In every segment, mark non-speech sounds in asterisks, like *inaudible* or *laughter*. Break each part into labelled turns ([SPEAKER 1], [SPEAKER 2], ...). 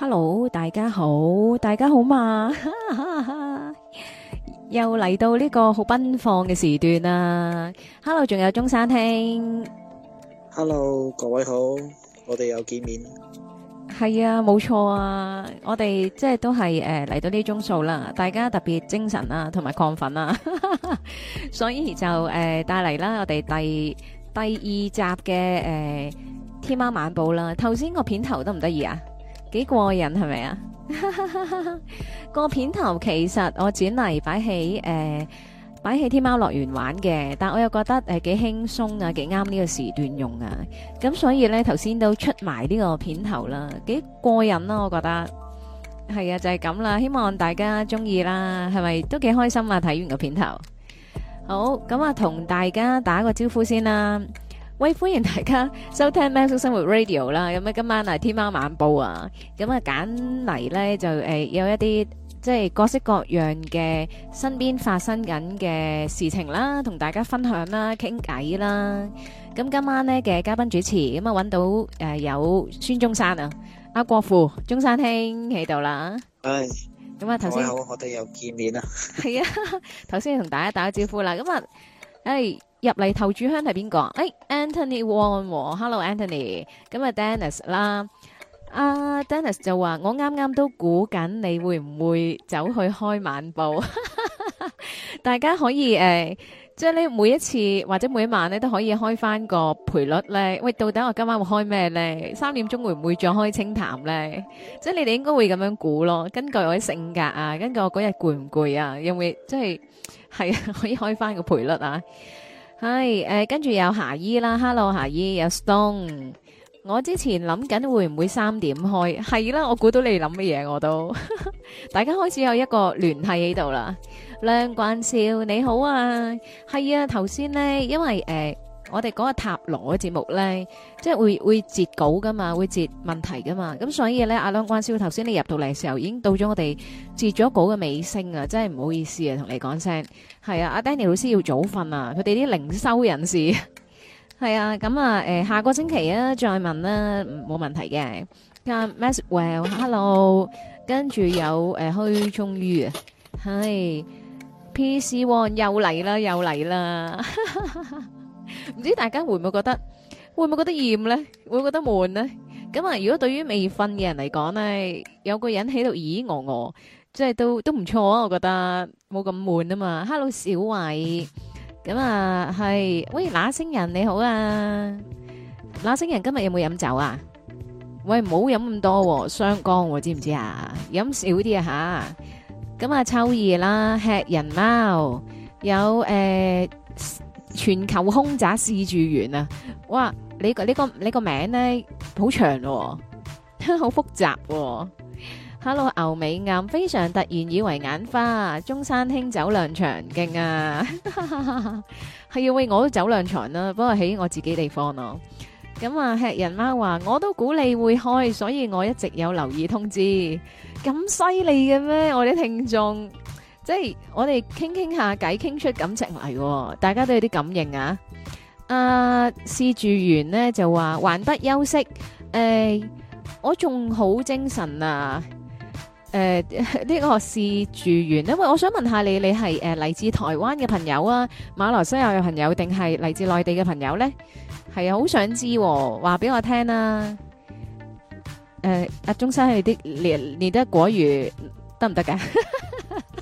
[SPEAKER 1] Hello，大家好，大家好嘛？ *laughs* 又嚟到呢個好奔放嘅時段啦！Hello，仲有中山兄。Hello，
[SPEAKER 2] 各位好，我哋又見面。
[SPEAKER 1] 係啊，冇錯啊，我哋即係都係誒嚟到呢鐘數啦，大家特別精神啊，同埋亢奮啊， *laughs* 所以就誒帶嚟啦我哋第第二集嘅誒、呃《天喵晚報》啦。頭先個片頭得唔得意啊？幾過癮係咪啊？個片頭其實我剪嚟，擺喺誒擺喺天貓樂園玩嘅，但我又覺得誒幾輕鬆啊，幾啱呢個時段用啊。咁所以呢，頭先都出埋呢個片頭啦，幾過癮啦，我覺得係啊，就係咁啦。希望大家中意啦，係咪都幾開心啊？睇完個片頭，好咁啊，同大家打個招呼先啦。喂，歡迎大家收聽《喵式生活 Radio》啦，咁啊，今晚啊《天喵晚報》啊，咁啊揀嚟咧就誒有一啲即係各式各樣嘅身邊發生緊嘅事情啦，同大家分享啦，傾偈啦，咁今晚咧嘅嘉賓主持咁啊揾到誒有孫中山啊，阿國父中山兄喺度啦，
[SPEAKER 2] 唉，咁啊頭先，好，我哋又見
[SPEAKER 1] 面啦，係啊，頭先同大家打個招呼啦，咁啊，誒。入嚟投注香係邊個？誒，Anthony Wong，Hello Anthony，咁啊，Dennis 啦，阿 Dennis 就話我啱啱都估緊你會唔會走去開晚報，大家可以誒，即係你每一次或者每一晚咧都可以開翻個賠率咧。喂，到底我今晚會開咩咧？三點鐘會唔會再開清談咧？即係你哋應該會咁樣估咯。根據我嘅性格啊，根據我嗰日攰唔攰啊，有冇即係係可以開翻個賠率啊？係誒、呃，跟住有霞姨啦，Hello 霞姨，有 Stone。我之前諗緊會唔會三點開，係啦，我估到你諗乜嘢我都。 *laughs* 大家開始有一個聯繫喺度啦，梁冠少，你好啊，係啊，頭先咧，因為誒。呃我哋嗰個塔羅嘅節目咧，即係會會截稿㗎嘛，會截問題㗎嘛。咁所以咧，阿梁關少頭先你入到嚟嘅時候已經到咗我哋截咗稿嘅尾聲啊！真係唔好意思啊，同你講聲。係啊，阿 Danny 老師要早瞓啊，佢哋啲靈修人士。係啊，咁啊，誒下個星期啊再問啦，冇問題嘅。阿 Maxwell，Hello，跟住有誒虛忠於啊，係 PC One 又嚟啦，又嚟啦。唔知大家會唔會覺得會唔會覺得厭咧？會唔會覺得悶咧？咁啊，如果對於未瞓嘅人嚟講咧，有個人喺度耳耳我，即係都都唔錯啊！我覺得冇咁悶啊嘛。Hello，小偉，咁啊係，喂，那星人你好啊，那星人今日有冇飲酒啊？喂，唔好飲咁多，傷肝，知唔知啊？飲少啲啊吓。咁啊，秋兒啦，吃人貓，有誒。全球凶宅試住完啊！哇，你個你個你個名咧好長，好複雜。Hello，牛尾岩非常突然以為眼花，中山兄走兩場勁啊，係要喂我都走兩場啊！不過喺我自己地方咯。咁啊，吃人貓話我都估你會開，所以我一直有留意通知。咁犀利嘅咩？我哋聽眾。即係我哋傾傾下偈，傾出感情嚟，大家都有啲感應啊！啊，試住完咧就話還不休息，誒，我仲好精神啊！誒，呢個試住完，因為我想問下你，你係誒嚟自台灣嘅朋友啊，馬來西亞嘅朋友，定係嚟自內地嘅朋友咧？係啊，好想知，話俾我聽啊！誒，阿中山，你啲練練得果如得唔得㗎？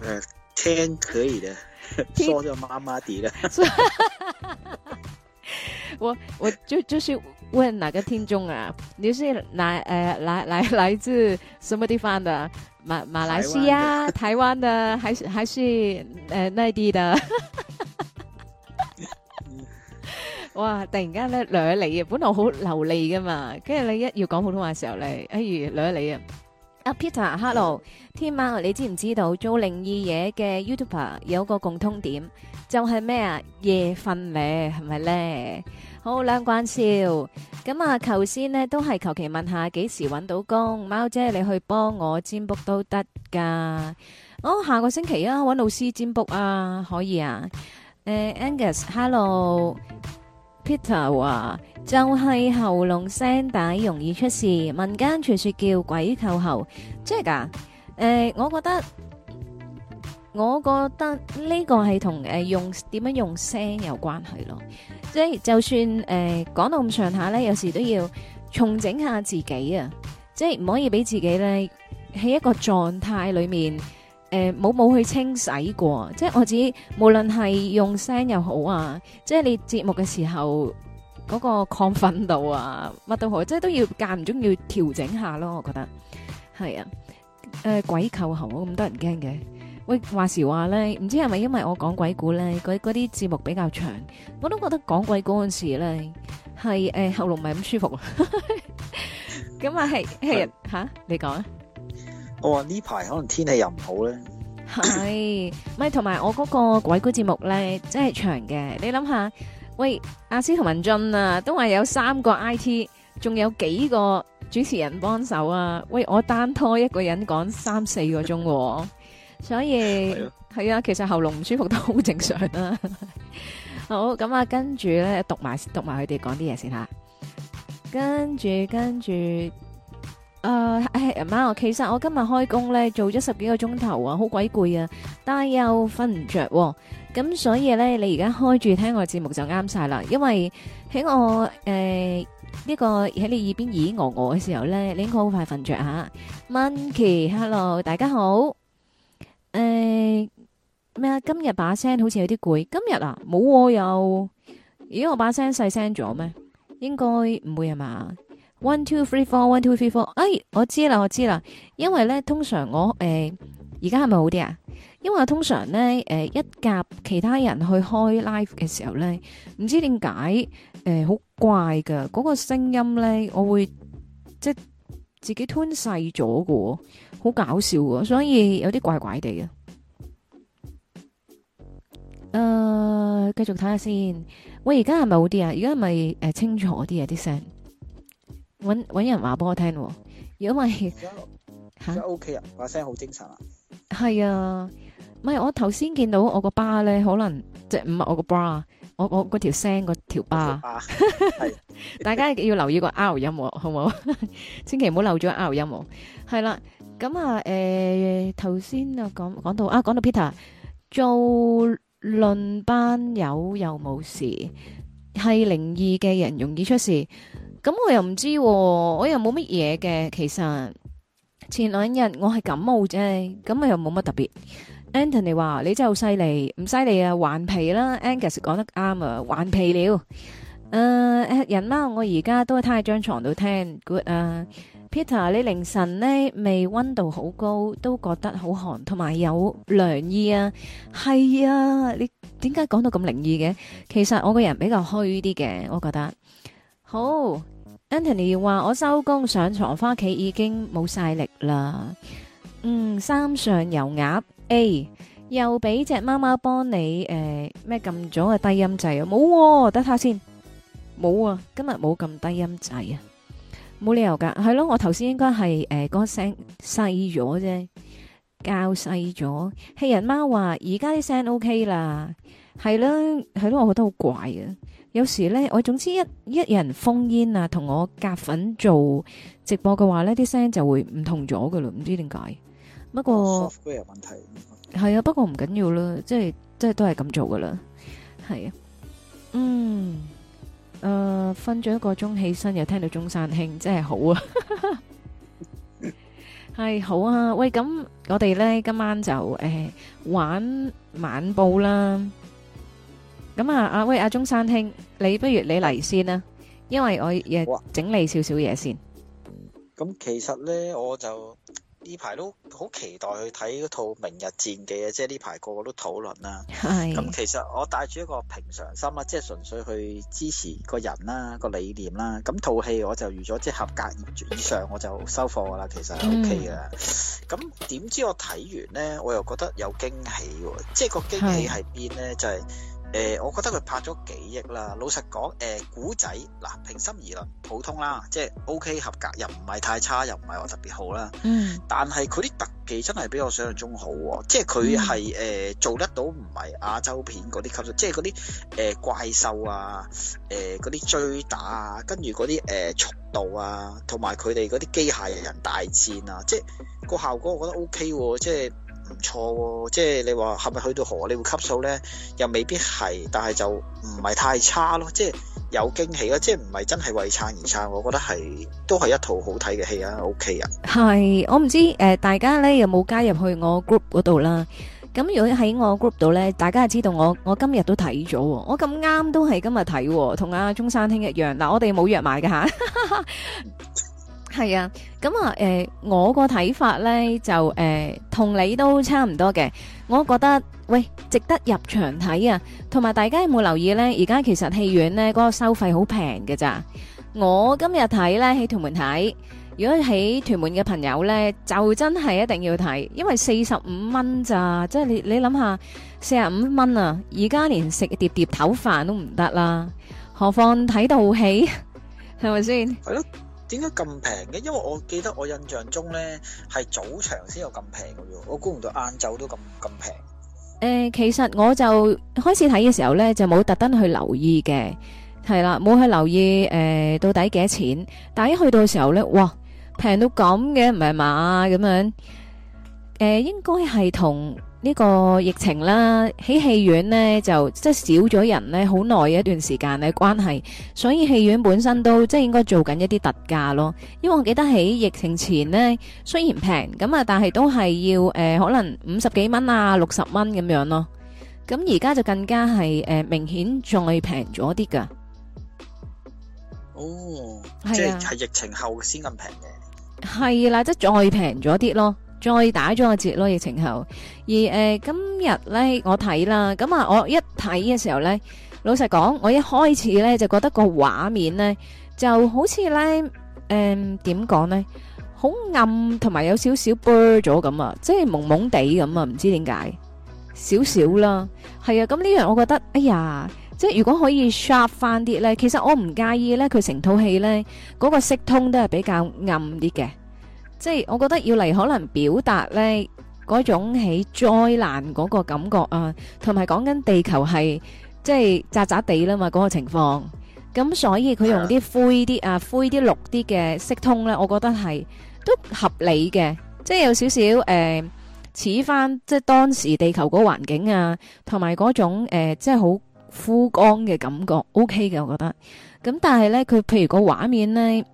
[SPEAKER 1] 誒。
[SPEAKER 2] 聽可以的，說就麻麻地了。
[SPEAKER 1] *laughs* 我我就就是問哪個聽眾啊？你是來誒來來來自什麼地方的？馬馬來西亞、台灣的，灣的還是還是誒內、呃、地的、 *laughs* 嗯？哇！突然間咧，流啊，本來好流利㗎嘛，跟住你一要講普通話嘅時候咧，哎呀，流啊！阿 Peter，Hello，天喵你知唔知道做靈異嘢嘅 YouTuber 有個共通點，就係、是、咩啊？夜瞓咧，係咪咧？好兩關笑。咁啊，頭先呢都係求其問下，幾時搵到工？貓姐你去幫我占卜都得噶，哦，下個星期啊，搵老師占卜啊，可以啊，呃？Angus，Hello。Peter 話就係喉嚨聲帶容易出事，民間傳說叫鬼扣喉，即係噶？誒，我覺得我覺得呢個係同誒用點樣用聲有關係咯，即係就算誒講到咁上下咧，有時都要重整下自己啊，即係唔可以俾自己咧喺一個狀態裏面。誒，冇冇去清洗過，即係我自己無論係用聲又好啊，即係你節目嘅時候嗰個亢奮度啊、乜都好，即係都要間唔中要調整下咯。我覺得係啊，誒鬼扣喉咁多人驚嘅，喂話時話咧，唔知係咪因為我講鬼故咧，嗰嗰啲節目比較長，我都覺得講鬼故嗰時咧係誒喉嚨唔係咁舒服，咁啊係係人吓，你講啊。
[SPEAKER 2] 我話呢排可能天氣又唔好咧，
[SPEAKER 1] 係咪？同埋我嗰個鬼故節目咧，真係長嘅。你諗下，喂，司徒文進啊，都話有三個 IT，仲有幾個主持人幫手啊？喂，我單拖一個人講三四個鐘，所以係啊，其實喉嚨唔舒服都好正常啦。好，咁啊，跟住咧讀埋讀埋佢哋講啲嘢先吓。跟住，跟住。誒，阿媽，其實我今日開工咧，做咗十幾個鐘頭啊，好鬼攰啊，但係又瞓唔着，咁所以咧，你而家開住聽我節目就啱晒啦。因為喺我誒呢個喺你耳邊耳耳俄俄嘅時候咧，你應該好快瞓着吓。Monkey，hello，大家好。誒咩啊？今日把聲好似有啲攰。今日啊，冇又，咦？我把聲細聲咗咩？應該唔會啊嘛？One, two, three, four. One, two, three, four. 哎，我知啦，我知啦。因為咧，通常我誒而家係咪好啲啊？因為我通常咧，誒、呃、一夾其他人去開 live 嘅時候咧，唔知點解誒好怪噶，嗰、那個聲音咧我會即係自己吞細咗個，好搞笑噶，所以有啲怪怪地、呃、啊。誒，繼續睇下先。我而家係咪好啲啊？而家係咪誒清楚啲啊啲聲？搵搵人，話俾我聽，如果
[SPEAKER 2] 吓 O K 啊，把聲好精神啊，
[SPEAKER 1] 係啊，唔係我頭先見到我個 bar 咧，可能即係唔係我個 bra，我我嗰條聲嗰條 bra，大家要留意個 R 音，好唔好？千祈唔好漏咗 R 音，係啦，咁啊，誒，頭先啊講講到啊，講到 Peter 做輪班友又冇事，係靈異嘅人容易出事。咁我又唔知喎，我又冇乜嘢嘅。其實前兩日我係感冒啫，咁我又冇乜特別。Antony 話你真係好犀利，唔犀利啊，頑皮啦。Angus 講得啱啊，頑皮了。誒，人啦，我而家都係攤喺張床度聽。Good 啊，Peter，你凌晨呢未温度好高，都覺得好寒，同埋有涼意啊。係啊，你點解講到咁靈異嘅？其實我個人比較虛啲嘅，我覺得好。Anthony 話我收工上床返屋企已經冇晒力啦。嗯，三上油鴨 A 又俾隻貓貓幫你誒咩撳咗嘅低音掣啊？冇，等下先冇啊！今日冇咁低音掣啊，冇理由噶，係咯。我頭先應該係誒個聲細咗啫，較細咗。棄人貓話而家啲聲 OK 啦，係咯係咯，我覺得好怪啊。有時咧，我總之一一人封煙啊，同我夾粉做直播嘅話咧，啲聲就會唔同咗㗎喇，唔知點解。不過，係啊，不過唔緊要啦，即係即係都係咁做㗎喇，係啊，嗯，誒，瞓咗一個鐘起身，又聽到中山兄，真係好啊，係好啊，喂，咁我哋咧今晚就誒玩晚報啦。咁啊，阿威阿中山兄，你不如你嚟先啦，因為我嘢整理少少嘢先。
[SPEAKER 2] 咁其實咧，我就呢排都好期待去睇嗰套《明日戰記》啊，即係呢排個個都討論啦。係。咁其實我帶住一個平常心啦，即係純粹去支持個人啦、個理念啦。咁套戲我就預咗即係合格以上，我就收貨噶啦，其實 O K 噶啦。咁、嗯、點知我睇完咧，我又覺得有驚喜喎！即係個驚喜喺邊咧？就係、是。誒、呃，我覺得佢拍咗幾億啦。老實講，誒、呃，古仔嗱，平心而論，普通啦，即係 O K 合格，又唔係太差，又唔係話特別好啦。嗯。但係佢啲特技真係比我想象中好啊，即係佢係誒做得到，唔係亞洲片嗰啲級數，即係嗰啲誒怪獸啊，誒嗰啲追打啊，跟住嗰啲誒速度啊，同埋佢哋嗰啲機械人大戰啊，即係個效果我覺得 O K 喎，即係。唔錯喎，即係你話係咪去到何 level 級數咧？又未必係，但係就唔係太差咯，即係有驚喜咯，即係唔係真係為撐而撐，我覺得係都係一套好睇嘅戲啊，OK 啊。
[SPEAKER 1] 係，我唔知誒，大家咧有冇加入去我 group 嗰度啦？咁如果喺我 group 度咧，大家知道我我今日都睇咗，我咁啱都係今日睇，同阿中山兄一樣。嗱，我哋冇約埋㗎吓。係啊，咁啊，誒，我個睇法，呢就誒，同你都差唔多嘅。我覺得喂，值得入場睇啊。同埋大家有冇留意呢？而家其實戲院呢個收費好平嘅咋。我今日睇呢，喺屯門睇，如果喺屯門嘅朋友呢，就真係一定要睇，因為四十五蚊咋，即係你你諗下，四十五蚊啊，而家連食碟碟頭飯都唔得啦，何況睇到戲，係咪先？係啊。
[SPEAKER 2] 點解咁平嘅？因為我記得我印象中咧係早場先有咁平嘅啫，我估唔到晏晝都咁咁平。
[SPEAKER 1] 誒,其實我就開始睇嘅時候咧，就冇特登去留意嘅，係啦，冇去留意誒到底幾多錢。但係一去到嘅時候咧，哇，平到咁嘅，唔係嘛咁樣。誒，應該係同。呢、這個疫情啦，喺戲院呢，就即係少咗人呢，好耐一段時間嘅關係，所以戲院本身都即係應該做緊一啲特價咯。因為我記得喺疫情前呢，雖然平咁啊，但係都係要誒、呃，可能五十幾蚊啊，六十蚊咁樣咯。咁而家就更加係誒、呃、明顯再平咗啲㗎。哦，是啊、
[SPEAKER 2] 即係係疫情後先咁平
[SPEAKER 1] 嘅，係啦、啊，即係再平咗啲咯。再打咗個折咯，疫情後。而誒今日咧，我睇啦，咁啊，我一睇嘅時候咧，老實講，我一開始咧就覺得個畫面咧就好似咧誒點講咧，好暗同埋有少少 burn 咗咁啊，即係蒙蒙地咁啊，唔知點解少少啦。係啊，咁呢樣我覺得，哎呀，即係如果可以 sharp 翻啲咧，其實我唔介意咧，佢成套戲咧嗰個色通都係比較暗啲嘅。即係我覺得要嚟可能表達咧嗰種起災難嗰個感覺啊，同埋講緊地球係即係渣渣地啦嘛嗰個情況，咁所以佢用啲灰啲啊灰啲綠啲嘅色調咧，我覺得係都合理嘅，即係有少少誒似翻即係當時地球嗰個環境啊，同埋嗰種誒、呃、即係好枯乾嘅感覺，OK 嘅我覺得。咁但係咧佢譬如個畫面咧。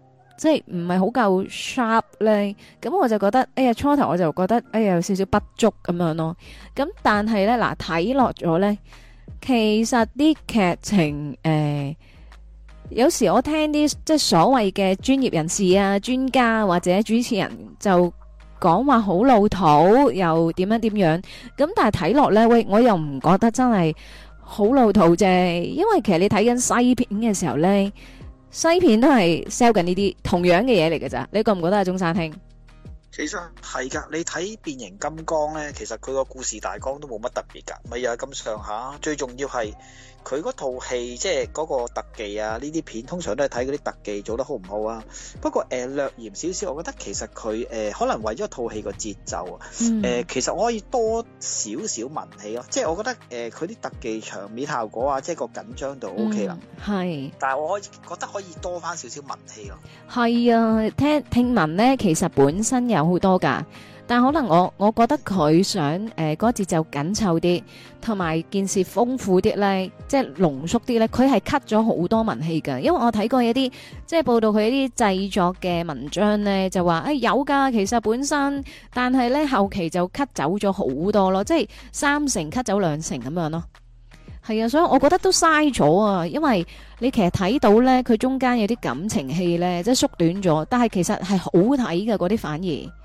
[SPEAKER 1] 即係唔係好夠 sharp 咧，咁我就覺得，哎呀初頭我就覺得，哎呀有少少不足咁樣咯。咁但係咧，嗱睇落咗咧，其實啲劇情誒、呃，有時我聽啲即係所謂嘅專業人士啊、專家或者主持人就講話好老土，又點樣點樣。咁但係睇落咧，喂我又唔覺得真係好老土啫，因為其實你睇緊西片嘅時候咧。西片都係 sell 緊呢啲同樣嘅嘢嚟嘅咋，你覺唔覺得係中山兄？
[SPEAKER 2] 其實係噶，你睇《變形金剛》呢，其實佢個故事大綱都冇乜特別噶，咪又係咁上下。最重要係。佢嗰套戲即係嗰個特技啊，呢啲片通常都係睇嗰啲特技做得好唔好啊。不過誒，略嫌少少，我覺得其實佢誒可能為咗套戲個節奏誒，其實我可以多少少文氣咯。即係我覺得誒佢啲特技場面效果啊，即係個緊張度 OK 啦，係。但係我可以覺得可以多返少少文氣咯，
[SPEAKER 1] 係啊。聽聽聞咧，其實本身有好多㗎。但可能我，我覺得佢想誒嗰、呃、節奏緊湊啲，同埋件事豐富啲呢，即係濃縮啲呢，佢係 cut 咗好多文戲㗎，因為我睇過一啲即係報道佢一啲製作嘅文章呢，就話誒、哎、有㗎，其實本身，但係呢後期就 cut 走咗好多咯，即係三成 cut 走兩成咁樣咯。係啊，所以我覺得都嘥咗啊，因為你其實睇到呢，佢中間有啲感情戲呢，即係縮短咗，但係其實係好睇嘅嗰啲反而。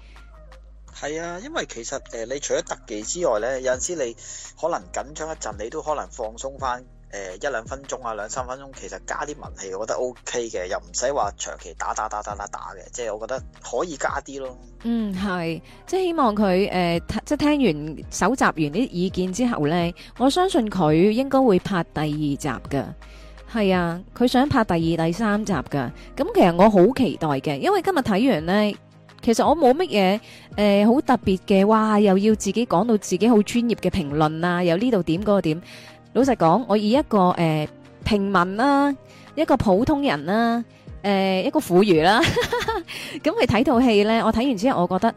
[SPEAKER 2] 係啊，因為其實誒、呃，你除咗特技之外呢，有陣時你可能緊張一陣，你都可能放鬆翻誒一兩分鐘啊，兩三分鐘，其實加啲文戲，我覺得 OK 嘅，又唔使話長期打打打打打打嘅，即係我覺得可以加啲咯。嗯，
[SPEAKER 1] 係，即係希望佢誒、呃，即係聽完搜集完啲意見之後呢，我相信佢應該會拍第二集噶。係啊，佢想拍第二、第三集噶。咁其實我好期待嘅，因為今日睇完呢。其實我冇乜嘢，誒，好特別嘅。哇，又要自己講到自己好專業嘅評論啊，又呢度點嗰個點。老實講，我以一個誒平民啦，一個普通人啦，誒一個婦孺啦，咁去睇套戲呢。我睇完之後，我覺得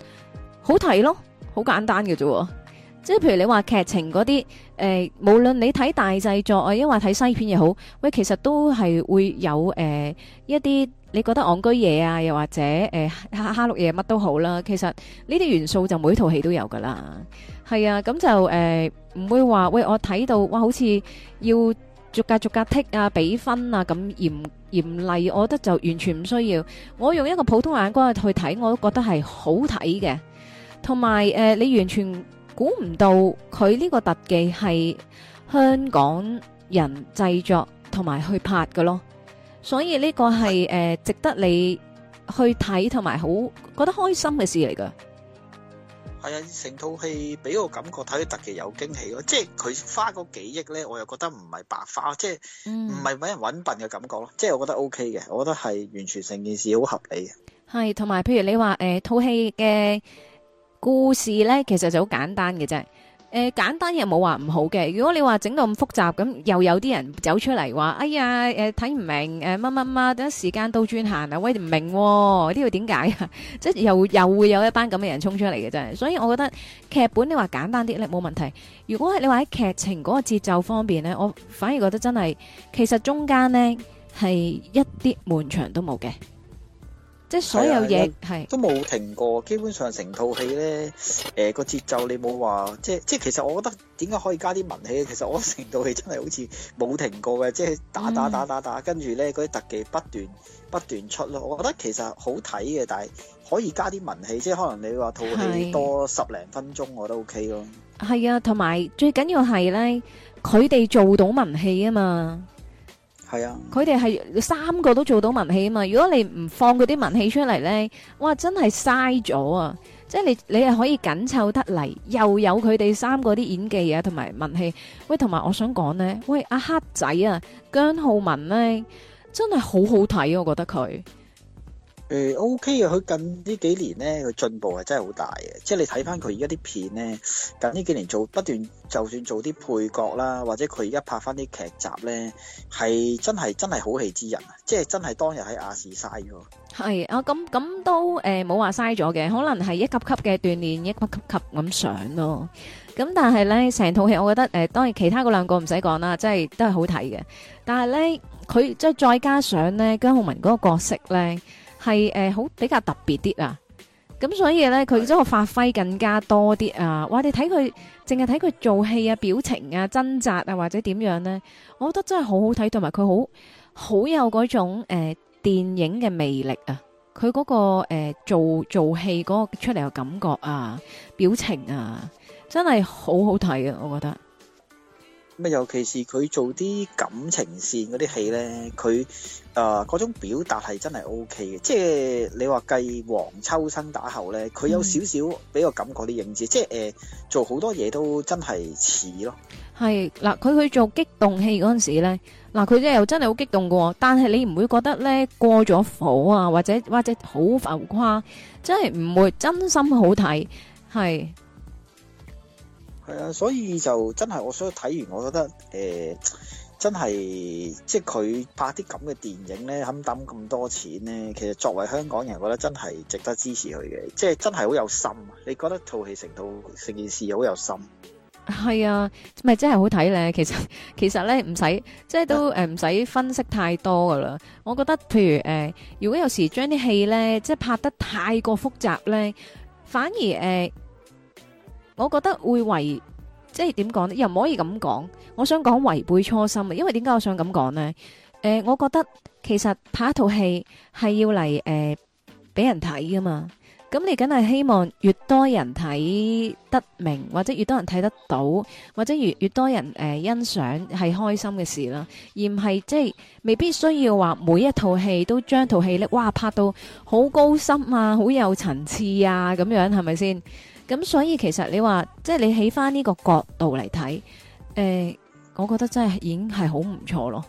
[SPEAKER 1] 好睇咯，好簡單嘅啫。即係譬如你話劇情嗰啲，誒，無論你睇大製作啊，亦或睇西片也好，喂，其實都係會有誒一啲。你覺得戇居嘢啊，又或者誒、呃哈六嘢乜都好啦，其實呢啲元素就每套戲都有噶啦。係啊，咁就誒唔、呃、會話喂，我睇到哇，好似要逐格逐格剔啊，比分啊咁嚴嚴厲，我覺得就完全唔需要。我用一個普通眼光去睇，我都覺得係好睇嘅。同埋誒，你完全估唔到佢呢個特技係香港人製作同埋去拍㗎咯。所以呢個係誒、呃、值得你去睇同埋好覺得開心嘅事嚟噶。係啊，
[SPEAKER 2] 成套戲俾我感覺睇得特別有驚喜咯。即係佢花嗰幾億咧，我又覺得唔係白花，即係唔係俾人搵笨嘅感覺咯。即係我覺得 OK 嘅，我覺得係完全成件事好合理嘅。
[SPEAKER 1] 係同埋譬如你話誒套戲嘅故事咧，其實就好簡單嘅啫。誒，簡單又冇話唔好嘅。如果你話整到咁複雜，咁又有啲人走出嚟話，哎呀，誒睇唔明，誒乜乜乜，等時間都轉行啊，喂、哦，唔明，呢個點解啊？即係又又會有一班咁嘅人衝出嚟嘅真係。所以我覺得劇本你話簡單啲咧冇問題。如果係你喺劇情嗰個節奏方面咧，我反而覺得真係，其實中間咧係一啲門牆都冇嘅。即係所有嘢、
[SPEAKER 2] 啊、都冇停過，基本上成套戲咧，誒個節奏你冇話，即係即係其實我覺得點解可以加啲文戲？其實我成套戲真係好似冇停過嘅，即係打打打打打，跟住咧嗰啲特技不斷不斷出咯。我覺得其實好睇嘅，但係可以加啲文戲，即係可能你話套戲多十零分鐘，我都 O K 咯。
[SPEAKER 1] 係啊，同埋最緊要係咧，佢哋做到文戲啊嘛。係啊，佢哋係三個都做到文戲啊嘛！如果你唔放嗰啲文戲出嚟呢，哇，真係嘥咗啊！即係你你係可以緊湊得嚟，又有佢哋三個啲演技啊，同埋文戲。喂，同埋我想講呢，喂，阿黑仔啊，姜浩文呢，真係好好睇啊，我覺得佢。
[SPEAKER 2] 誒，OK 啊！佢近呢幾年咧，佢進步係真係好大嘅。即係你睇翻佢而家啲片咧，近呢幾年做不斷，就算做啲配角啦，或者佢而家拍翻啲劇集咧，係真係真係好戲之人啊！即係真係當日喺亞視嘥咗。
[SPEAKER 1] 係啊，咁咁都誒冇話嘥咗嘅，可能係一級級嘅鍛煉，一級級級咁上咯。咁但係咧，成套戲我覺得誒，當然其他嗰兩個唔使講啦，即係都係好睇嘅。但係咧，佢即係再加上咧姜皓文嗰個角色咧。係誒，好比較特別啲啊！咁所以呢，佢真係發揮更加多啲啊！哇，你睇佢淨係睇佢做戲啊，表情啊，掙扎啊，或者點樣呢？我覺得真係好好睇，同埋佢好好有嗰種誒電影嘅魅力啊！佢嗰個誒做做戲嗰個出嚟嘅感覺啊，表情啊，真係好好睇啊！我覺得。
[SPEAKER 2] 咩？尤其是佢做啲感情綫嗰啲戲呢，佢。誒，嗰種表達係真係 O K 嘅，即係你話繼黃秋生打後咧，佢有少少俾我感覺啲影子，即係誒做好多嘢都真係似咯。
[SPEAKER 1] 係嗱，佢去做激動戲嗰陣時咧，嗱佢咧又真係好激動㗎，但係你唔會覺得咧過咗火啊，或者或者好浮誇，真係唔會真心好睇，係
[SPEAKER 2] 係啊，所以就真係我所以睇完我覺得誒。真係即係佢拍啲咁嘅電影呢，肯抌咁多錢呢，其實作為香港人，我覺得真係值得支持佢嘅，即係真係好有心。你覺得套戲成套成件事好有心？
[SPEAKER 1] 係啊，咪真係好睇呢。其實其實呢唔使，即係都誒唔使分析太多噶啦。我覺得譬如誒，如果有時將啲戲呢即係拍得太過複雜呢，反而誒，我覺得會為。即係點講呢？又唔可以咁講。我想講違背初心啊！因為點解我想咁講呢？誒、呃，我覺得其實拍一套戲係要嚟誒俾人睇噶嘛。咁你梗係希望越多人睇得明，或者越多人睇得到，或者越越多人誒、呃、欣賞係開心嘅事啦。而唔係即係未必需要話每一套戲都將套戲呢，哇拍到好高深啊，好有層次啊，咁樣係咪先？咁所以其實你話即係你起翻呢個角度嚟睇，誒、呃，我覺得真係已經係好唔錯咯。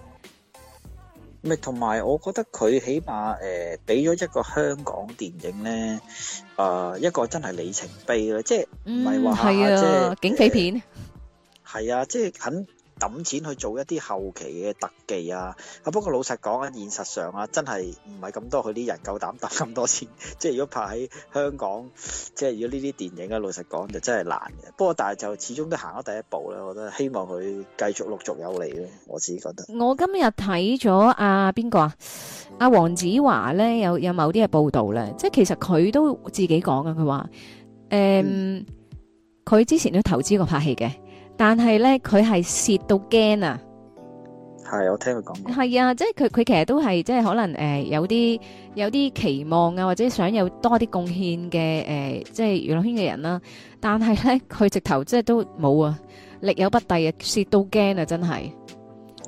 [SPEAKER 2] 咪同埋，我覺得佢起碼誒，俾、呃、咗一個香港電影咧，啊、呃，一個真係里程碑咯，即係唔係話即係警匪片，係、嗯、啊，即係、呃啊、很。抌錢去做一啲後期嘅特技啊！啊不過老實講啊，現實上啊，真係唔係咁多佢啲人夠膽抌咁多錢。即係如果拍喺香港，即係如果呢啲電影咧，老實講就真係難嘅。不過但係就始終都行咗第一步啦。我覺得希望佢繼續陸續有嚟咧。我自己覺得
[SPEAKER 1] 我今日睇咗阿邊個啊？阿黃子華咧有有某啲嘅報導咧，即係其實佢都自己講嘅佢話誒，佢之前都投資過拍戲嘅。但係咧，佢係蝕到驚啊！
[SPEAKER 2] 係，我聽佢
[SPEAKER 1] 講過。係啊，即係佢佢其實都係即係可能誒有啲有啲期望啊，或者想有多啲貢獻嘅誒，即係娛樂圈嘅人啦。但係咧，佢直頭即係都冇啊，力有不逮啊，蝕到驚啊！真係。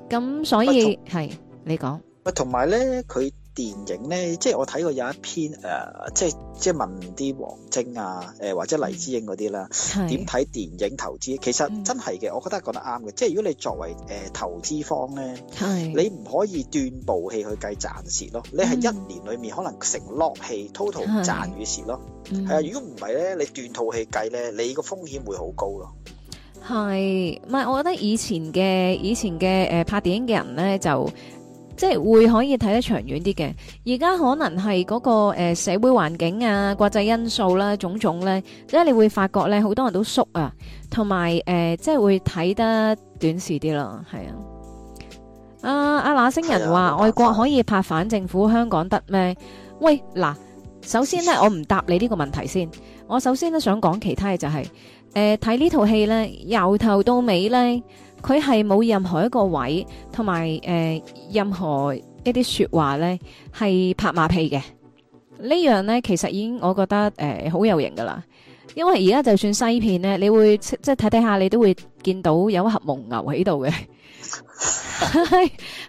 [SPEAKER 1] 咁所以係你講。
[SPEAKER 2] 同埋咧，佢。電影咧，即係我睇過有一篇，誒、呃，即係即係問啲王晶啊，誒、呃、或者黎智英嗰啲啦，點睇電影投資？其實、嗯、真係嘅，我覺得講得啱嘅。即係如果你作為誒、呃、投資方咧，你唔可以斷部戲去計賺蝕咯，你係一年裏面可能成落戲 total 賺與蝕咯。係啊，如果唔係咧，你斷套戲計咧，你個風險會好高咯。
[SPEAKER 1] 係，唔係？我覺得以前嘅以前嘅誒、呃、拍電影嘅人咧就。即係會可以睇得長遠啲嘅，而家可能係嗰、那個誒、呃、社會環境啊、國際因素啦、啊、種種咧，即係你會發覺咧好多人都縮啊，同埋誒即係會睇得短視啲咯，係啊。啊，阿那星人話外國可以拍反政府，香港得咩？喂，嗱，首先咧，我唔答你呢個問題先，我首先咧想講其他嘅、就係，就、呃、係，誒睇呢套戲咧，由頭到尾咧。佢係冇任何一個位，同埋誒任何一啲說話咧係拍馬屁嘅呢樣咧。其實已經我覺得誒好、呃、有型噶啦。因為而家就算西片咧，你會即係睇睇下，看看你都會見到有一盒蒙牛喺度嘅。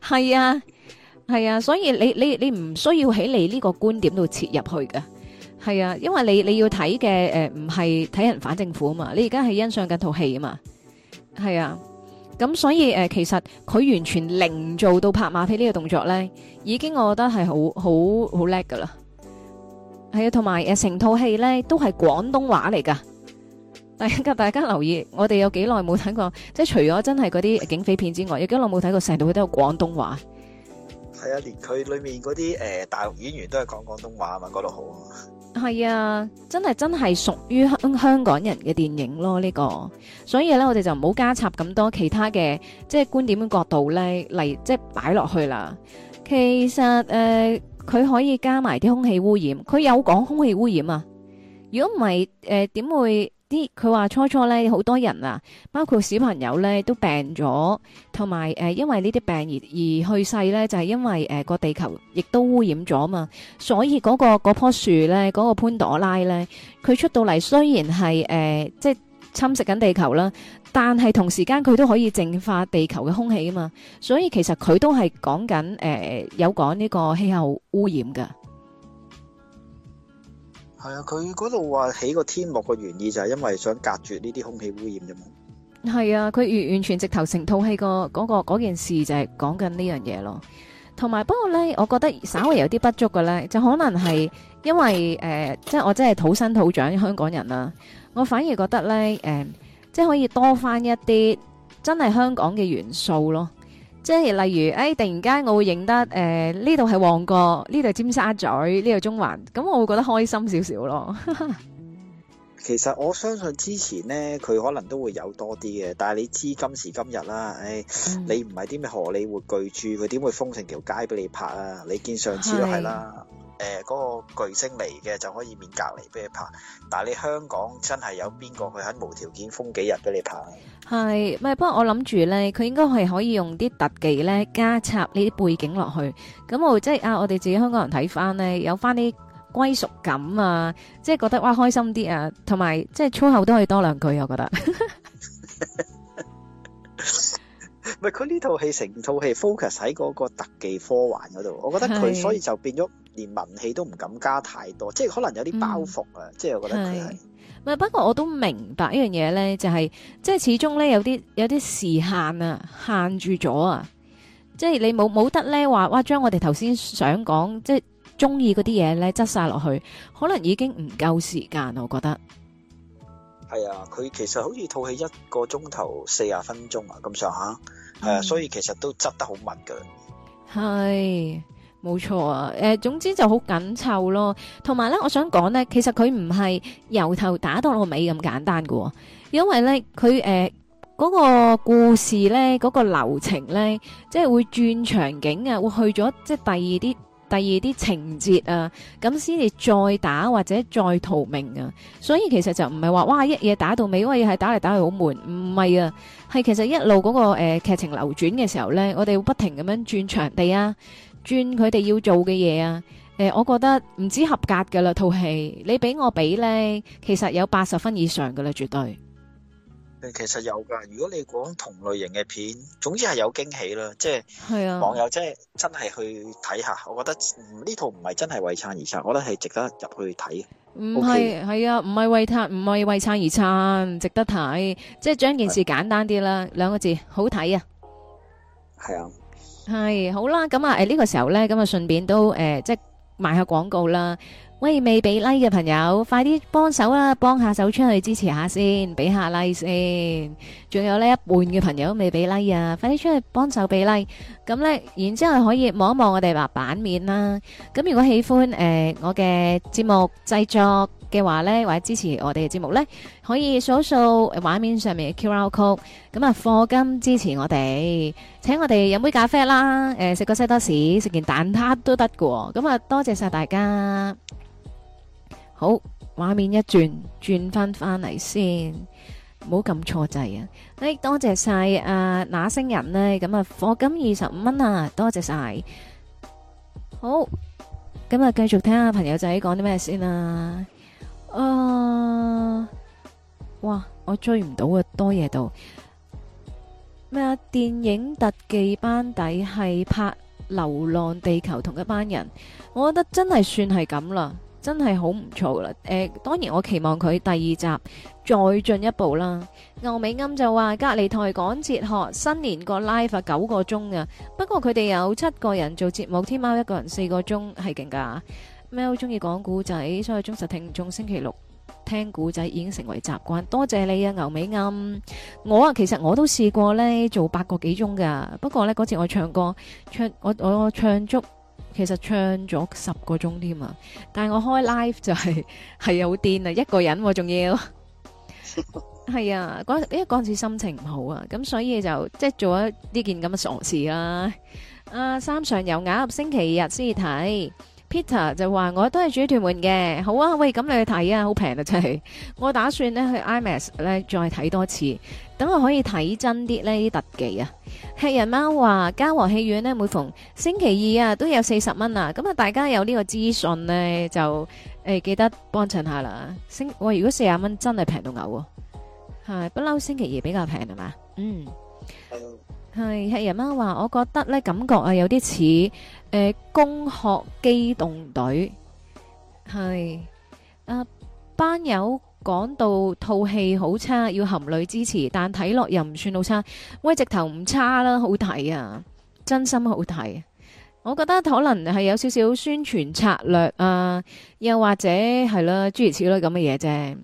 [SPEAKER 1] 係 *laughs* *laughs* 啊係啊，啊，所以你你你唔需要喺你呢個觀點度切入去㗎，係啊，因為你你要睇嘅誒唔係睇人反政府啊嘛，你而家係欣賞緊套戲啊嘛，係啊。咁所以誒，其實佢完全零做到拍馬屁呢個動作咧，已經我覺得係好好好叻噶啦。係啊，同埋誒，成套戲咧都係廣東話嚟噶。大家大家留意，我哋有幾耐冇睇過，即係除咗真係嗰啲警匪片之外，有幾耐冇睇過成套戲都係廣東話。
[SPEAKER 2] 係啊，連佢裏面嗰啲誒大陸演員都係講廣東話啊嘛，嗰度好。
[SPEAKER 1] 係啊，真係真係屬於香港人嘅電影咯，呢個，所以咧我哋就唔好加插咁多其他嘅，即係觀點嘅角度咧嚟，即係擺落去啦。其實誒，佢可以加埋啲空氣污染，佢有講空氣污染啊。如果唔係誒，點會？佢話初初咧好多人啊，包括小朋友咧都病咗，同埋誒因為呢啲病而而去世咧，就係、是、因為誒個、呃、地球亦都污染咗嘛，所以嗰、那個嗰棵樹咧，嗰、那個潘朵拉咧，佢出到嚟雖然係誒、呃、即係侵蝕緊地球啦，但係同時間佢都可以淨化地球嘅空氣啊嘛，所以其實佢都係講緊誒有講呢個氣候污染噶。
[SPEAKER 2] 係啊，佢嗰度話起個天幕嘅原意就係因為想隔絕呢啲空氣污染啫嘛。
[SPEAKER 1] 係啊，佢完完全直頭成套戲個嗰個嗰件事就係講緊呢樣嘢咯。同埋不過呢，我覺得稍微有啲不足嘅呢，就可能係因為誒，即係我真係土生土長香港人啦，我反而覺得呢誒，即係可以多翻一啲真係香港嘅元素咯。即係例如，哎，突然間我會影得，誒、呃，呢度係旺角，呢度尖沙咀，呢度中環，咁我會覺得開心少少咯。
[SPEAKER 2] 其實我相信之前呢，佢可能都會有多啲嘅，但係你知今時今日啦，哎嗯、你唔係啲咩荷里活巨著，佢點會封成條街俾你拍啊？你見上次都係啦。誒，嗰個巨星嚟嘅，就可以免隔離俾你拍，但係你香港真係有邊個佢肯無條件封幾日俾你拍？
[SPEAKER 1] 係，咪不過我諗住咧，佢應該係可以用啲特技咧，加插呢啲背景落去，咁我即係啊，我哋自己香港人睇翻咧，有翻啲歸屬感啊，即係覺得哇，開心啲啊，同埋即係粗口都可以多兩句，我覺得。
[SPEAKER 2] 咪佢呢套戲成套戲 focus 喺嗰個特技科幻嗰度，我覺得佢所以就變咗。連文氣都唔敢加太多，即係可能有啲包袱啊！即係我覺得佢係，
[SPEAKER 1] 唔係不過我都明白一樣嘢咧，就係即係始終咧有啲有啲時限啊，限住咗啊！即係你冇冇得咧話哇，將我哋頭先想講即係中意嗰啲嘢咧，執晒落去，可能已經唔夠時間，我覺得
[SPEAKER 2] 係啊！佢其實好似套戲一個鐘頭四十分鐘啊，咁上下，係啊，所以其實都執得好密噶，
[SPEAKER 1] 係。冇錯啊！誒，總之就好緊湊咯。同埋咧，我想講呢，其實佢唔係由頭打到尾咁簡單㗎喎，因為呢，佢誒嗰個故事呢，嗰個流程呢，即係會轉場景啊，會去咗即係第二啲第二啲情節啊，咁先至再打或者再逃命啊。所以其實就唔係話哇一嘢打到尾，喂係打嚟打去好悶，唔係啊，係其實一路嗰個誒劇情流轉嘅時候呢，我哋會不停咁樣轉場地啊。轉佢哋要做嘅嘢啊！誒，我覺得唔止合格噶啦，套戲你俾我俾咧，其實有八十分以上噶啦，絕對。
[SPEAKER 2] 誒，其實有噶。如果你講同類型嘅片，總之係有驚喜啦。即係網友即係真係去睇下，我覺得呢套唔係真係為撐而撐，我覺得係值得入去睇。唔
[SPEAKER 1] 係，係啊，唔係為撐，唔係為撐而撐，值得睇。即係將件事簡單啲啦，兩個字，好睇啊。係啊。係好啦，咁啊，誒呢個時候咧，咁啊順便都誒即係賣下廣告啦。喂，未俾 like 嘅朋友，快啲幫手啦，幫下手出去支持下先，俾下 like 先。仲有呢一半嘅朋友都未俾 like 啊，快啲出去幫手俾 like。咁咧，然之後可以望一望我哋話版面啦。咁如果喜歡誒我嘅節目製作。嘅話呢，或者支持我哋嘅節目呢，可以數數畫面上面嘅 QR Code。咁啊課金支持我哋，請我哋飲杯咖啡啦，誒食個西多士，食件蛋撻都得嘅，哦，咁啊多謝晒大家。好，畫面一轉，轉翻翻嚟先，唔好撳錯掣啊！誒，多謝晒，啊、阿那星人呢，咁啊課金二十五蚊啊，多謝晒。好，咁啊繼續聽下朋友仔講啲咩先啊！啊！哇！我追唔到啊，多嘢到咩啊？電影特技班底係拍《流浪地球》同一班人，我覺得真係算係咁啦，真係好唔錯啦。誒、呃，當然我期望佢第二集再進一步啦。牛美庵就話隔籬台講哲學，新年個 live 係個 live 九個鐘啊，不過佢哋有七個人做節目，天貓一個人四個鐘係勁噶。是好中意講故仔，所以忠實聽眾星期六聽故仔已經成為習慣。多謝你啊，牛尾暗，我啊其實我都試過呢做八個幾鐘㗎，不過呢嗰次我唱歌唱我我唱足，其實唱咗十個鐘添啊，但係我開 live 就係係啊好癲啊，一個人仲要係啊嗰因為嗰陣時心情唔好啊，咁所以就即係做咗呢件咁嘅傻事啦。啊，三上油鴨，星期日先睇。Peter 就話我都係住屯門嘅，好啊，喂，咁你去睇啊，好平啊真係，我打算咧去 IMAX 咧再睇多次，等我可以睇真啲呢啲特技啊。黑人貓話嘉禾戲院咧每逢星期二啊都有四十蚊啊，咁啊大家有呢個資訊呢，就誒、欸、記得幫襯下啦。星喂、哦，如果四十蚊真係平到嘔啊，係不嬲星期二比較平係嘛？嗯。嗯係人媽話，我覺得咧感覺啊有啲似誒，攻殼機動隊。係啊，班友講到套戲好差，要含淚支持，但睇落又唔算好差，喂，直頭唔差啦，好睇啊，真心好睇。我覺得可能係有少少宣傳策略啊，又或者係啦，諸如此類咁嘅嘢啫。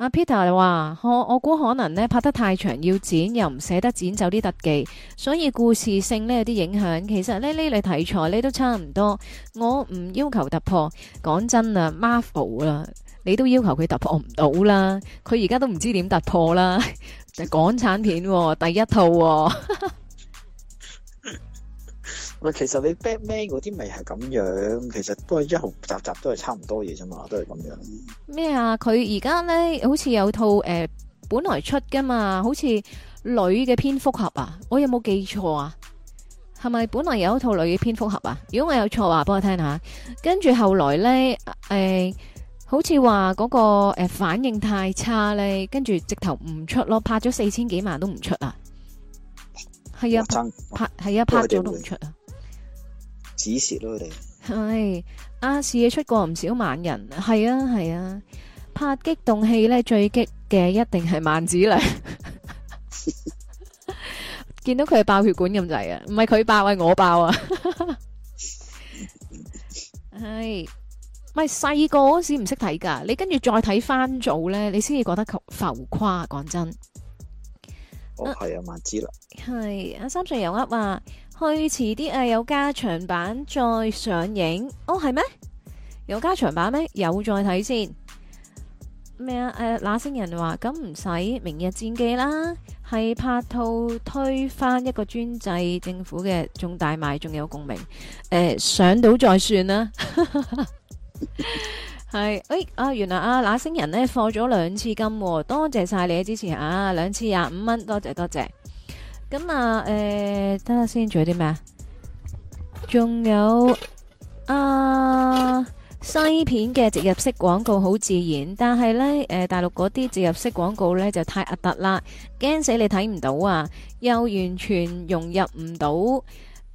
[SPEAKER 1] 阿 Peter 話：我我估可能呢，拍得太長要剪，又唔捨得剪走啲特技，所以故事性呢，有啲影響。其實呢，呢類題材呢，都差唔多，我唔要求突破。講真啊，Marvel 啊，你都要求佢突破唔到啦，佢而家都唔知點突破啦。 *laughs* 港產片喎，第一套喎。 *laughs*
[SPEAKER 2] 喂，其實你 Batman 嗰啲咪係咁樣，其實一雜雜都係一號集集都係差唔多嘢啫嘛，都係咁
[SPEAKER 1] 樣。咩啊？佢而家咧好似有套誒、呃、本來出噶嘛，好似女嘅蝙蝠俠啊，我有冇記錯啊？係咪本來有一套女嘅蝙蝠俠啊？如果我有錯話，幫我聽下。跟住後來咧，誒、呃，好似話嗰個誒、呃、反應太差咧，跟住直頭唔出咯，拍咗四千幾萬都唔出啊。係啊，拍係啊，拍咗都唔出啊。.
[SPEAKER 2] 指示咯，佢哋
[SPEAKER 1] 係亞視出過唔少猛人，係啊，係啊，拍激動戲咧最激嘅一定係萬梓良，見到佢係爆血管咁滯啊，唔係佢爆係我爆啊，係咪細個嗰時唔識睇噶？你跟住再睇翻組咧，你先至覺得浮誇。講真，
[SPEAKER 2] 哦係啊萬梓良，
[SPEAKER 1] 係阿三歲又乜話？去遲啲啊，有加長版再上映？哦，係咩？有加長版咩？有再睇先咩啊？誒、呃，那星人話咁唔使明日戰記啦，係拍套推翻一個專制政府嘅重大賣，仲有共鳴誒，上、呃、到再算啦。係 *laughs* 誒、 *laughs* 哎、啊，原來啊那星人呢課咗兩次金、哦，多謝晒你嘅支持啊！兩次廿五蚊，多謝多謝。咁、嗯、啊，誒、呃，等下先，仲有啲咩啊？仲有啊，西片嘅植入式廣告好自然，但係呢，誒、呃，大陸嗰啲植入式廣告呢就太核突啦，驚死你睇唔到啊，又完全融入唔到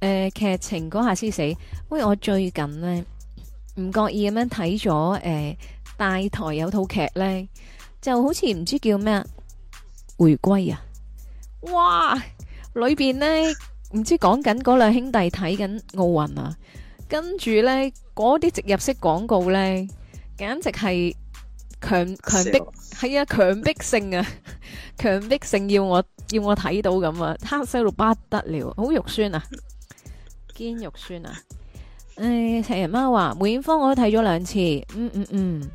[SPEAKER 1] 誒劇情嗰下先死。喂，我最近呢，唔覺意咁樣睇咗誒大台有套劇呢，就好似唔知叫咩啊回歸啊，哇！裏邊呢，唔知講緊嗰兩兄弟睇緊奧運啊，跟住呢，嗰啲植入式廣告呢，簡直係強強迫，係啊強迫性啊，強迫性要我要我睇到咁啊，黑西佬不得了，好肉酸啊，堅肉酸啊，誒、哎，情人貓話梅艷芳我都睇咗兩次，嗯嗯嗯，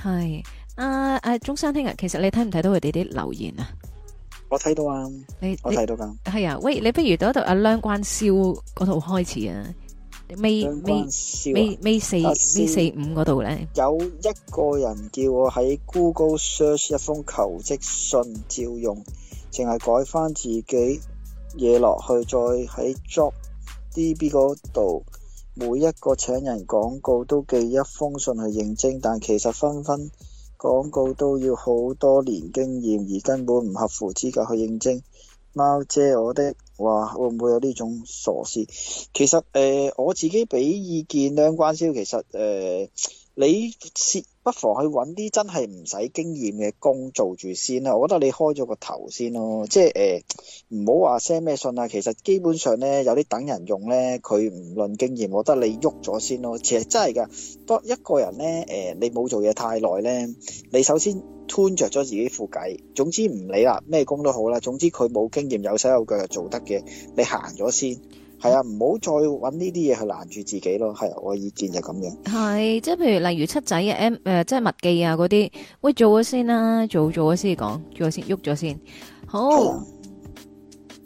[SPEAKER 1] 係、嗯，啊啊中山聽日其實你睇唔睇到佢哋啲留言啊？
[SPEAKER 2] 我睇到啊，你我睇到噶，
[SPEAKER 1] 係啊，喂，你不如到嗰度阿梁關少嗰度開始啊，未未未未四未四五嗰度咧，
[SPEAKER 2] 有一個人叫我喺 Google Search 一封求職信照用，淨係改翻自己嘢落去，再喺 Job DB 嗰度每一個請人廣告都寄一封信去認證，但其實分分。廣告都要好多年經驗，而根本唔合乎資格去應徵。貓姐我的話會唔會有呢種傻事？其實誒、呃，我自己俾意見兩關銷，其實誒、呃，你不妨去揾啲真係唔使經驗嘅工做住先啦。我覺得你開咗個頭先咯，即係誒唔好話 send 咩信啊。其實基本上咧，有啲等人用咧，佢唔論經驗，我覺得你喐咗先咯。其實真係噶，當一個人咧誒，你冇做嘢太耐咧，你首先穿著咗自己副計。總之唔理啦，咩工都好啦。總之佢冇經驗，有手有腳又做得嘅，你行咗先。係啊，唔好再揾呢啲嘢去攔住自己咯。係啊，我意見就咁樣。
[SPEAKER 1] 係，即係譬如例如七仔啊，M 誒，即係麥記啊嗰啲，喂，做咗先啦，做做咗先講，做咗先喐咗先。好。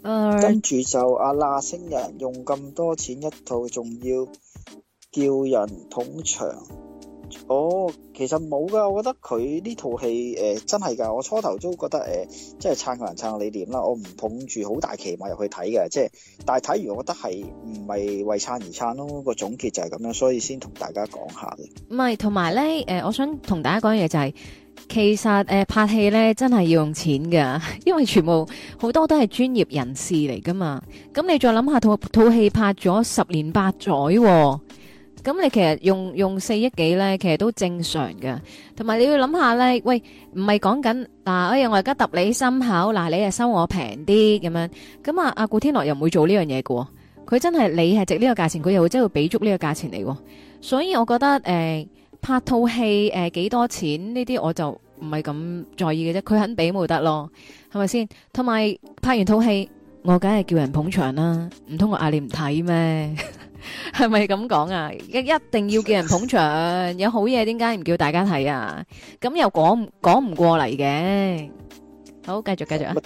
[SPEAKER 2] 誒，跟住就阿那星人用咁多錢一套，仲要叫人捧場。哦，其實冇噶，我覺得佢呢套戲誒真係噶，我初頭都覺得誒、呃，即係撐個人撐理念啦，我唔捧住好大期望入去睇嘅，即係，但係睇完我覺得係唔係為撐而撐咯，個總結就係咁樣，所以先同大家講下。唔
[SPEAKER 1] 係，同埋咧誒，我想同大家講嘢就係、是，其實誒、呃、拍戲咧真係要用錢噶，因為全部好多都係專業人士嚟噶嘛，咁你再諗下套套戲拍咗十年八載、哦。咁你其實用用四億幾咧，其實都正常嘅。同埋你要諗下咧，喂，唔係講緊嗱，哎呀，我而家揼你心口，嗱、啊、你係收我平啲咁樣。咁啊，阿古天樂又唔會做呢樣嘢嘅喎。佢真係你係值呢個價錢，佢又會真係會俾足呢個價錢你喎。所以我覺得誒、呃、拍套戲誒幾多錢呢啲我就唔係咁在意嘅啫。佢肯俾咪得咯，係咪先？同埋拍完套戲，我梗係叫人捧場啦，唔通我嗌你唔睇咩？ *laughs* 係咪咁講啊？一一定要叫人捧場。 *laughs* 有好嘢點解唔叫大家睇啊？咁又講講唔過嚟嘅。好，繼續繼續啊！嗯、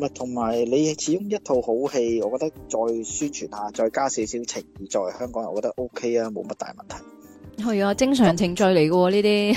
[SPEAKER 2] 嗯、同埋你始終一套好戲，我覺得再宣傳下，再加少少情意，作為香港人，我覺得 OK 啊，冇乜大問題。
[SPEAKER 1] 係啊，正常程序嚟噶呢啲。這些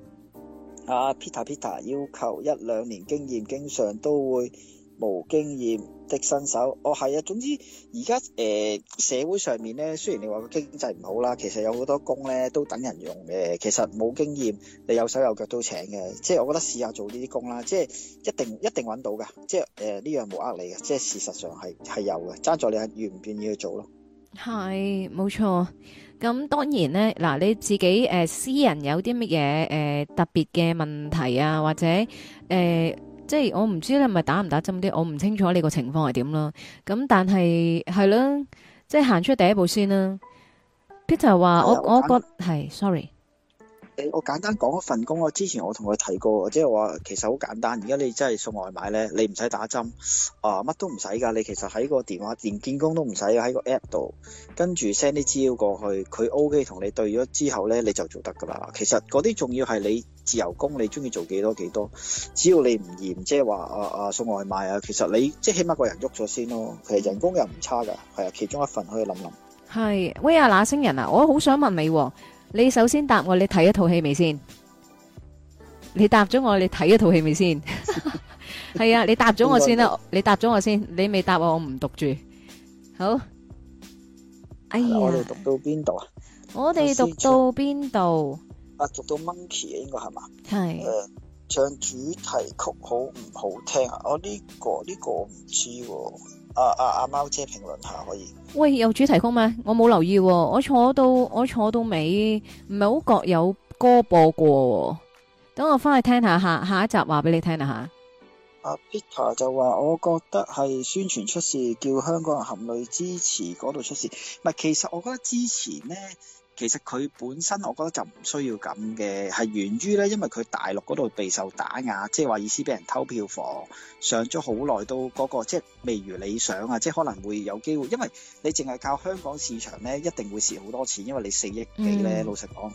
[SPEAKER 2] 啊 Peter，Peter，Peter 要求一兩年經驗，經常都會冇經驗的新手。哦，係啊，總之而家誒社會上面咧，雖然你話個經濟唔好啦，其實有好多工咧都等人用嘅。其實冇經驗，你有手有腳都請嘅。即係我覺得試下做呢啲工啦，即係一定一定揾到㗎。即係誒呢樣冇呃你嘅，即係事實上係係有嘅。爭在你願唔願意去做咯。
[SPEAKER 1] 係，冇錯。咁當然咧，嗱你自己誒、呃、私人有啲乜嘢誒特別嘅問題啊，或者誒、呃、即係我唔知你係咪打唔打針啲，我唔清楚你個情況係點囉。咁但係係囉，即係行出第一步先啦。Peter 話：我我覺得係，sorry。
[SPEAKER 2] 我簡單講一份工，我之前我同佢提過，即係話其實好簡單。而家你真係送外賣咧，你唔使打針啊，乜、呃、都唔使噶。你其實喺個電話連見工都唔使喺個 app 度，跟住 send 啲資料過去，佢 O K 同你對咗之後咧，你就做得噶啦。其實嗰啲仲要係你自由工，你中意做幾多幾多，只要你唔嫌，即係話啊啊送外賣啊，其實你即係起碼個人喐咗先咯。其實人工又唔差噶，係啊，其中一份可以諗諗。
[SPEAKER 1] 係，喂啊那星人啊，我好想問你、啊。你首先答我，你睇一套戲未先？你答咗我，你睇一套戲未先？係 *laughs* *laughs* 啊，你答咗我先啦，這個、你，你答咗我先，你未答我，我唔讀住。好，哎呀，我哋讀
[SPEAKER 2] 到邊度啊？
[SPEAKER 1] 我哋讀到邊度？
[SPEAKER 2] 啊，讀到 Monkey 應該係嘛？係。誒、呃，唱主題曲好唔好聽啊？哦這個這個、我呢個呢個唔知喎、啊。阿啊阿貓、啊、姐評論下可以。
[SPEAKER 1] 喂，有主題曲咩？我冇留意、哦，我坐到我坐到尾，唔係好覺有歌播過。等我翻去聽下，下下一集話俾你聽下
[SPEAKER 2] 啊。阿 Peter 就話，我覺得係宣傳出事，叫香港人含淚支持嗰度出事。唔係，其實我覺得之前咧。其實佢本身，我覺得就唔需要咁嘅，係源於呢，因為佢大陸嗰度備受打壓，即係話意思俾人偷票房，上咗好耐都嗰、嗰個即係未如理想啊！即係可能會有機會，因為你淨係靠香港市場呢，一定會蝕好多錢，因為你四億幾呢、嗯，老實講。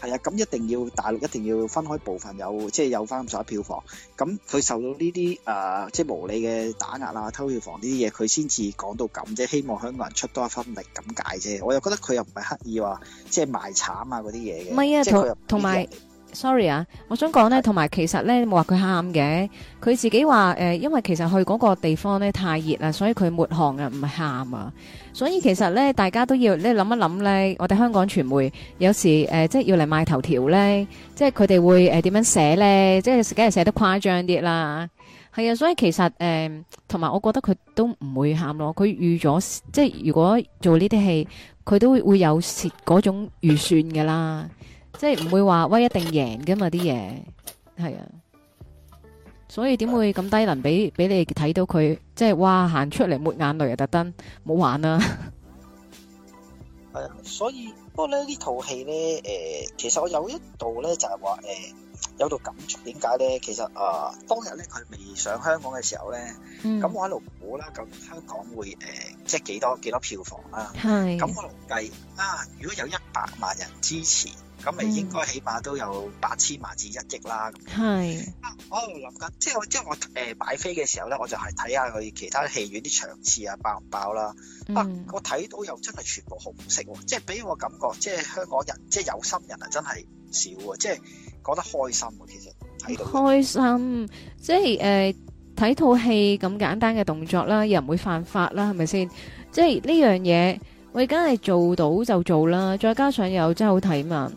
[SPEAKER 2] 係啊，咁一定要大陸一定要分開部分有，即係有翻咁多票房。咁佢受到呢啲誒，即係無理嘅打壓啊、偷票房呢啲嘢，佢先至講到咁啫。希望香港人出多一分力咁解啫。我又覺得佢又唔係刻意話，即係賣慘啊嗰啲嘢嘅，即係佢又唔係同埋。
[SPEAKER 1] Sorry 啊，我想講咧，同埋其實咧你冇話佢喊嘅，佢自己話誒、呃，因為其實去嗰個地方咧太熱啦，所以佢抹汗嘅，唔係喊啊。所以其實咧，大家都要咧諗一諗咧，我哋香港傳媒有時誒，即係要嚟賣頭條咧，即係佢哋會誒點樣寫咧，即係梗係寫得誇張啲啦。係啊，所以其實誒，同埋我覺得佢都唔會喊咯，佢預咗即係如果做呢啲戲，佢都會有蝕嗰種預算噶啦。即係唔會話喂，一定贏噶嘛啲嘢係啊，所以點會咁低能？俾俾你睇到佢即係哇行出嚟抹眼淚啊！特登冇玩啦，
[SPEAKER 2] 係啊。所以不過咧呢套戲咧，誒，其實我有一度咧就係話誒有度感觸，點解咧？其實啊，當日咧佢未上香港嘅時候咧，咁我喺度估啦，究竟香港會誒即係幾多幾多票房啦？係咁我嚟計啊，如果有一百萬人支持。咁咪應該起碼都有八千萬至一億啦。係。我喺度諗緊，即係即係我誒擺飛嘅時候咧，我就係睇下佢其他戲院啲場次啊，爆唔爆啦。啊，我睇到又真係全部紅色喎，即係俾我感覺，即係香港人，即係有心人啊，真係少啊，即係講得開心啊，其實睇到。開
[SPEAKER 1] 心，即係誒睇套戲咁簡單嘅動作啦，又唔會犯法啦，係咪先？即係呢樣嘢，我而家係做到就做啦，再加上又真係好睇嘛。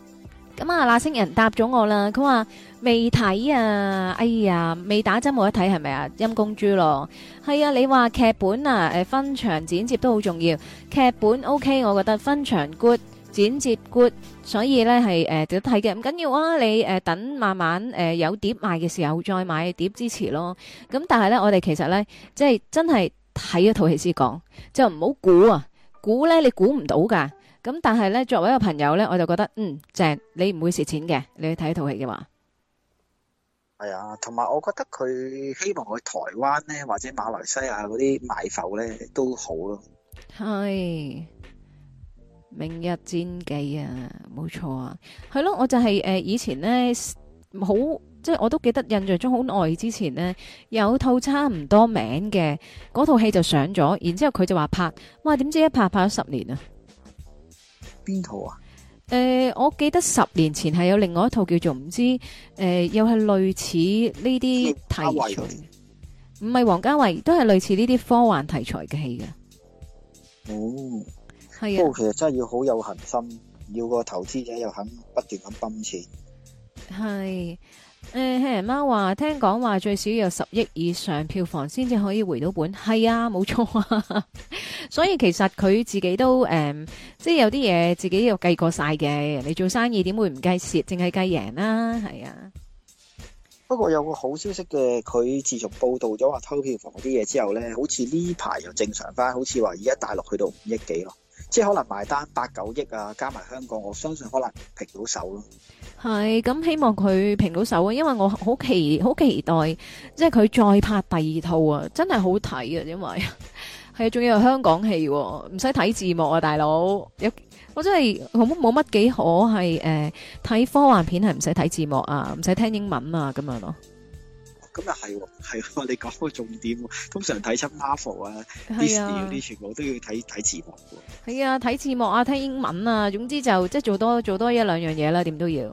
[SPEAKER 1] 咁、嗯、啊，那星人答咗我啦，佢話未睇啊，哎呀，未打針冇得睇係咪啊？陰公豬咯，係啊，你話劇本啊，誒，分場剪接都好重要，劇本 OK，我覺得分場 good，剪接 good，所以咧係誒值得睇嘅，唔緊要、要啊，你誒、呃、等慢慢誒、呃、有碟賣嘅時候再買碟支持咯。咁、嗯、但係咧，我哋其實咧即係真係睇咗套戲先講，就唔好估啊，估咧你估唔到噶。咁但係咧，作為一個朋友咧，我就覺得嗯正，你唔會蝕錢嘅。你去睇套戲嘅話，
[SPEAKER 2] 係啊，同埋我覺得佢希望去台灣咧，或者馬來西亞嗰啲買否咧都好咯。
[SPEAKER 1] 係明日戰記啊，冇錯啊，係咯。我就係誒以前呢，好即係我都記得印象中好耐之前呢，有套差唔多名嘅嗰套戲就上咗，然之後佢就話拍哇，點知一拍拍咗十年啊！邊套啊？誒、呃，我記得十年前係有另外一套叫做唔知誒、呃，又係類似呢啲題材，唔係王家衛，都係類似呢啲科幻題材嘅戲嘅。
[SPEAKER 2] 哦，係啊，不過其實真係要好有恒心，要個投資者又肯不斷咁泵錢，
[SPEAKER 1] 係。誒、嗯，黑人貓話聽講話最少要十億以上票房先至可以回到本，係啊，冇錯啊。 *laughs* 所以其實佢自己都誒、嗯，即係有啲嘢，自己又計過晒嘅。你做生意點會唔計蝕，淨係計贏啦？係啊。
[SPEAKER 2] 不過有個好消息嘅，佢自從報道咗話偷票房啲嘢之後咧，好似呢排又正常返，好似話而家大陸去到五億幾咯，即係可能埋單八九億啊，加埋香港，我相信可能平到手咯。
[SPEAKER 1] 係，咁希望佢平到手啊！因為我好期好期待，即係佢再拍第二套啊！真係好睇啊！因為係仲要有香港戲，啊，唔使睇字幕啊，大佬，我真係冇冇乜幾可係誒睇科幻片係唔使睇字幕啊，唔使聽英文啊咁樣咯，啊。咁 *noise* 又係喎、哦，係
[SPEAKER 2] 喎、哦，你講個重點、哦，通常睇親 Marvel 啊 Disney 嗰啲， *noise* 啊、 *noise* 這些全部都要睇睇字幕
[SPEAKER 1] 喎。係 *noise* 啊，睇字幕啊，聽英文啊，總之就即係做多做多一兩樣嘢啦，點都要。誒、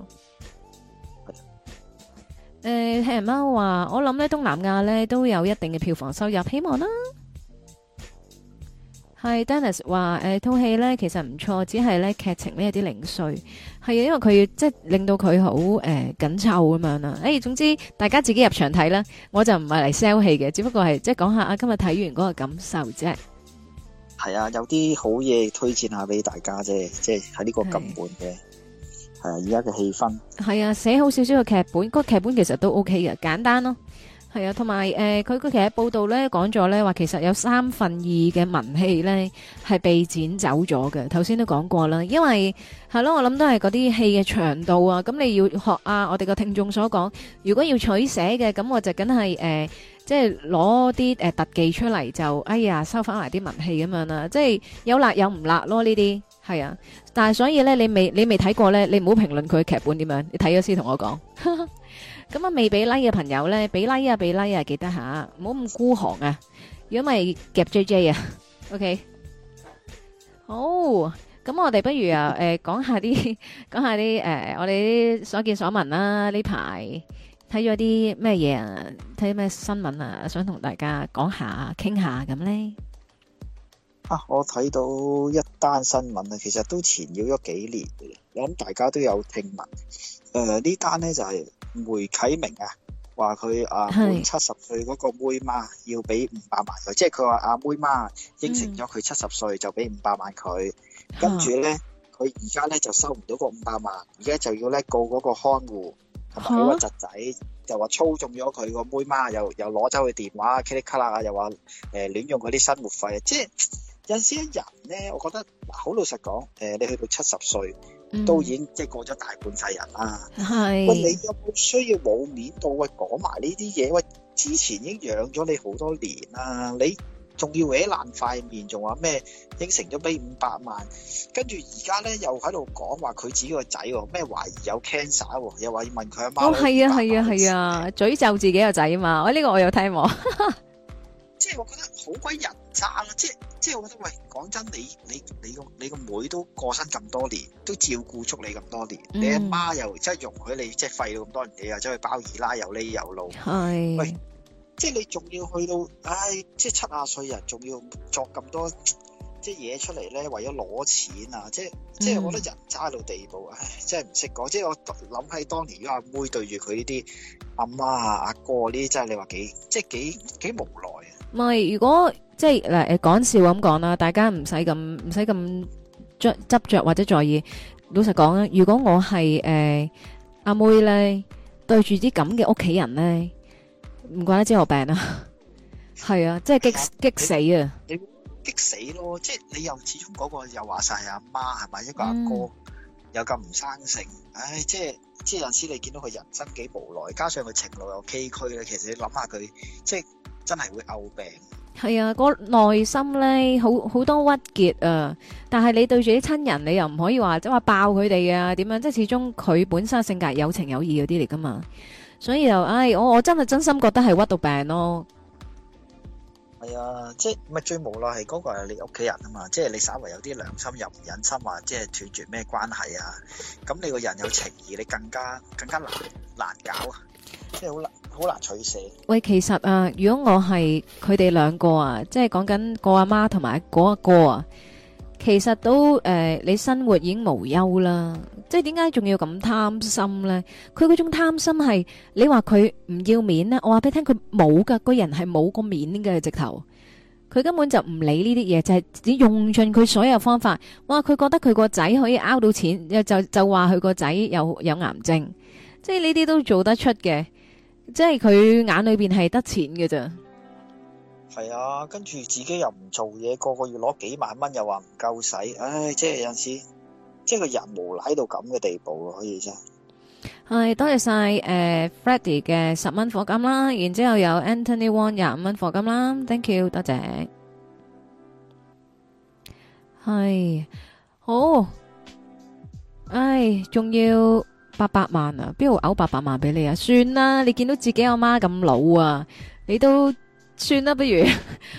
[SPEAKER 1] *noise* 呃，聽人媽話，我諗咧東南亞咧都有一定嘅票房收入，希望啦。係 Dennis 話誒，套戲咧其實唔錯，只係咧劇情咧有啲零碎，係啊，因為佢即係令到佢好誒緊湊咁樣啦。誒、欸，總之大家自己入場睇啦，我就唔係嚟 sell 戲嘅，只不過係即係講下啊，今日睇完嗰個感受啫。
[SPEAKER 2] 係啊，有啲好嘢推薦下俾大家啫，即係喺呢個咁悶嘅，係啊，而家嘅氣
[SPEAKER 1] 氛。係啊，寫好少少嘅劇本，個劇本其實都 OK 嘅，簡單咯。係啊，同埋誒，佢、呃、佢其實報道咧講咗咧話，其實有三分二嘅文戲咧係被剪走咗嘅。頭先都講過啦，因為係咯、啊，我諗都係嗰啲戲嘅長度啊。咁你要學啊，我哋嘅聽眾所講，如果要取捨嘅，咁我就梗係誒，即係攞啲誒特技出嚟就，哎呀，收返埋啲文戲咁樣啦。即係有辣有唔辣咯，呢啲係啊。但係所以咧，你未你未睇過咧，你唔好評論佢劇本點樣。你睇咗先同我講。 *laughs* 咁啊！未俾 like 嘅朋友咧，俾 like 啊！俾 like 啊！記得吓，唔好咁孤寒啊！如果咪夾 JJ 啊，OK 好。咁我哋不如啊，誒，講下啲，講下啲誒，我哋啲所見所聞啦。呢排睇咗啲咩嘢啊？睇啲咩新聞啊？想同大家講下，傾下咁咧
[SPEAKER 2] 啊！我睇到一單新聞啊，其實都前要咗幾年嘅，我諗大家都有聽聞誒。呢單咧就係。梅啟明啊，話佢啊滿七十歲嗰個妹媽要俾五百萬佢，即係佢話阿妹媽應承咗佢七十歲就俾五百萬佢，嗯，跟住咧佢而家咧就收唔到個五百萬，而家就要咧告嗰個看護同埋佢個侄仔，又，嗯、話操縱咗佢個妹媽，又又攞走佢電話啊，call 卡啊，又話誒亂用嗰啲生活費，即係有陣時人咧，我覺得好老實講，誒、呃、你去到七十歲。都已經即係過咗大半世人啦，
[SPEAKER 1] 喂，你
[SPEAKER 2] 有冇需要冇面到喂講埋呢啲嘢喂？之前已經養咗你好多年啦，你仲要搲爛塊面，仲話咩？應承咗俾五百萬，跟住而家咧又喺度講話佢自己個仔，咩懷疑有 cancer，又話要問佢阿媽。哦，係啊，
[SPEAKER 1] 係啊，係啊，詛、啊啊、咒自己個仔嘛？喂，呢個我有睇喎。 *laughs*
[SPEAKER 2] 即係我覺得好鬼人渣咯！即係即係，我覺得喂，講真，你你你個你個妹都過身咁多年，都照顧足你咁多年，嗯、你阿媽又即係容許你即係廢咗咁多年，你又走去包二奶，又呢又路，
[SPEAKER 1] 係喂，即係
[SPEAKER 2] 你仲要去到唉，即係七十歲人仲要作咁多即係嘢出嚟咧，為咗攞錢啊！即係即係，我覺得人渣到地步唉，即係唔識講。即係我諗起當年，如果阿妹對住佢呢啲阿媽啊、阿哥呢啲，真係你話幾即係幾幾無奈。
[SPEAKER 1] 咪如果即係嗱，講笑咁講啦，大家唔使咁唔使咁執執着或者在意。老實講啊，如果我係誒阿妹咧，對住啲咁嘅屋企人咧，唔怪得之後病啦。係啊，即係激激死啊！
[SPEAKER 2] 你激死咯，即係你又始終嗰個又話晒係阿媽係咪？一個阿哥又咁唔生性，唉，即係即係有陣時你見到佢人生幾無奈，加上佢情路又崎嶇咧，其實你諗下佢即係。真係會嘔病，
[SPEAKER 1] 係啊，個內心咧好好多鬱結啊！但係你對住啲親人，你又唔可以話即係話爆佢哋啊？點樣？即係始終佢本身性格有情有義嗰啲嚟㗎嘛，所以就唉，我我真係真心覺得係屈到病咯。
[SPEAKER 2] 係啊，即係咪最無奈係嗰個係你屋企人啊嘛？即係你稍微有啲良心又唔忍心話即係斷絕咩關係啊？咁你個人有情義，你更加更加難難搞啊！即係好難，好難取捨。
[SPEAKER 1] 喂，其實啊，如果我係佢哋兩個啊，即係講緊個阿媽同埋嗰阿哥啊，其實都誒、呃，你生活已經無憂啦。即係點解仲要咁貪心呢？佢嗰種貪心係，你話佢唔要面呢，我話俾你聽，佢冇噶，個人係冇個面嘅直頭。佢根本就唔理呢啲嘢，就係、是、用盡佢所有方法。哇，佢覺得佢個仔可以拗到錢，就就話佢個仔有有癌症。即係呢啲都做得出嘅，即係佢眼裏邊係得錢嘅咋。
[SPEAKER 2] 係啊，跟住自己又唔做嘢，個個月攞幾萬蚊又話唔夠使，唉，即係有陣時，即係個人無賴到咁嘅地步啊，可以真。
[SPEAKER 1] 係多謝晒誒，Freddie 嘅十蚊火金啦，然之後有 Anthony Wong 廿五蚊火金啦，Thank you，多謝。係，好，哎，仲要。八百萬啊，邊度嘔八百萬俾你啊？算啦，你見到自己阿媽咁老啊，你都算啦，不如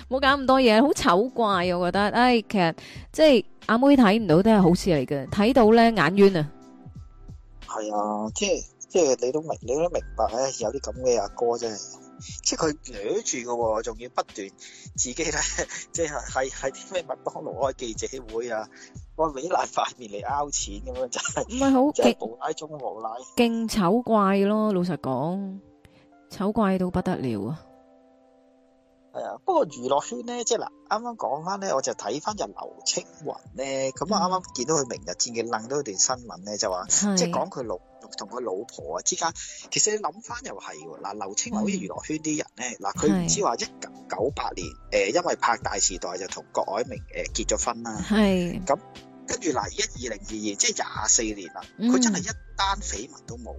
[SPEAKER 1] 冇搞咁多嘢，好醜怪，我覺得。唉、哎，其實即係阿妹睇唔到都係好事嚟嘅，睇到咧眼冤啊。
[SPEAKER 2] 係啊，即係即係你都明，你都明白，咧，有啲咁嘅阿哥真係，即係佢躲住噶，仲要不斷自己咧，即係係係啲咩麥當勞開記者會啊。我俾爛塊面嚟拗錢咁樣真
[SPEAKER 1] 係唔係好，即係無
[SPEAKER 2] 賴中無賴，
[SPEAKER 1] 勁醜怪咯。老實講，醜怪到不得了
[SPEAKER 2] 啊。係啊，不過娛樂圈咧，即係嗱，啱啱講翻咧，我就睇翻就劉青雲咧。咁、嗯、啊，啱啱見到佢《明日戰記》掕到一段新聞咧，就話即係講佢老同佢老婆啊之間。其實你諗翻又係嗱，劉青雲好似娛樂圈啲人咧，嗱，佢唔知話一九九八年誒，因為拍《大時代》就同郭藹明誒結咗婚啦。係咁。跟住嗱，一二零二二即係廿四年啦，佢真係一單緋聞都冇，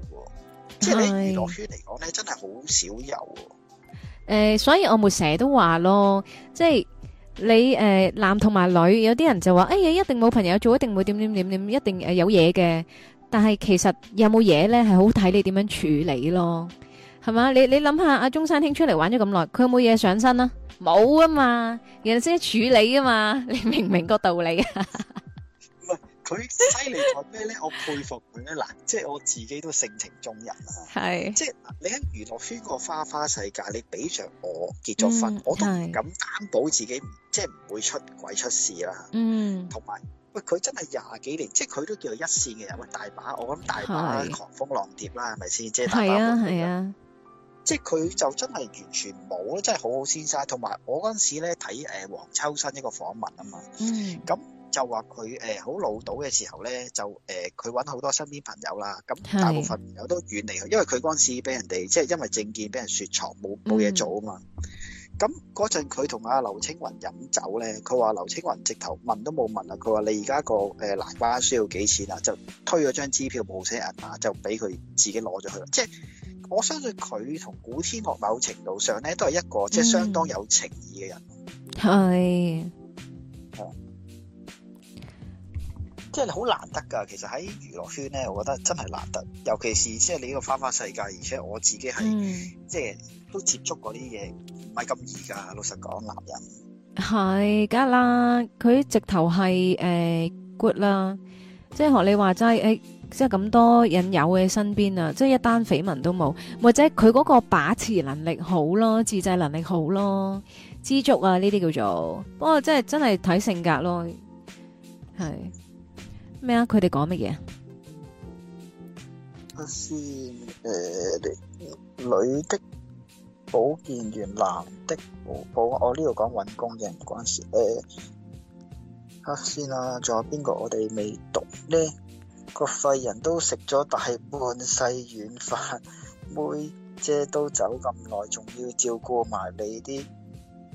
[SPEAKER 1] 即係喺娛
[SPEAKER 2] 樂圈嚟講咧，真係好少有
[SPEAKER 1] 誒。所以我咪成日都話咯，即係你誒男同埋女有啲人就話誒，一定冇朋友做，一定會點點點點，一定誒有嘢嘅。但係其實有冇嘢咧，係好睇你點樣處理咯，係嘛？你你諗下，阿中山兄出嚟玩咗咁耐，佢有冇嘢上身啊？冇啊嘛，人哋先處理啊嘛，你明唔明個道理啊？
[SPEAKER 2] 佢犀利在咩咧？我佩服佢咧。嗱，即係我自己都性情中人啊。
[SPEAKER 1] 係。即係
[SPEAKER 2] 你喺娛樂圈個花花世界，你俾着我結咗婚，嗯，我都唔敢擔保自己不，即係唔會出軌出事啦。嗯。同埋，喂，佢真係廿幾年，即係佢都叫做一綫嘅人。喂，大把，我諗大把狂風浪蝶啦，係咪先？即係，即係大把啊。係啊，係啊，即係佢就真係完全冇咯，真係好好先生。同埋我嗰陣時咧睇誒黃秋生一個訪問啊嘛。
[SPEAKER 1] 嗯。
[SPEAKER 2] 咁。就話佢誒好老到嘅時候咧，就誒佢揾好多身邊朋友啦。咁大部分朋友都遠離佢，因為佢嗰陣時俾人哋即係因為政見俾人雪藏冇冇嘢做啊嘛。咁嗰陣佢同阿劉青雲飲酒咧，佢話劉青雲直頭問都冇問啊，佢話你而家、那個誒南、呃、瓜需要幾錢啊？就推咗張支票冇寫銀，就俾佢自己攞咗去啦。即、就、係、是、我相信佢同古天樂某程度上咧都係一個、嗯、即係相當有情義嘅人。係。即係好難得㗎。其實喺娛樂圈咧，我覺得真係難得，尤其是即係你呢個花花世界。而且我自己係、嗯、即係都接觸過啲嘢，唔係咁易㗎。老實講，男人
[SPEAKER 1] 係梗啦，佢直頭係誒 good 啦。即係學你話齋誒，即係咁多引誘喺身邊啊，即係一單緋聞都冇，或者佢嗰個把持能力好咯，自制能力好咯，知足啊呢啲叫做。不過即，即係真係睇性格咯，係。咩啊？佢哋講乜嘢？
[SPEAKER 2] 啊，先誒，女的保健員，男的保我呢度講揾工嘅唔關事誒。啊，先啦，仲有邊個我哋未讀呢？個廢人都食咗大半世軟飯，妹姐都走咁耐，仲要照顧埋你啲。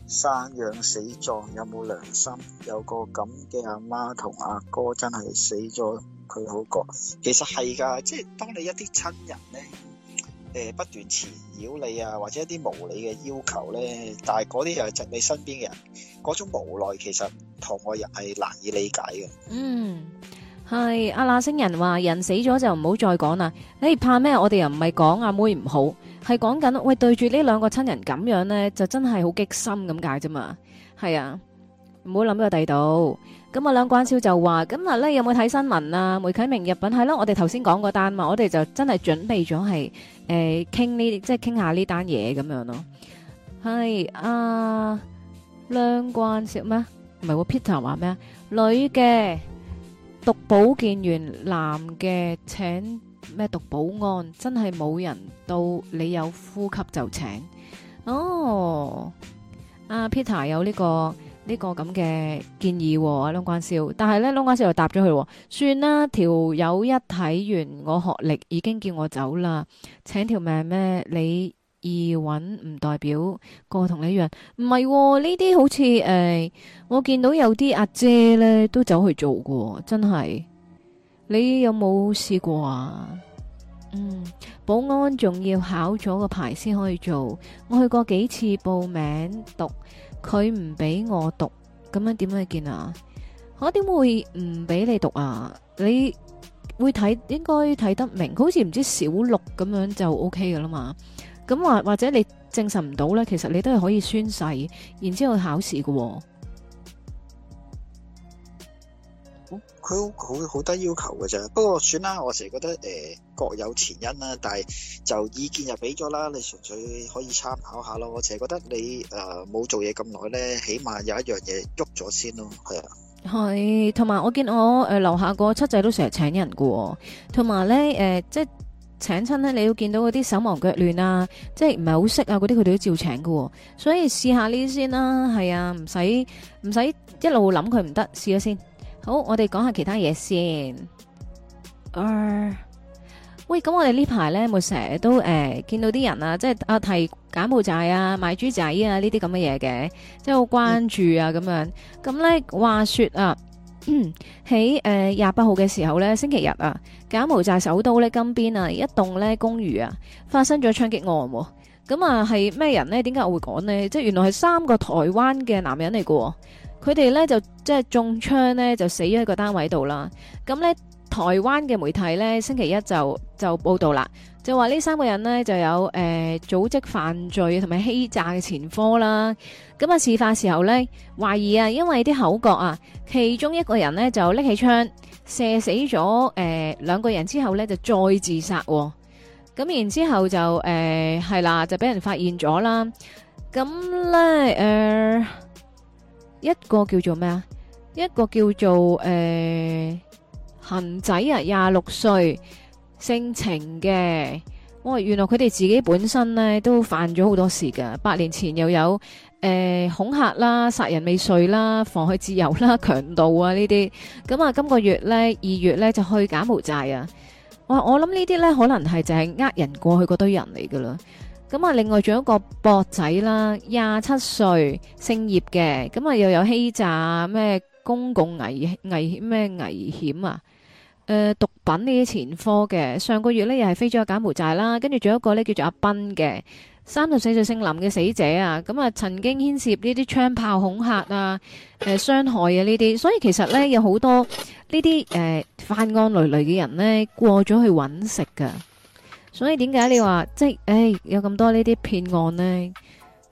[SPEAKER 2] 生養死葬有冇良心？有個咁嘅阿媽同阿哥真係死咗，佢好過。其實係噶，即係當你一啲親人咧，誒、呃、不斷纏繞你啊，或者一啲無理嘅要求咧，但係嗰啲又係盡你身邊嘅人，嗰種無奈其實同外人係難以理解嘅。嗯，
[SPEAKER 1] 係阿那星人話，人死咗就唔好再講啦。你怕咩？我哋又唔係講阿妹唔好。係講緊，喂，對住呢兩個親人咁樣咧，就真係好激心咁解啫嘛，係啊，唔好諗呢個第度。咁啊，梁關超就話，咁啊咧，有冇睇新聞啊？梅啟明入禀係咯，我哋頭先講嗰單嘛，我哋就真係準備咗係誒，傾呢，即係傾下呢單嘢咁樣咯。係啊，梁關超咩？唔係，Peter 話咩？女嘅讀保健員，男嘅請。咩讀保安真係冇人到，你有呼吸就請哦。阿、啊、Peter 有呢、這個呢、這個咁嘅建議、哦，喎、啊。long 關少，但係咧 long 關少又答咗佢、哦，算啦。條友一睇完，我學歷已經叫我走啦，請條命咩？你易搵唔代表個同你一樣，唔係呢啲好似誒、哎，我見到有啲阿姐咧都走去做過、哦，真係。你有冇試過啊？嗯，保安仲要考咗個牌先可以做。我去過幾次報名讀，佢唔俾我讀。咁樣點樣見啊？我點會唔俾你讀啊？你會睇應該睇得明，好似唔知小六咁樣就 OK 噶啦嘛。咁或或者你證實唔到呢，其實你都係可以宣誓，然之後去考試噶、啊。
[SPEAKER 2] 佢好好好低要求嘅啫，不過算啦。我成日覺得誒，各有前因啦。但係就意見又俾咗啦。你純粹可以參考下咯。我成日覺得你誒冇做嘢咁耐咧，起碼有一樣嘢喐咗先咯。係啊，
[SPEAKER 1] 係同埋我見我誒樓下個七仔都成日請人㗎喎，同埋咧誒，即係請親咧，你要見到嗰啲手忙腳亂啊，即係唔係好識啊嗰啲，佢哋都照請㗎喎。所以試下呢啲先啦。係啊，唔使唔使一路諗佢唔得，試下先。好，我哋講下其他嘢先。Uh, 喂，咁我哋呢排咧，冇成日都誒、欸、見到啲人啊，即係啊提柬埔寨啊，賣豬仔啊呢啲咁嘅嘢嘅，即係好關注啊咁樣。咁咧話說啊，喺誒廿八號嘅時候咧，星期日啊，柬埔寨首都咧金邊啊，一棟咧公寓啊，發生咗槍擊案、啊。咁啊係咩人咧？點解我會講呢？即係原來係三個台灣嘅男人嚟嘅、啊。佢哋咧就即係中槍呢，就死咗喺個單位度啦。咁呢，台灣嘅媒體呢星期一就就報道啦，就話呢三個人呢就有誒、呃、組織犯罪同埋欺詐嘅前科啦。咁啊事發時候呢，懷疑啊因為啲口角啊，其中一個人呢就拎起槍射死咗誒、呃、兩個人之後呢，就再自殺、啊。咁然之後就誒係、呃、啦，就俾人發現咗啦。咁咧誒。呃一個叫做咩啊？一個叫做誒、呃，恒仔啊，廿六歲，姓程嘅。我、哦，原來佢哋自己本身呢，都犯咗好多事噶。八年前又有誒、呃、恐嚇啦、殺人未遂啦、妨害自由啦、強盜啊呢啲。咁啊，今、嗯今個月呢，二月呢，就去柬埔寨啊、哦。我我諗呢啲呢，可能係就係呃人過去嗰堆人嚟噶啦。咁啊，另外仲有一個博仔啦，廿七歲，姓葉嘅，咁啊又有欺詐咩公共危險危險咩危險啊，誒、呃、毒品呢啲前科嘅，上個月呢，又係飛咗去柬埔寨啦，跟住仲有一個呢叫做阿斌嘅，三十四歲，姓林嘅死者、嗯、啊，咁啊曾經牽涉呢啲槍炮恐嚇啊，誒傷害啊呢啲，所以其實呢，有好多呢啲誒犯案累累嘅人呢，過咗去揾食噶。所以點解你話即係，誒、哎、有咁多呢啲騙案咧，誒、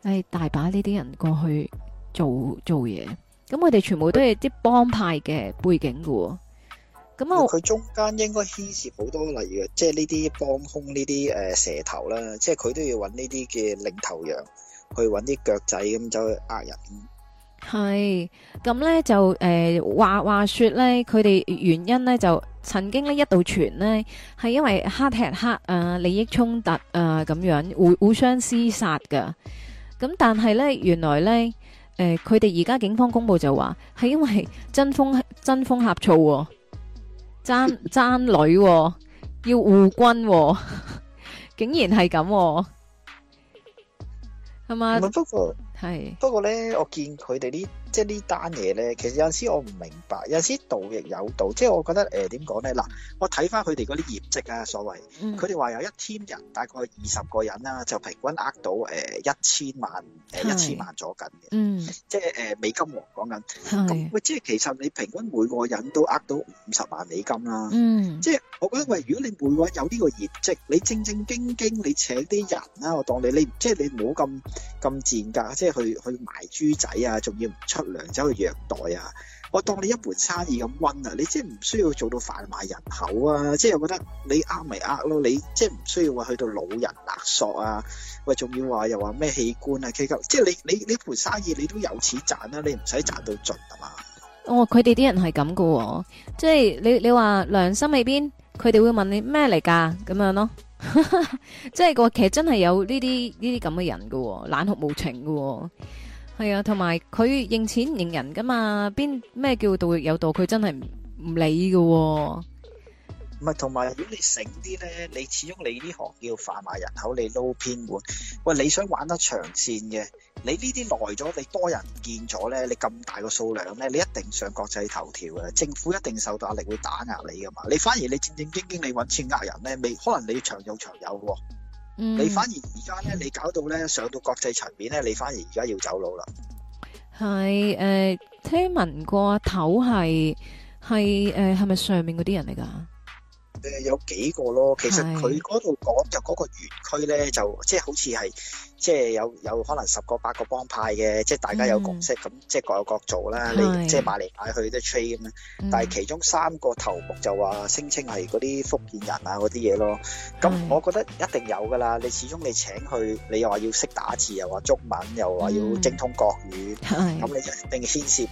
[SPEAKER 1] 哎、大把呢啲人過去做做嘢，咁佢哋全部都係啲幫派嘅背景噶，
[SPEAKER 2] 咁啊佢中間應該牽涉好多，例如即係呢啲幫兇呢啲誒蛇頭啦，即係佢都要揾呢啲嘅領頭羊去揾啲腳仔咁走去呃人。
[SPEAKER 1] 係咁咧就誒、呃、話話說咧佢哋原因咧就曾經咧一度傳呢，係因為黑吃黑啊利益衝突啊咁樣互互相厮殺噶咁但係咧原來咧誒佢哋而家警方公布就話係因為爭風呷醋、啊、爭風爭風呷醋爭爭女、啊、要護軍、啊、竟然係咁係嘛？係，
[SPEAKER 2] 不過咧，我見佢哋呢，即係呢單嘢咧，其實有陣時我唔明白，有陣時盜亦有道，即係我覺得誒，點講咧？嗱，我睇翻佢哋嗰啲業績啊，所謂，佢哋話有一千人，大概二十個人啦、啊，就平均到呃到誒一千萬，誒一千萬左近嘅，即係誒、呃、美金講緊，咁即係其實你平均每個人都呃到五十萬美金啦、啊嗯，即係。我覺得喂，如果你每個有呢個業績，你正正經經你請啲人啦、啊，我當你你即係你唔好咁咁賤格，即係去去賣豬仔啊，仲要唔出糧走去虐待啊。我當你一盤生意咁温啊，你即係唔需要做到販賣人口啊。即係我覺得你呃咪呃咯，你即係唔需要話去到老人勒索啊。喂，仲要話又話咩器官啊？其實即係你你呢盤生意你都有錢賺啦、啊，你唔使賺到盡啊嘛。
[SPEAKER 1] 哦，佢哋啲人係咁噶喎，即係你你話良心喺邊？佢哋會問你咩嚟噶咁樣咯， *laughs* 即、那、係個其實真係有呢啲呢啲咁嘅人噶、哦，冷酷無情噶、哦，係啊，同埋佢認錢唔認人噶嘛，邊咩叫盜亦有道，佢真係唔理噶、哦。
[SPEAKER 2] 唔係同埋，如果你醒啲咧，你始終你呢行要販賣人口，你撈偏門。喂，你想玩得長線嘅，你呢啲耐咗，你多人見咗咧，你咁大個數量咧，你一定上國際頭條啊。政府一定受到壓力會打壓你噶嘛。你反而你戰戰兢兢，你揾錢壓人咧，未可能你要長有長有喎、啊。嗯、
[SPEAKER 1] 你反而
[SPEAKER 2] 而家咧，你搞到咧上到國際層面咧，你反而而家要走佬啦。
[SPEAKER 1] 係誒、呃，聽聞過啊，頭係係誒係咪上面嗰啲人嚟㗎？
[SPEAKER 2] 誒，有幾個咯，其實佢嗰度講就嗰個園區咧，就即係好似係。即係有有可能十個八個幫派嘅，即係大家有共識，咁、嗯、即係各有各做啦。係，你即係買嚟買去都係吹咁樣，但係其中三個頭目就話聲稱係嗰啲福建人啊嗰啲嘢咯。咁我覺得一定有㗎啦。你始終你請佢，你又話要識打字，又話中文，又話要精通國語，咁、嗯、你就一定牽涉誒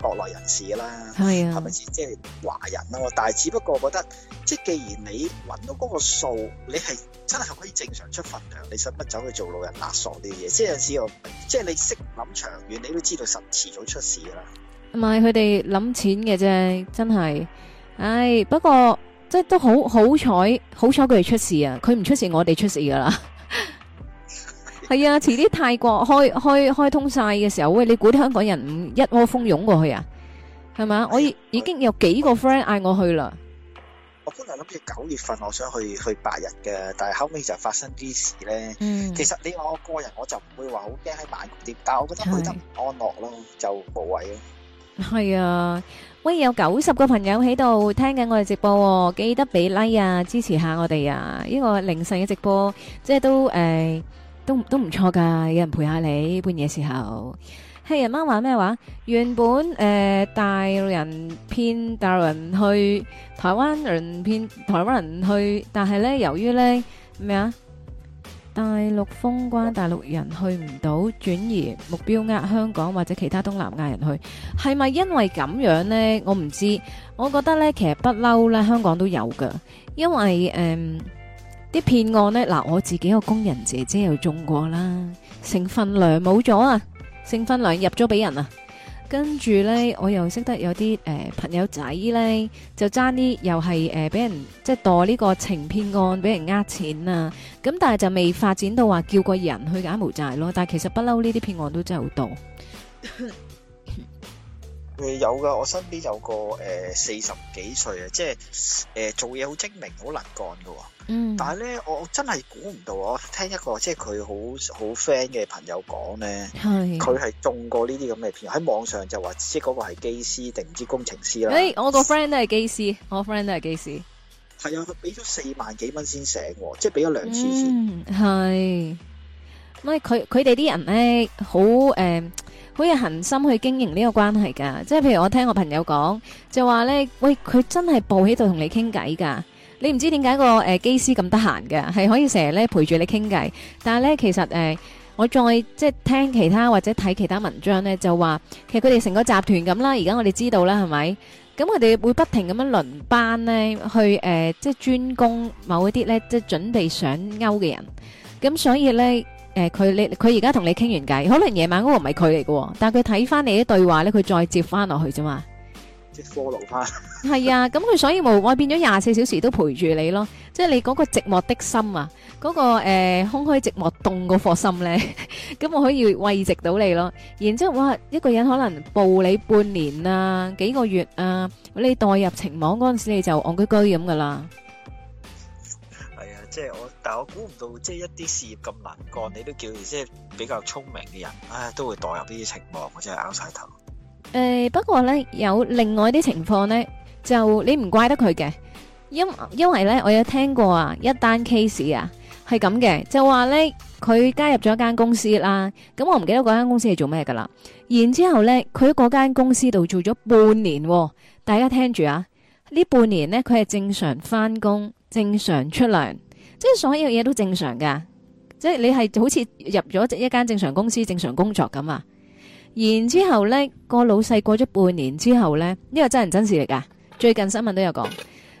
[SPEAKER 2] 國內人士啦。係咪先？即係華人喎、啊。但係只不過覺得，即既然你揾到嗰個數，你係。真係可以正常出份糧，你使乜走去做老人垃圾啲嘢？即係有時我，即係你識諗長遠，你都知道實遲早出事噶
[SPEAKER 1] 啦。唔係佢哋諗錢嘅啫，真係。唉，不過即係都好好彩，好彩佢哋出事啊！佢唔出事，我哋出事噶啦。係啊，遲啲泰國開開開通曬嘅時候，喂，你估啲香港人唔一窩蜂湧過去啊？係咪？我已經有幾個 friend 嗌我去啦。
[SPEAKER 2] 我本來諗住九月份我想去去八日嘅，但係後尾就發生啲事咧。嗯。其實你話我個人我就唔會話好驚喺曼谷點，但係我覺得去得唔安樂咯，就無謂咯。
[SPEAKER 1] 係啊，喂，有九十個朋友喺度聽緊我哋直播，記得俾 like 啊，支持下我哋啊！呢個凌晨嘅直播，即係都誒，都都唔錯噶，有人陪下你半夜時候。係人媽話咩話？原本誒，大陸人騙大陸人去，台灣人騙台灣人去，但係咧，由於咧咩啊，大陸封關，大陸人去唔到，轉移目標，壓香港或者其他東南亞人去，係咪因為咁樣咧？我唔知，我覺得咧，其實不嬲咧，香港都有噶，因為誒啲騙案咧，嗱，我自己個工人姐姐又中過啦，成分糧冇咗啊！性分兩入咗俾人啊，跟住呢，我又識得有啲誒、呃、朋友仔呢，就爭啲，又係誒俾人即係墮呢個情騙案俾人呃錢啊，咁但係就未發展到話叫個人去柬埔寨咯，但係其實不嬲呢啲騙案都真係好
[SPEAKER 2] 多。 *laughs* 誒 *laughs* 有噶，我身邊有個誒四十幾歲啊，即係誒、呃、做嘢好精明，好能幹噶。嗯、但係咧，我真係估唔到我聽一個即係佢好好 friend 嘅朋友講咧，佢係中過呢啲咁嘅片，喺網上就話，即係嗰個係機師定唔知工程師啦。誒、欸，
[SPEAKER 1] 我個 friend 都係機師，我 friend 都係機師。
[SPEAKER 2] 係啊，佢俾咗四萬幾蚊先醒，即係俾咗兩次
[SPEAKER 1] 先。係、嗯，咁佢佢哋啲人咧，好誒，好有恒心去經營呢個關係噶。即係譬如我聽我朋友講，就話咧，喂，佢真係報喺度同你傾偈噶。你唔知點解個誒機師咁得閒嘅，係可以成日咧陪住你傾偈。但係咧，其實誒、呃，我再即係聽其他或者睇其他文章咧，就話其實佢哋成個集團咁啦。而家我哋知道啦，係咪？咁佢哋會不停咁樣輪班咧，去誒、呃、即係專攻某一啲咧，即係準備想勾嘅人。咁所以咧誒，佢、呃、你佢而家同你傾完偈，可能夜晚嗰個唔係佢嚟嘅，但係佢睇翻你啲對話咧，佢再接翻落去啫嘛。啲科老翻，係啊，咁佢所以無外變咗廿四小時都陪住你咯，即係你嗰個寂寞的心啊，嗰個誒空虛寂寞凍嗰顆心呢，咁我可以慰藉到你咯。然之後哇，一個人可能暴你半年啊，幾個月啊，你代入情網嗰陣時，你就戇居居咁噶啦。
[SPEAKER 2] 係啊，即係我，但我估唔到，即係一啲事業咁難幹，你都叫住，即係比較聰明嘅人，唉，都會代入呢啲情網，我真係拗晒頭。
[SPEAKER 1] 誒、呃，不過咧有另外啲情況咧，就你唔怪得佢嘅。因因為咧，我有聽過啊一單 case 啊係咁嘅，就話咧佢加入咗一間公司啦，咁我唔記得嗰間公司係做咩噶啦，然之後咧佢喺嗰間公司度做咗半年，哦，大家聽住啊，呢半年咧佢係正常翻工，正常出糧，即係所有嘢都正常㗎。即係你係好似入咗一一間正常公司，正常工作咁啊。然之後呢個老細過咗半年之後呢，呢、呢個真人真事嚟噶。最近新聞都有講，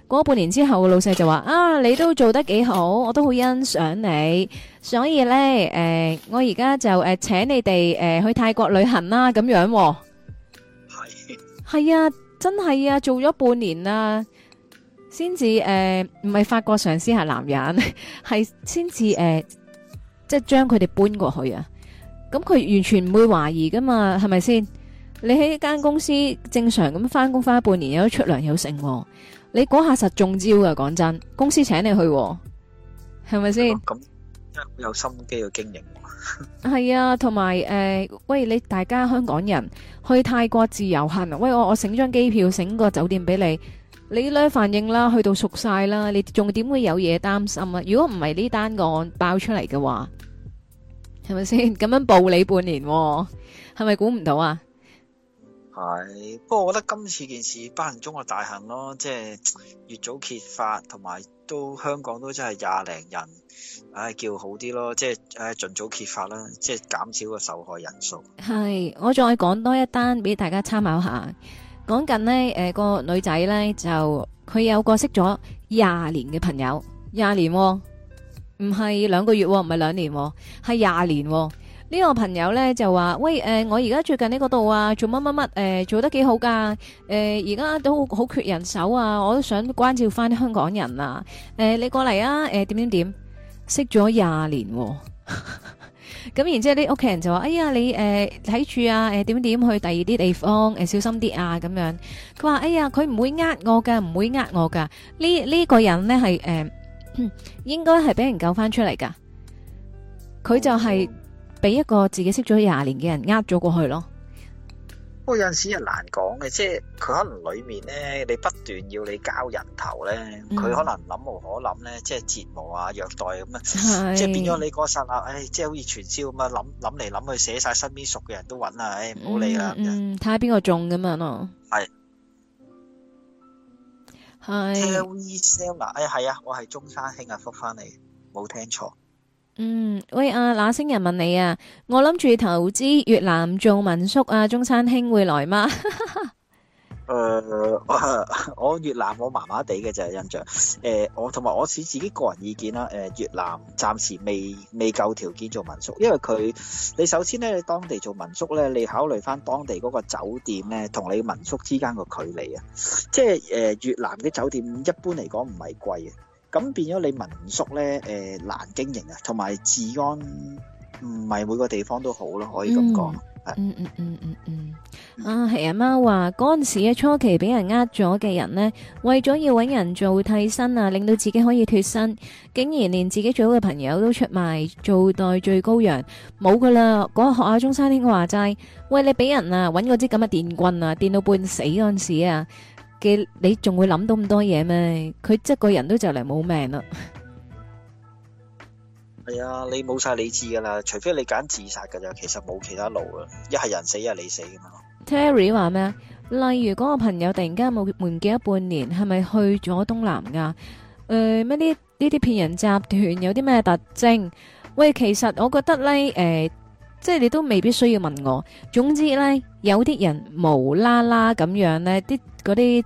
[SPEAKER 1] 過咗半年之後個老細就話，啊，你都做得幾好，我都好欣賞你。所以呢，誒、呃，我而家就誒、呃，請你哋誒、呃、去泰國旅行啦，咁樣、哦。係係啊，真係啊，做咗半年啦先至誒，唔係、呃、發覺上司係男人，係先至誒，即係將佢哋搬過去啊。咁佢完全唔會懷疑噶嘛，係咪先？你喺一間公司正常咁返工返半年，有出糧有成，你嗰下實中招噶。講真，公司請你去，係咪先？咁
[SPEAKER 2] 即係好有心機去經營。
[SPEAKER 1] 係啊，同埋誒，喂，你大家香港人去泰國自由行，喂我我整張機票，整個酒店俾你，你咧反應啦，去到熟晒啦，你仲點會有嘢擔心啊？如果唔係呢單案爆出嚟嘅話。係咪先。咁樣暴你半年、哦？係咪估唔到啊？
[SPEAKER 2] 係，不過我覺得今次件事不幸中嘅大幸咯，即係越早揭發，同埋都香港都真係廿零人，唉、哎、叫好啲咯，即係盡、哎、盡早揭發啦，即係減少個受害人數。
[SPEAKER 1] 係，我再講多一單俾大家參考下。講緊呢誒、呃那個女仔呢，就佢有個識咗廿年嘅朋友，廿年、哦。唔係兩個月，唔係兩年，係廿年。呢個朋友呢就話：，喂，誒，我而家最近呢個度啊，做乜乜乜，誒，做得幾好噶，誒，而家都好缺人手啊，我都想關照翻香港人啊，誒，你過嚟啊，誒，點點點，識咗廿年，咁，然之後啲屋企人就話：，哎呀，你誒睇住啊，誒，點點去第二啲地方，誒，小心啲啊，咁樣。佢話：，哎呀，佢唔會呃我㗎，唔會呃我㗎，呢呢個人呢係誒。嗯、應該係俾人救翻出嚟噶，佢就係俾一個自己識咗廿年嘅人呃咗過去咯。不、嗯、過
[SPEAKER 2] 有陣時係難講嘅，即係佢可能裏面咧，你不斷要你交人頭咧，佢、嗯、可能諗無可諗咧，即係折磨啊、虐待咁啊，即係變咗你嗰身啦。即係、哎、好似傳銷咁啊，諗諗嚟諗去，寫晒身邊熟嘅人都搵啦，唉、嗯，唔好理啦。
[SPEAKER 1] 睇下邊個中咁啊嘛。係。係 e l l
[SPEAKER 2] me，sell 嗱，哎，係啊，我係中山兄啊，覆翻嚟，冇聽錯。嗯，
[SPEAKER 1] 喂啊，那星人問你啊，我諗住投資越南做民宿啊，中山兄會來嗎？哈哈哈。
[SPEAKER 2] 誒、呃、我，我越南我麻麻地嘅就係印象，誒、呃、我同埋我似自己個人意見啦、呃，越南暫時未未夠條件做民宿，因為佢你首先咧，你當地做民宿咧，你考慮返當地嗰個酒店咧，同你民宿之間個距離啊，即、就、係、是呃、越南嘅酒店一般嚟講唔係貴啊，咁變咗你民宿咧誒、呃、難經營啊，同埋治安唔係每個地方都好咯，可以咁講。嗯。
[SPEAKER 1] 嗯嗯嗯嗯嗯，啊係阿媽話嗰陣時嘅初期俾人呃咗嘅人呢，為咗要搵人做替身啊，令到自己可以脫身，竟然連自己最好嘅朋友都出賣做代罪羔羊，冇噶啦。嗰個學校中山兄話齋，喂，你俾人啊搵嗰支咁嘅電棍啊，電到半死嗰陣時啊嘅，你仲會諗到咁多嘢咩？佢即係個人都就嚟冇命啦。
[SPEAKER 2] 係、哎、啊，你冇晒理智噶啦，除非你揀自殺噶咋，其實冇其他路啊，一係人死，一係你死㗎嘛。
[SPEAKER 1] Terry 話咩？例如嗰個朋友突然間冇唔見咗半年，係咪去咗東南亞？誒、呃，乜呢啲騙人集團有啲咩特徵？喂，其實我覺得咧，誒、呃，即係你都未必需要問我。總之咧，有啲人無啦啦咁樣咧，啲嗰啲。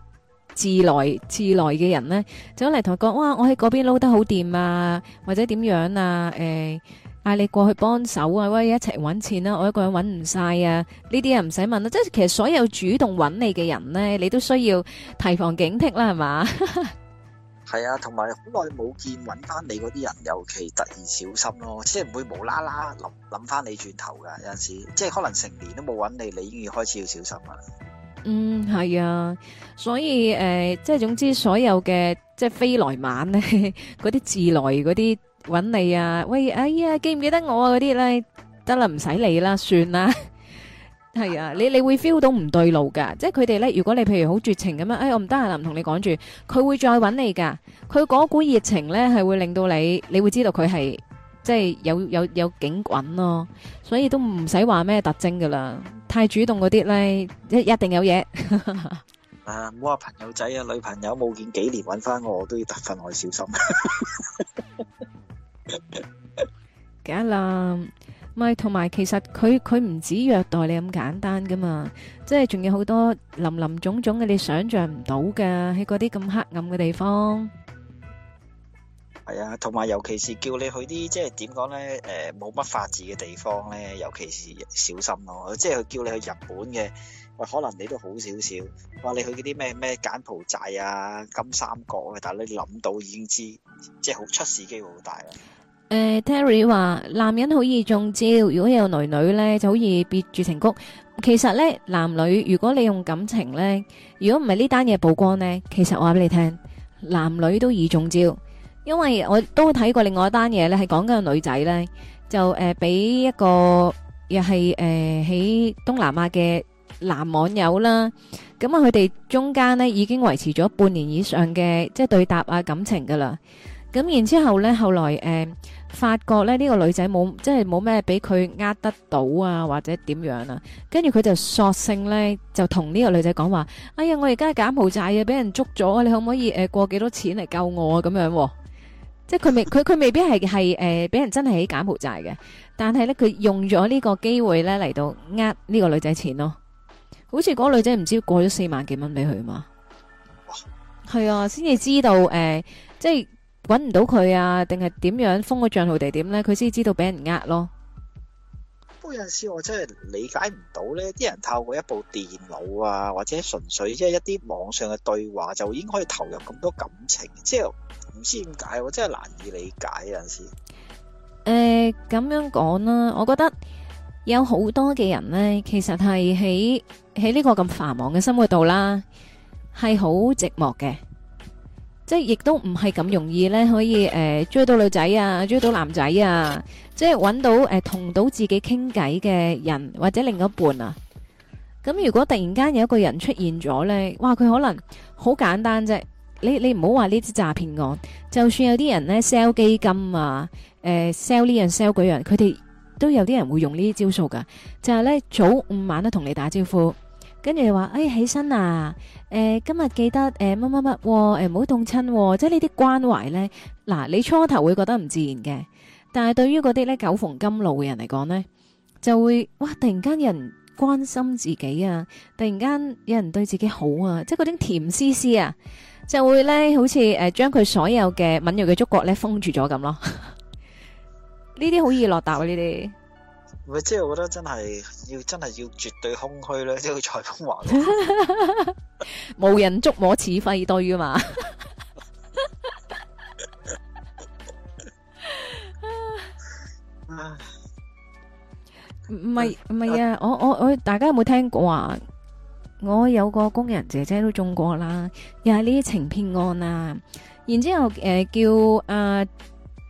[SPEAKER 1] 自來自來嘅人呢，走嚟同佢講：哇！我喺嗰邊撈得好掂啊，或者點樣啊？誒、欸，嗌你過去幫手啊，一齊揾錢啦，啊！我一個人揾唔晒啊！呢啲人唔使問啦，即係其實所有主動揾你嘅人呢，你都需要提防警惕啦，係嘛？
[SPEAKER 2] 係 *laughs* 啊，同埋好耐冇見揾翻你嗰啲人，尤其突然小心咯，即係唔會無啦啦諗諗翻你轉頭㗎，有陣時，即係可能成年都冇揾你，你已經要開始要小心啦。
[SPEAKER 1] 嗯，係啊，所以誒、呃，即係總之，所有嘅即係飛來晚咧，嗰啲自來嗰啲揾你啊，喂，哎呀，記唔記得我啊？嗰啲咧，得啦，唔使理啦，算啦。係 *laughs* 啊，你你會 feel 到唔對路噶，即係佢哋咧。如果你譬如好絕情咁樣，哎，我唔得閒啦，唔同你講住，佢會再揾你噶。佢嗰股熱情咧，係會令到你，你會知道佢係。即係有有有警棍咯，所以都唔使話咩特徵噶啦，太主動嗰啲咧，一一定有嘢。
[SPEAKER 2] 啊，唔好話朋友仔啊，女朋友冇見幾年揾翻我，我都要特訓我小心。
[SPEAKER 1] 咁啊，咪同埋其實佢佢唔止虐待你咁簡單噶嘛，即係仲有好多林林總總嘅你想象唔到嘅，喺嗰啲咁黑暗嘅地方。
[SPEAKER 2] 係啊，同埋尤其是叫你去啲即係點講呢？誒、呃，冇乜法治嘅地方呢，尤其是小心咯、啊。即係佢叫你去日本嘅，喂、呃，可能你都好少少。話你去嗰啲咩咩柬埔寨啊、金三角啊，但係你諗到已經知，即係好出事機會好大啦。
[SPEAKER 1] 誒、uh，Terry 話男人好易中招，如果有女女呢，就好易別住情谷。其實呢，男女如果你用感情呢，如果唔係呢單嘢曝光呢，其實我話俾你聽，男女都易中招。因為我都睇過另外一單嘢咧，係講緊個女仔咧，就誒俾、呃、一個又係誒喺東南亞嘅男網友啦。咁、呃、啊，佢哋中間咧已經維持咗半年以上嘅即係對答啊感情噶啦。咁然之後咧，後來誒、呃、發覺咧呢、這個女仔冇即係冇咩俾佢呃得到啊，或者點樣啊，跟住佢就索性咧就同呢個女仔講話：哎呀，我而家係柬埔寨啊，俾人捉咗、啊，你可唔可以誒、呃、過幾多錢嚟救我啊？咁樣、哦。 *laughs* 即佢未，佢佢未必係係誒，俾人真係喺柬埔寨嘅，但係咧佢用咗呢個機會咧嚟到呃呢個女仔錢咯，好似嗰個女仔唔知過咗四萬幾蚊俾佢嘛，哇，係啊，先至知道誒、呃，即係搵唔到佢啊，定係點樣封個賬號地點咧，佢先知道俾人呃咯。不過
[SPEAKER 2] 有陣時我真係理解唔到咧，啲人透過一部電腦啊，或者純粹即係一啲網上嘅對話，就已經可以投入咁多感情，即係。唔知點解，我真係難以理解有陣時。
[SPEAKER 1] 誒、呃，咁樣講啦，我覺得有好多嘅人呢，其實係喺喺呢個咁繁忙嘅生活度啦，係好寂寞嘅。即係亦都唔係咁容易呢。可以誒、呃、追到女仔啊，追到男仔啊，即係搵到誒同、呃、到自己傾偈嘅人或者另一半啊。咁如果突然間有一個人出現咗呢，哇！佢可能好簡單啫。你你唔好話呢啲詐騙案，就算有啲人咧 sell 基金啊，誒 sell 呢樣 sell 嗰樣，佢哋都有啲人會用呢啲招數㗎，就係咧早五晚都同你打招呼，跟住又話誒起身啊，誒今日記得誒乜乜乜，誒唔好凍親，即係呢啲關懷咧。嗱，你初頭會覺得唔自然嘅，但係對於嗰啲咧久逢甘露嘅人嚟講咧，就會哇突然間有人關心自己啊，突然間有人對自己好啊，即係嗰種甜絲絲啊。就會咧，好似誒，將、呃、佢所有嘅敏銳嘅觸覺咧封住咗咁咯。呢啲好易落答啊！呢啲，唔係即係
[SPEAKER 2] 我真係覺得真係要真係要絕對空虛咧，呢個颱風話，
[SPEAKER 1] *laughs* *laughs* 無人捉摸似廢堆啊嘛。唔係唔係啊！哎哎啊哎、我我我，大家有冇聽過啊？我有個工人姐姐都中過啦，又係呢啲情騙案啊，然之後誒、呃、叫誒、呃，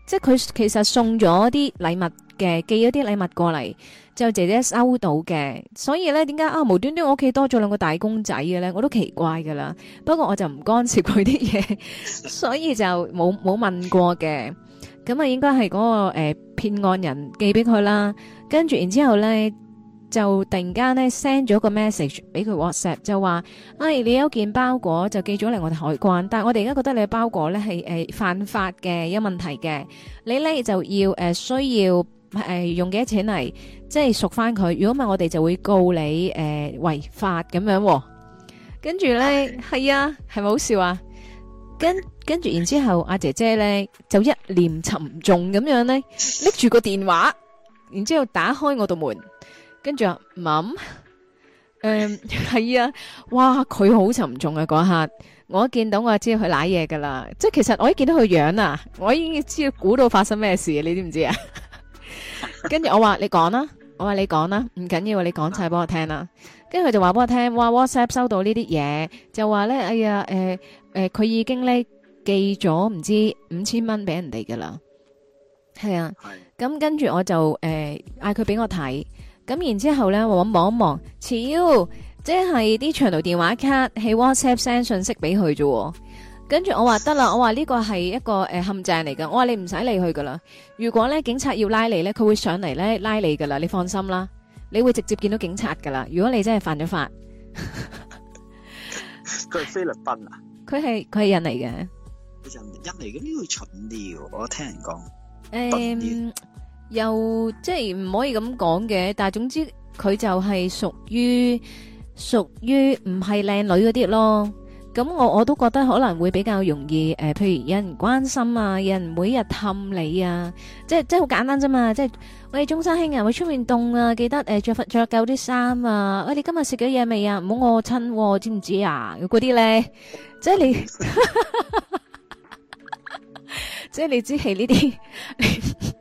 [SPEAKER 1] 即係佢其實送咗啲禮物嘅，寄咗啲禮物過嚟，之後姐姐收到嘅，所以咧點解啊無端端我屋企多咗兩個大公仔嘅咧，我都奇怪噶啦。不過我就唔干涉佢啲嘢，所以就冇冇問過嘅。咁、嗯、啊，應該係嗰、嗰個誒、呃、騙案人寄俾佢啦。跟住然之後咧。就突然間咧 send 咗個 message 俾佢 WhatsApp，就話：哎，你有件包裹就寄咗嚟我哋海關，但係我哋而家覺得你嘅包裹咧係誒犯法嘅有問題嘅，你咧就要誒需要誒用幾多錢嚟即係贖翻佢，如果唔係我哋就會告你誒違法咁樣。跟住咧係啊，係咪好笑啊？跟跟住然之後阿姐姐咧就一臉沉重咁樣咧拎住個電話，然之後打開我度門。跟住啊，冇，誒、嗯，係啊，哇，佢好沉重啊！嗰刻我一見到我就知道佢瀨嘢噶啦，即係其實我一見到佢樣啊，我已經知道估到發生咩事，你知唔知啊？ *laughs* 跟住我話你講啦，我話你講啦，唔緊要，要，你講曬俾我聽啦。跟住佢就話俾我聽，哇，WhatsApp 收到呢啲嘢，就話咧，哎呀，誒、呃，誒、呃，佢、呃呃、已經咧寄咗唔知五千蚊俾人哋噶啦，係啊，咁跟住我就誒嗌佢俾我睇。咁然之後咧，我望一望，超，即係啲長途電話卡，喺 WhatsApp send 信息俾佢啫。跟住我話得啦，我話呢個係一個誒陷阱嚟噶，我話你唔使理佢噶啦。如果咧警察要拉你咧，佢會上嚟咧拉你噶啦，你放心啦，你會直接見到警察噶啦。如果你真係犯咗法，
[SPEAKER 2] 佢 *laughs* 係菲律賓啊，
[SPEAKER 1] 佢係佢係印尼
[SPEAKER 2] 嘅印尼嘅，呢個蠢啲我聽人講。
[SPEAKER 1] 又即係唔可以咁講嘅，但係總之佢就係屬於屬於唔係靚女嗰啲咯。咁我我都覺得可能會比較容易誒，譬如有人關心啊，有人每日氹你啊，即係即係好簡單啫嘛。即係喂，中山兄啊，去出面凍啊，記得誒着翻着夠啲衫啊。喂，你今日食咗嘢未啊？唔好餓親，知唔知啊？嗰啲咧，即係你，即係你只係呢啲。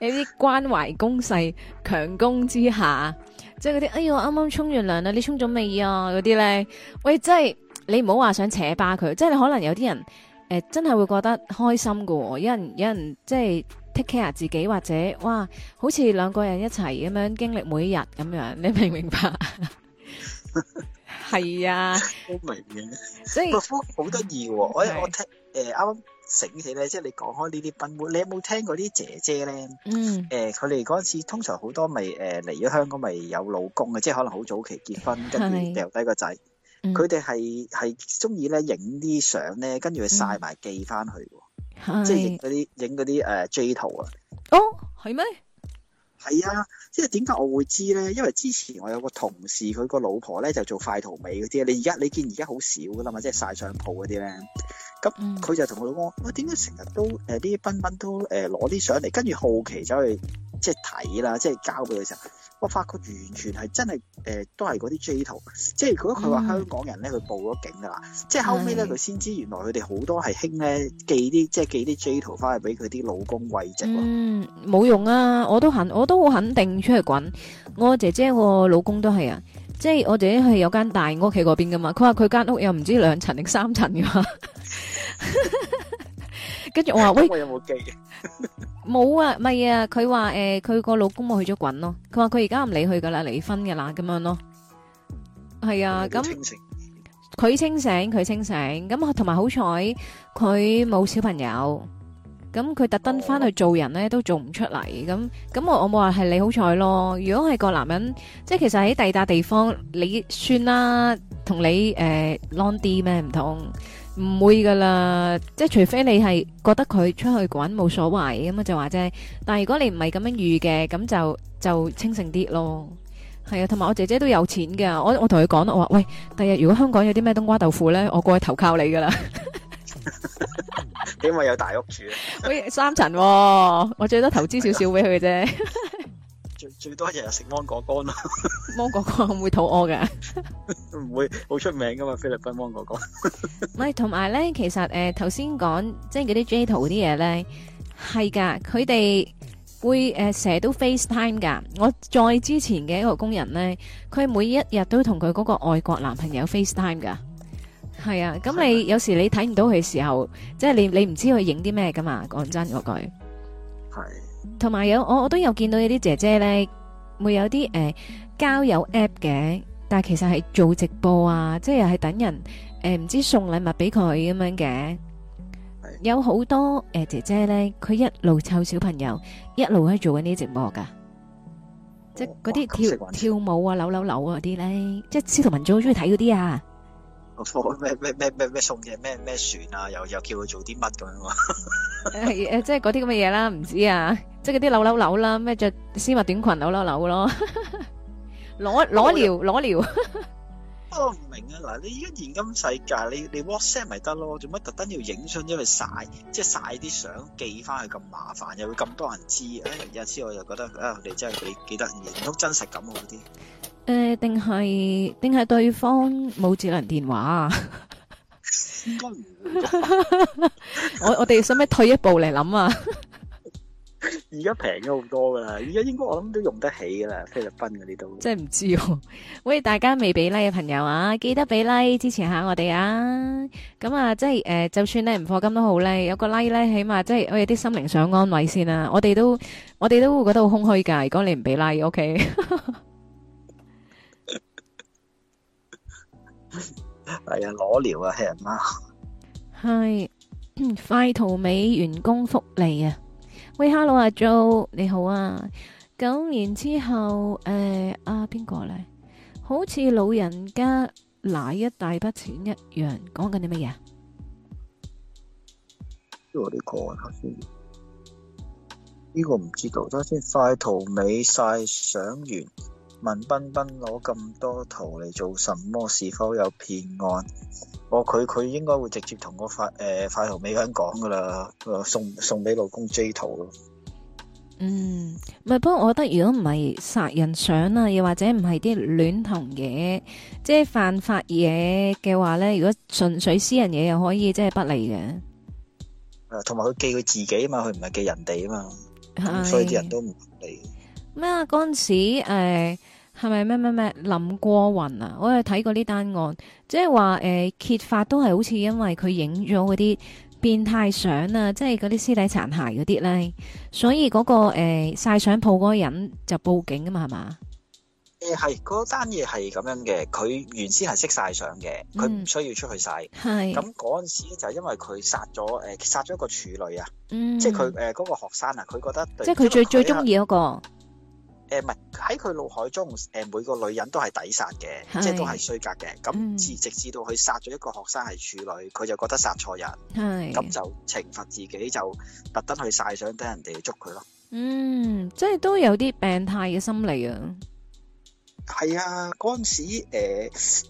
[SPEAKER 1] 有 *laughs* 啲關懷攻勢，強攻之下，即係嗰啲哎喲，啱啱沖完涼啦，你沖咗未啊？嗰啲咧，喂，真係你唔好話想扯巴佢，即係你可能有啲人誒、欸，真係會覺得開心噶、哦，有人有人即係 take care 自己，或者哇，好似兩個人一齊咁樣經歷每一日咁樣，你明唔 *laughs* 是、啊、 *laughs* 明白？係 *laughs* 啊所以，都明嘅，
[SPEAKER 2] 即係好得意。我我聽誒啱。呃醒起咧，即係你講開呢啲賓妹，你有冇聽過啲姐姐咧？嗯，誒、呃，佢哋嗰時通常好多咪誒嚟咗香港咪有老公嘅，即係可能好早期結婚，跟住掉低個仔，佢哋係係中意咧影啲相咧，跟住佢晒埋寄翻去，嗯、即係嗰啲影嗰啲誒 G 圖啊。哦，係咩？係啊。即係點解我會知咧？因為之前我有個同事，佢個老婆咧就做快圖美嗰啲。你而家你見而家好少噶啦嘛，即係晒相鋪嗰啲咧。咁佢就同佢老公講：喂，點解成日都誒啲賓賓都誒攞啲相嚟，跟、呃、住好奇走去即係睇啦，即係交俾佢時候。我發覺完全係真係，誒、呃，都係嗰啲 J 圖，即係如果佢話香港人咧，佢報咗警噶啦，即係後尾咧，佢先知原來佢哋好多係興咧寄啲，即係寄啲 J 圖翻去俾佢啲老公慰
[SPEAKER 1] 藉。嗯，冇、嗯、用啊，我都肯，我都好肯定出去滾。我姐姐個老公都係啊，即係我姐姐係有間大屋企嗰邊噶嘛，佢話佢間屋又唔知兩層定三層噶嘛，跟 *laughs* 住 *laughs* 我話 *laughs* 喂。我有冇 *laughs* 冇啊，咪啊，佢話誒，佢個老公冇去咗滾咯，佢話佢而家唔理佢噶啦，離婚噶啦咁樣咯。係啊，咁佢清醒，佢清醒，咁同埋好彩佢冇小朋友，咁佢特登翻去做人咧都做唔出嚟，咁咁我我冇話係你好彩咯。如果係個男人，即係其實喺第二笪地方，你算啦，同你誒 long 啲咩唔同。唔會噶啦，即係除非你係覺得佢出去滾冇所謂咁啊，就話啫。但係如果你唔係咁樣預嘅，咁就就清醒啲咯。係啊，同埋我姐姐都有錢㗎。我我同佢講，我話喂，第日如果香港有啲咩冬瓜豆腐呢，我過去投靠你噶啦，
[SPEAKER 2] 因為有大屋住。
[SPEAKER 1] 喂，三層，哦，我最多投資少少俾佢啫。 *laughs*
[SPEAKER 2] 最最多日日
[SPEAKER 1] 食芒果乾咯，芒果乾會唔會肚餓嘅，唔
[SPEAKER 2] 會好出名噶嘛？菲律賓芒果乾，
[SPEAKER 1] 唔係同埋咧，其實誒頭先講即係嗰啲 J 圖啲嘢咧，係噶，佢哋會誒成日都 FaceTime 噶。我再之前嘅一個工人咧，佢每一日都同佢嗰個外國男朋友 FaceTime 噶，係啊。咁你有時你睇唔到佢時候，即係你你唔知佢影啲咩噶嘛？講真嗰句。同埋有我我都有見到有啲姐姐咧會有啲誒、呃、交友 app 嘅，但係其實係做直播啊，即係又係等人誒唔、呃、知送禮物俾佢咁樣嘅。有好多誒、呃、姐姐咧，佢一路湊小朋友，一路喺做緊呢啲直播噶，即係嗰啲跳跳舞啊、扭扭扭啊啲咧，即係司徒文進好中意睇嗰啲啊。個貨咩咩咩咩咩
[SPEAKER 2] 送嘅咩咩船啊，又又叫佢做啲乜咁樣啊？
[SPEAKER 1] 係誒，即係嗰啲咁嘅嘢啦，唔知啊，即係嗰啲扭扭扭啦，咩着絲襪短裙扭扭扭咯，攞攞尿攞尿。
[SPEAKER 2] 我唔明啊，嗱，你依家現今世界，你你 WhatsApp 咪得咯，做乜特登要影相因為晒，即係晒啲相寄翻去咁麻煩，又會咁多人知？誒，有次我又覺得啊，你真係幾幾得意，好真實咁啊嗰啲。
[SPEAKER 1] 誒，定係定係對方冇智能電話啊？我我哋使唔使退一步嚟諗啊？
[SPEAKER 2] 而家平咗好多噶啦，而家應該我諗都用得起噶啦，菲律賓嗰啲都。真
[SPEAKER 1] 係唔知哦。喂，大家未俾 like 嘅朋友啊，記得俾 like 支持下我哋啊！咁啊，即係誒，就算咧唔課金都好啦，有個 like 咧，起碼即係我哋啲心靈上安慰先啦。我哋都我哋都會覺得好空虛噶。如果你唔俾 like，ok。
[SPEAKER 2] 係 *laughs* 啊，裸聊啊，係唔啊？
[SPEAKER 1] 係、嗯、快圖美員工福利啊！喂，hello 阿 Joe 你好啊！九年之後，誒、呃，阿邊個咧？好似老人家拿一大筆錢一樣，講緊啲乜嘢？
[SPEAKER 2] 我哋講下先，呢、這個唔知道，等下先快圖美晒相完。文彬彬攞咁多圖嚟做什麼？是否有騙案？我佢佢應該會直接同個法誒法務尾生講噶啦，誒送送俾老公 J 圖咯。嗯，
[SPEAKER 1] 唔係，不過我覺得如果唔係殺人相啊，又或者唔係啲戀童嘢，即係犯法嘢嘅話咧，如果純粹私人嘢又可以即係不利嘅。
[SPEAKER 2] 誒，同埋佢寄佢自己嘛，佢唔係寄人哋啊嘛，咁所以啲人都唔理。
[SPEAKER 1] 咩啊？嗰陣時誒～係咪咩咩咩林過雲啊？我有睇過呢單案，即係話誒揭發都係好似因為佢影咗嗰啲變態相啊，即係嗰啲屍體殘骸嗰啲咧，所以嗰、嗰個誒曬、呃、相鋪嗰個人就報警㗎嘛，係嘛？
[SPEAKER 2] 誒、呃、係，嗰單嘢係咁樣嘅，佢原先係識曬相嘅，佢、嗯、唔需要出去曬。係、嗯。咁嗰陣時就係因為佢殺咗誒殺咗一個處女啊、嗯，即係佢誒嗰個學生啊，佢覺得即係佢最最中意嗰個。誒、呃，唔係喺佢腦海中，誒、呃、每個女人都係抵殺嘅，即係都係衰格嘅。咁至直至到佢殺咗一個學生係處女，佢就覺得殺錯人，咁就懲罰自己，就特登去晒相等人哋
[SPEAKER 1] 捉佢咯。嗯，即係都有啲病態嘅心理啊。係
[SPEAKER 2] 啊，嗰陣時誒、呃，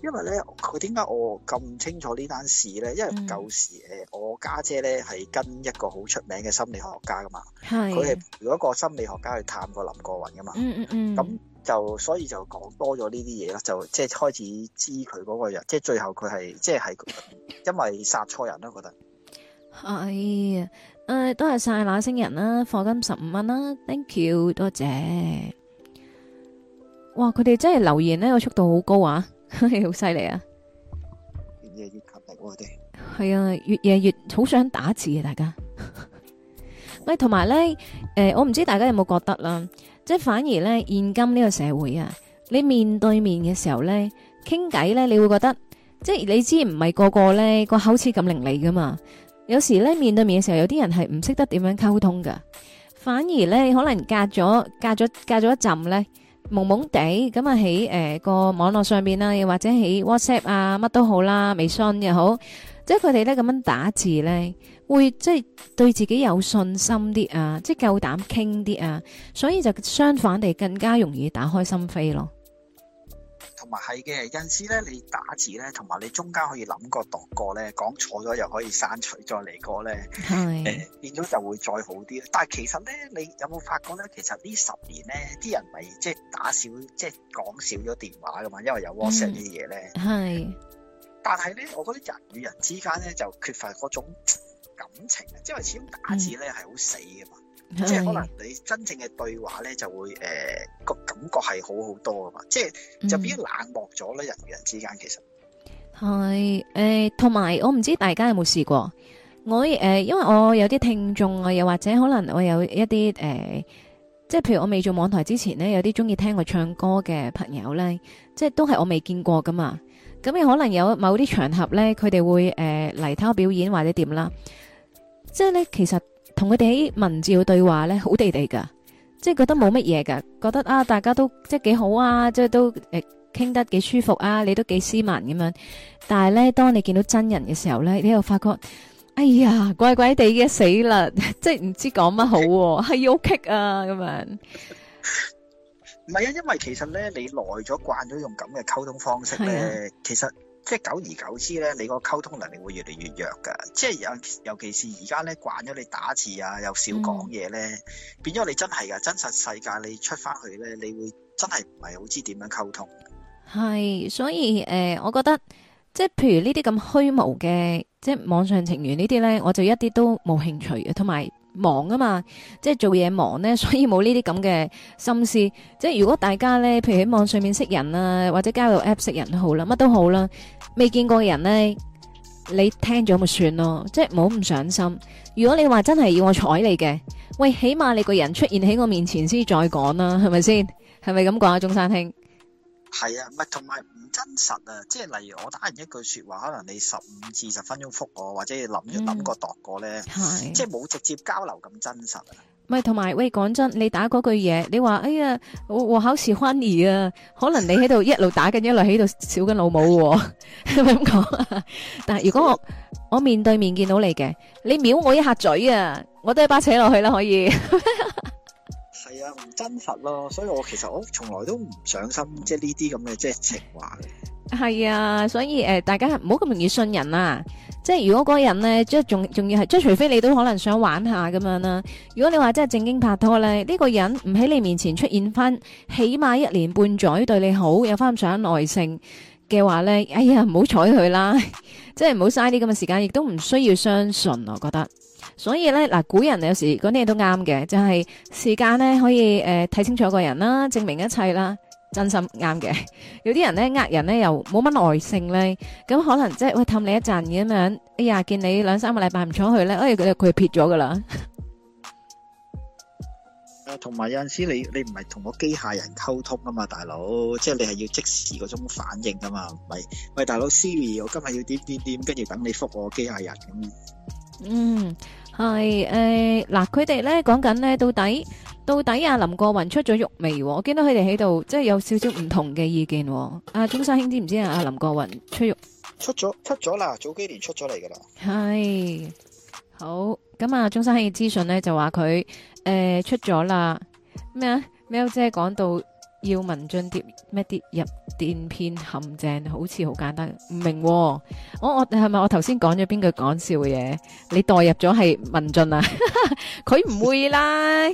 [SPEAKER 2] 因為咧，佢點解我咁清楚呢單事咧？因為舊時誒，我家姐咧係跟一個好出名嘅心理學家噶嘛，佢係如果一個心理學家去探過林過雲噶嘛，咁、嗯嗯嗯、就所以就講多咗呢啲嘢啦，就即係開始知佢嗰個人，即係最後佢係即係 *laughs* 因為殺錯人咯，我覺得
[SPEAKER 1] 係誒、呃，都係晒那星人啦、啊，課金十五蚊啦，thank you 多謝。哇！佢哋真係留言呢個速度好高啊，好犀利啊！
[SPEAKER 2] 越夜越勤力，我哋
[SPEAKER 1] 係啊，越夜越好想打字啊，大家喂，同埋咧誒，我唔知大家有冇覺得啦，即係反而咧，現今呢個社會啊，你面對面嘅時候咧傾偈咧，你會覺得即係你知唔係個個咧個口齒咁伶俐噶嘛？有時咧面對面嘅時候，有啲人係唔識得點樣溝通噶，反而咧可能隔咗隔咗隔咗一陣咧。蒙蒙地咁啊喺誒個網絡上面啦，又或者喺 WhatsApp 啊乜都好啦，微信又好，即係佢哋咧咁樣打字咧，會即係對自己有信心啲啊，即係夠膽傾啲啊，所以就相反地更加容易打開心扉咯。
[SPEAKER 2] 同埋係嘅，有時咧你打字咧，同埋你中間可以諗過度過咧，講錯咗又可以刪除，再嚟過咧，誒、呃、變咗就會再好啲。但係其實咧，你有冇發覺咧？其實呢十年咧，啲人咪即係打少，即、就、係、是、講少咗電話噶嘛，因為有 WhatsApp 呢啲嘢咧。係。但係咧，我覺得人與人之間咧就缺乏嗰種感情啊，因為始終打字咧係好死噶嘛。
[SPEAKER 1] 即、就、係、
[SPEAKER 2] 是、可能你真正嘅對話咧，就會誒、呃、個感覺係好好多㗎嘛！即、嗯、係就已經冷漠咗咧，人與人之間其實
[SPEAKER 1] 係誒，同埋、呃、我唔知大家有冇試過，我誒、呃，因為我有啲聽眾啊，又或者可能我有一啲誒、呃，即係譬如我未做網台之前呢，有啲中意聽我唱歌嘅朋友咧，即係都係我未見過噶嘛。咁你可能有某啲場合咧，佢哋會誒嚟睇我表演或者點啦，即係咧其實。同佢哋喺文字對話咧，好地地噶，即係覺得冇乜嘢噶，覺得啊，大家都即係幾好啊，即係都誒傾得幾舒服啊，你都幾斯文咁樣。但係咧，當你見到真人嘅時候咧，你又發覺，哎呀，怪怪地嘅死啦，即係唔知講乜好，係要激啊咁樣。
[SPEAKER 2] 唔係啊，因為其實咧，你耐咗慣咗用咁嘅溝通方式咧，其實。即係久而久之咧，你個溝通能力會越嚟越弱噶。即係尤尤其是而家咧，慣咗你打字啊，又少講嘢咧，變咗你真係噶。真實世界你出翻去咧，你會真係唔係好知點樣溝通。
[SPEAKER 1] 係，所以誒、呃，我覺得即係譬如呢啲咁虛無嘅，即係網上情緣呢啲咧，我就一啲都冇興趣嘅，同埋。忙啊嘛，即係做嘢忙咧，所以冇呢啲咁嘅心思。即係如果大家咧，譬如喺網上面識人啊，或者交友 Apps 識人好都好啦，乜都好啦，未見過嘅人咧，你聽咗咪算咯，即係唔好咁上心。如果你話真係要我睬你嘅，喂，起碼你個人出現喺我面前先再講啦，係咪先？係咪咁講啊，中山兄。
[SPEAKER 2] 係啊，唔係同埋唔真實啊，即係例如我打完一句說話，可能你十五至十分鐘覆我，或者你諗咗諗過度過咧、嗯，即係冇直接交流咁真實、啊。
[SPEAKER 1] 唔係同埋喂，講真，你打嗰句嘢，你話哎呀，我我考試 f u 啊，可能你喺度一路打緊 *laughs* 一路喺度笑緊老母喎、啊，係咪咁講啊？但係如果我我面對面見到你嘅，你藐我一下嘴啊，我都一巴扯落去啦，可以。 *laughs*
[SPEAKER 2] 就唔真實咯，所以我其實我從來都唔上心，即係呢啲咁嘅即係情話嘅。
[SPEAKER 1] 係啊，所以誒、呃，大家唔好咁容易信人啊！即係如果嗰個人咧，即係仲仲要係，即係除非你都可能想玩一下咁樣啦、啊。如果你話真係正經拍拖咧，呢、這個人唔喺你面前出現翻，起碼一年半載對你好，有翻咁上耐性嘅話咧，哎呀，唔好睬佢啦！ *laughs* 即係唔好嘥啲咁嘅時間，亦都唔需要相信、啊，我覺得。所以咧嗱，古人有時講啲嘢都啱嘅，就係時間咧可以誒睇清楚個人啦，證明一切啦，真心啱嘅。有啲人咧呃人咧又冇乜耐性咧，咁可能即係會氹你一陣咁樣，哎呀見你兩三個禮拜唔睬佢咧，哎佢佢撇咗噶啦。
[SPEAKER 2] 啊，同埋有陣時你你唔係同個機械人溝通啊嘛，大佬，即係你係要即時嗰種反應噶嘛，唔係喂大佬 Siri，我今日要點點點，跟住等你覆我機械人咁。嗯。
[SPEAKER 1] 係誒，嗱，佢哋咧講緊咧到底到底阿林國雲出咗獄未？我見到佢哋喺度即係有少少唔同嘅意見。阿中山兄知唔知啊？阿林國雲出獄
[SPEAKER 2] 出咗出咗啦，早幾年出咗嚟噶啦。
[SPEAKER 1] 係好咁啊，中山兄嘅資訊咧就話佢誒出咗啦。咩啊？喵姐講到要文進跌咩跌入？電騙陷阱好似好簡單，唔明。我我係咪我頭先講咗邊句講笑嘅嘢？你代入咗係文進啊？佢唔會啦，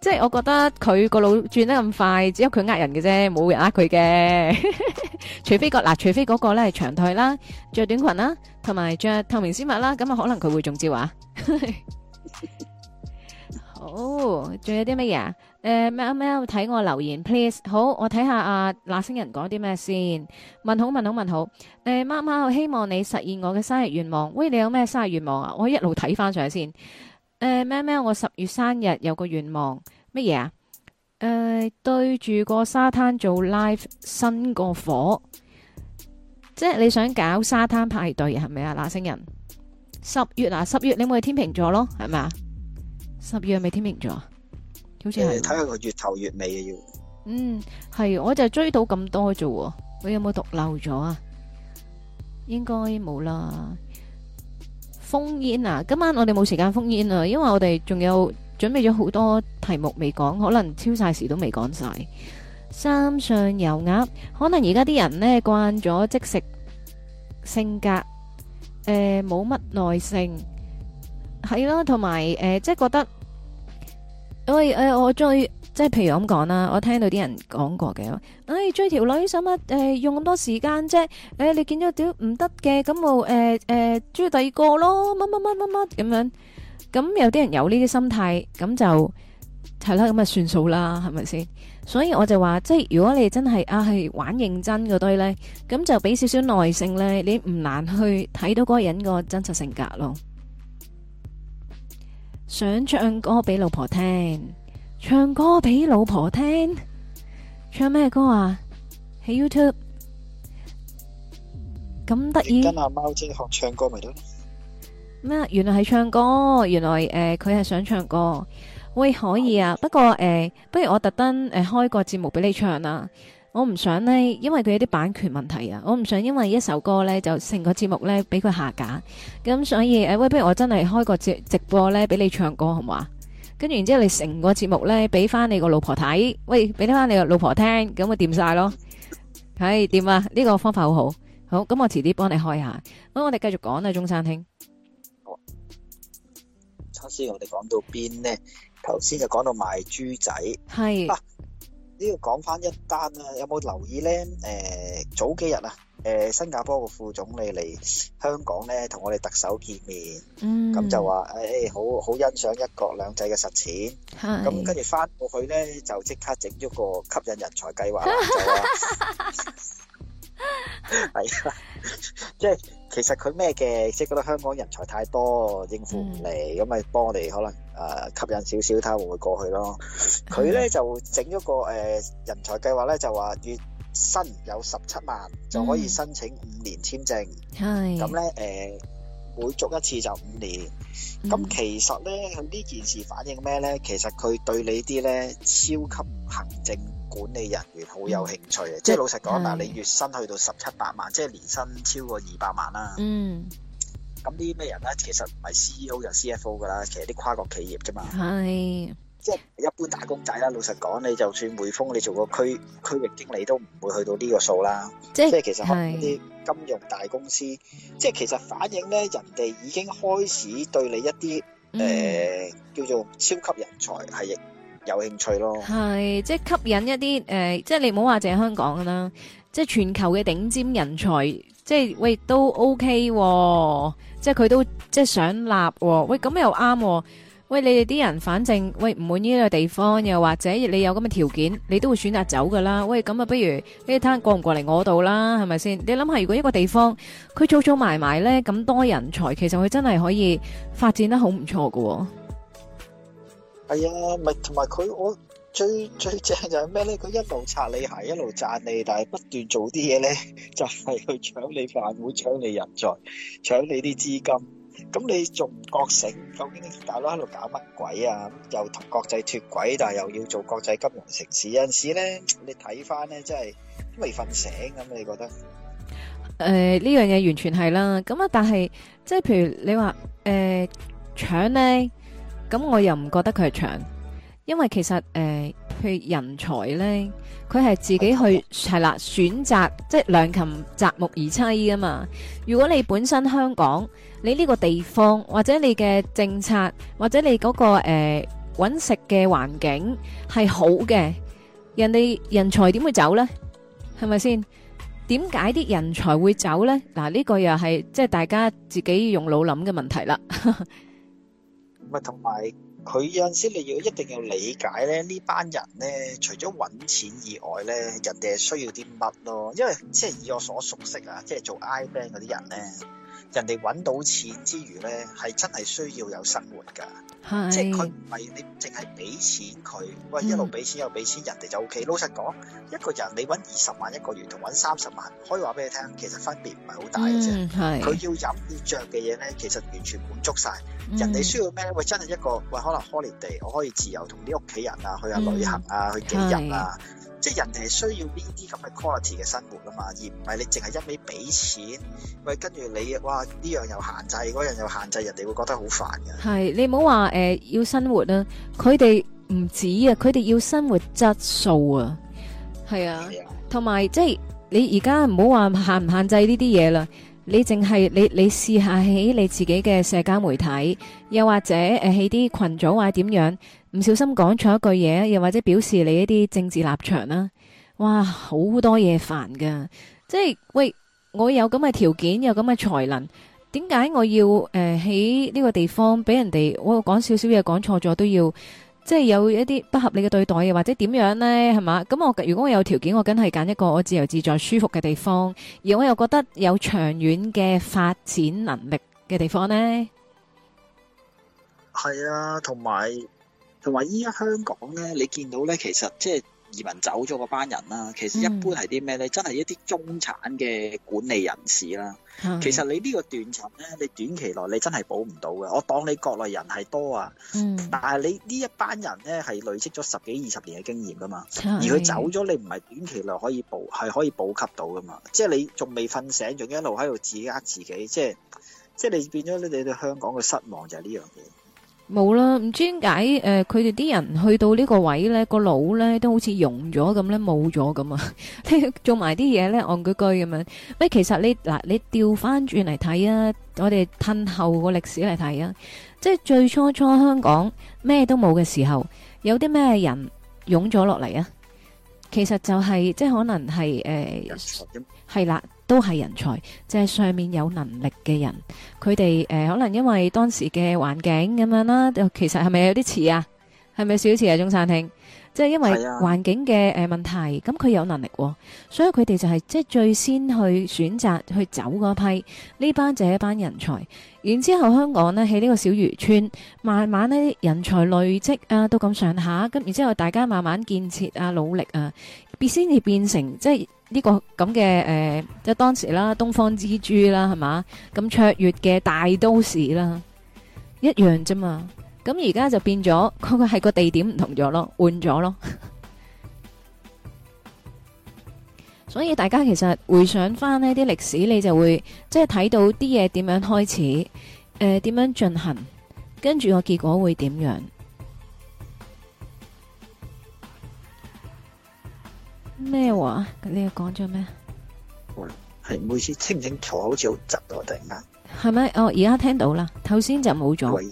[SPEAKER 1] 即係我覺得佢個腦轉得咁快，只有佢呃人嘅啫，冇人呃佢嘅。除非嗰，嗱，除非嗰個咧係長腿啦，着短裙啦，同埋着透明絲襪啦，咁啊可能佢會中招啊。好，仲有啲乜嘢？誒、呃，喵喵睇我留言，please。好，我睇下啊，那星人講啲咩先？問好，問好，問好。誒、呃，媽媽，我希望你實現我嘅生日願望。喂，你有咩生日願望啊？我一路睇翻上去先。誒、呃，喵喵，我十月生日有個願望，乜嘢啊？誒、呃，對住個沙灘做 live，生個火，即係你想搞沙灘派對，係咪啊？那星人，十月啊，十月你咪天秤座咯，係咪啊？十月係咪天秤座？
[SPEAKER 2] 好似係睇下佢月頭月尾
[SPEAKER 1] 嘅要。嗯，係，我就追到咁多啫。你有冇讀漏咗啊？應該冇啦。封煙啊！今晚我哋冇時間封煙啊，因為我哋仲有準備咗好多題目未講，可能超晒時都未講晒。三上油鴨，可能而家啲人呢慣咗即食性格，誒冇乜耐性，係咯，同埋誒即係覺得。所以誒，我追即係譬如咁講啦，我聽到啲人講過嘅，誒，追條女使乜誒用咁多時間啫？誒，你見咗屌唔得嘅，咁冇誒誒追第二個咯，乜乜乜乜乜咁樣。咁有啲人有呢啲心態，咁就係啦，咁啊算數啦，係咪先？所以我就話，即係如果你真係啊係玩認真嗰堆咧，咁就俾少少耐性咧，你唔難去睇到嗰個人個真實性格咯。想唱歌俾老婆聽，唱歌俾老婆聽，唱咩歌啊？喺 YouTube 咁得意，跟
[SPEAKER 2] 阿貓學唱歌咪得
[SPEAKER 1] 咩？原來係唱歌，原來誒，佢、呃、係想唱歌。喂，可以啊， *music* 不過誒、呃，不如我特登誒、呃、開個節目俾你唱啊！我唔想呢，因為佢有啲版權問題啊！我唔想因為一首歌呢就成個節目呢俾佢下架。咁所以誒，喂，不如我真係開個節直播呢俾你唱歌好唔好啊？跟住然之後，你成個節目呢俾翻你個老婆睇，喂，俾翻你個老婆聽，咁咪掂晒咯。係 *laughs* 掂啊！呢個方法好好。好，咁我遲啲幫你開下。咁我哋繼續講啊，中山兄。
[SPEAKER 2] 好，頭先我哋講到邊呢？頭先就講到賣豬仔。係。啊呢度講翻一單啊，有冇留意呢？誒、呃，早幾日啊，誒、呃，新加坡嘅副總理嚟香港呢，同我哋特首見面，咁、嗯、就話誒、哎，好好欣賞一國兩制嘅實踐，咁跟住翻過去呢，就即刻整咗個吸引人才計劃。係啊，即 *laughs* 係就說 *laughs* *laughs* 其實佢咩嘅，即、就、係、是、覺得香港人才太多，應付唔嚟，咁咪幫我哋可能。啊！吸引少少，他會會過去咯。
[SPEAKER 1] 佢咧、mm.
[SPEAKER 2] 就整咗個誒、呃、人才計劃咧，就話月薪有十七萬、mm. 就可以申請五年簽證。
[SPEAKER 1] 係咁咧，
[SPEAKER 2] 誒、呃、每續一次就五年。咁其實咧，佢、mm. 呢件事反映咩咧？其實佢對你啲咧超級行政管理人員好有興趣嘅。Mm. 即係老實講嗱，mm. 你月薪去到十七八萬，即係年薪超過二百萬啦。嗯、mm.。咁啲咩人咧？其實唔係 CEO 就 CFO 噶啦，其實啲跨國企業啫嘛。係，即係一般打工仔啦。老實講，你就算匯豐，你做個區區域經理都唔會去到呢個數啦。即係其實合嗰啲金融大公司，即係其實反映咧，人哋已經開始對你一啲誒叫做超級人才係有興趣咯。係，
[SPEAKER 1] 即係吸引一啲誒，即係你唔好話淨係香港噶啦，即係全球嘅頂尖人才，即係喂都 OK 喎。即係佢都即係想立、喎，喂咁又啱、喎，喂你哋啲人反正喂唔滿意呢個地方，又或者你有咁嘅條件，你都會選擇走噶啦，喂咁啊不如你哋睇過唔過嚟我度啦，係咪先？你諗下如果一個地方佢做做埋埋咧咁多人才，其實佢真係可以發展得好唔錯噶。
[SPEAKER 2] 係啊，咪同埋佢我。最最正就係咩咧？佢一路擦你鞋，一路賺你，但係不斷做啲嘢咧，就係去搶你飯碗、搶你人才、搶你啲資金。咁你仲唔覺醒？究竟大佬喺度搞乜鬼啊？又同國際脫軌，但係又要做國際金融城市。有陣時咧，你睇翻咧，真係都未瞓醒咁。你覺得？
[SPEAKER 1] 誒，呢樣嘢完全係啦。咁啊，但係即係譬如你話誒搶咧，咁我又唔覺得佢係搶。因為其實誒，佢、呃、人才呢，佢係自己去係啦， *music* 選擇即係良禽擇木而棲啊嘛。如果你本身香港，你呢個地方或者你嘅政策或者你嗰、嗰個，誒揾、呃、食嘅環境係好嘅，人哋人才點會走呢？係咪先？點解啲人才會走呢？嗱、呃，呢、呢個又係即係大家自己用腦諗嘅問題啦。
[SPEAKER 2] 同埋。佢有陣時你要一定要理解咧，呢班人咧，除咗揾錢以外咧，人哋係需要啲乜咯？因為即係以我所熟悉啊，即係做 I band 嗰啲人咧。人哋揾到錢之餘呢，係真係需要有生活㗎，即係佢唔係你淨係俾錢佢，喂、嗯、一路俾錢又俾錢，錢人哋就 O、OK、K。老實講，一個人你揾二十萬一個月同揾三十萬，可以話俾你聽，其實分別唔係好大嘅啫。佢、嗯、要飲要着嘅嘢呢，其實完全滿足晒。嗯、人哋需要咩？喂，真係一個喂、呃，可能 holiday，我可以自由同啲屋企人啊去下旅行啊，嗯、去幾日啊。即係人哋係需要呢啲咁嘅 quality 嘅生活啊嘛，而唔係你淨係一味俾錢，喂跟住你，哇呢樣又限制，嗰
[SPEAKER 1] 樣又限制，人哋會覺得好煩嘅。係你唔好話誒要生活啊，佢哋唔止啊，佢哋要生活質素啊，係啊，同埋、啊、即係你而家唔好話限唔限制呢啲嘢啦，你淨係你你試下喺你自己嘅社交媒體，又或者誒喺啲群組或者點樣？唔小心講錯一句嘢，又或者表示你一啲政治立場啦，哇，好多嘢煩噶，即係喂，我有咁嘅條件，有咁嘅才能，點解我要誒喺呢個地方俾人哋我講少少嘢，講錯咗都要，即係有一啲不合理嘅對待又或者點樣呢？係嘛？咁我如果我有條件，我梗係揀一個我自由自在、舒服嘅地方，而我又覺得有長遠嘅發展能力嘅地方呢？
[SPEAKER 2] 係啊，同埋。同埋依家香港咧，你見到咧，其實即係移民走咗嗰班人啦、啊。其實一般係啲咩咧？真係一啲中產嘅管理人士啦。嗯、其實你呢個斷層咧，你短期內你真係補唔到嘅。我當你國內人係多啊，嗯、但係你呢一班人咧係累積咗十幾二十年嘅經驗噶嘛。嗯、而佢走咗，你唔係短期內可以補，係可以補給到噶嘛。即係你仲未瞓醒，仲一路喺度自己呃自己，即係即係你變咗你對香港嘅失望就係呢樣嘢。
[SPEAKER 1] 冇啦，唔知點解，誒、呃，佢哋啲人去到呢個位呢，個腦呢都好似溶咗咁呢，冇咗咁啊！ *laughs* 做埋啲嘢呢，戇居居咁樣。喂，其實你嗱，你調翻轉嚟睇啊，我哋褪後個歷史嚟睇啊，即係最初初香港咩都冇嘅時候，有啲咩人湧咗落嚟啊？其實就係、是，即係可能係誒，係、呃、啦。嗯都係人才，即係上面有能力嘅人，佢哋誒可能因為當時嘅環境咁樣啦，其實係咪有啲似啊？係咪少似啊？中山兄？即係因為環境嘅誒問題，咁佢、啊、有能力、哦，所以佢哋就係、是、即係最先去選擇去走嗰批呢班就係一班人才。然之後香港呢喺呢個小漁村，慢慢呢，人才累積啊，都咁上下。咁然之後大家慢慢建設啊，努力啊，必先至變成即係呢個咁嘅誒，即係、這個呃、當時啦，東方之珠啦，係嘛咁卓越嘅大都市啦，一樣啫嘛。咁而家就變咗，嗰個係個地點唔同咗咯，換咗咯。所以大家其實回想翻呢啲歷史，你就會即係睇到啲嘢點樣開始，誒點樣進行，跟住個結果會點樣？咩話？你又講咗咩？
[SPEAKER 2] 係唔好意清清楚？好似好窒我，突
[SPEAKER 1] 然間係咪？哦，而家聽到啦，頭先就冇咗。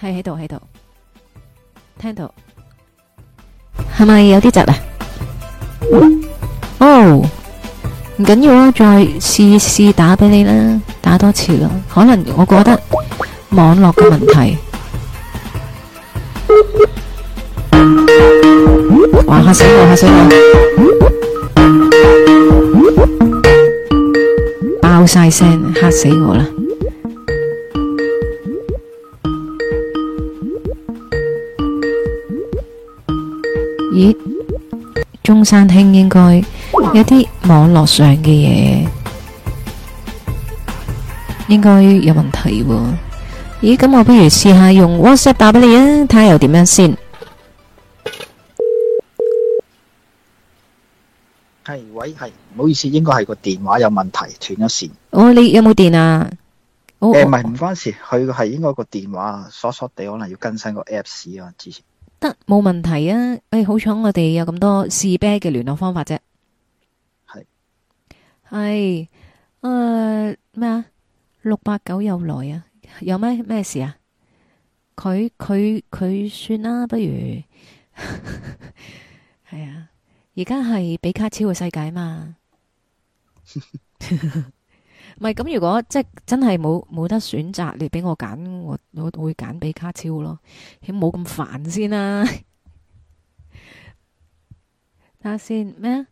[SPEAKER 1] 係喺度，喺度，聽到係咪有啲窒啊？哦，唔緊要啊，再試試打俾你啦，打多次咯，可能我覺得網絡嘅問題。哇！嚇死我，嚇死我，爆晒聲，嚇死我啦！咦，中山兄應該有啲網絡上嘅嘢應該有問題喎？咦，咁我不如試下用 WhatsApp 打俾你啊？睇下又點樣先？
[SPEAKER 2] 係，喂，係，唔好意思，應該係個電話有問題，斷咗線。
[SPEAKER 1] 哦，你有冇電啊？誒，唔係，唔
[SPEAKER 2] 關事，佢係應該個電話傻傻地，可能要更新個 Apps 啊，之前。
[SPEAKER 1] 得冇問題啊！誒、哎，好彩我哋有咁多士啤嘅聯絡方法啫。係係咩啊？六八九又來啊？有咩咩事啊？佢佢佢算啦，不如係 *laughs* 啊！而家係比卡超嘅世界嘛。 *laughs* 唔係咁，如果即係真係冇冇得選擇，你俾我揀，我我會揀俾卡超咯，佢冇咁煩先啦、啊。睇下先咩？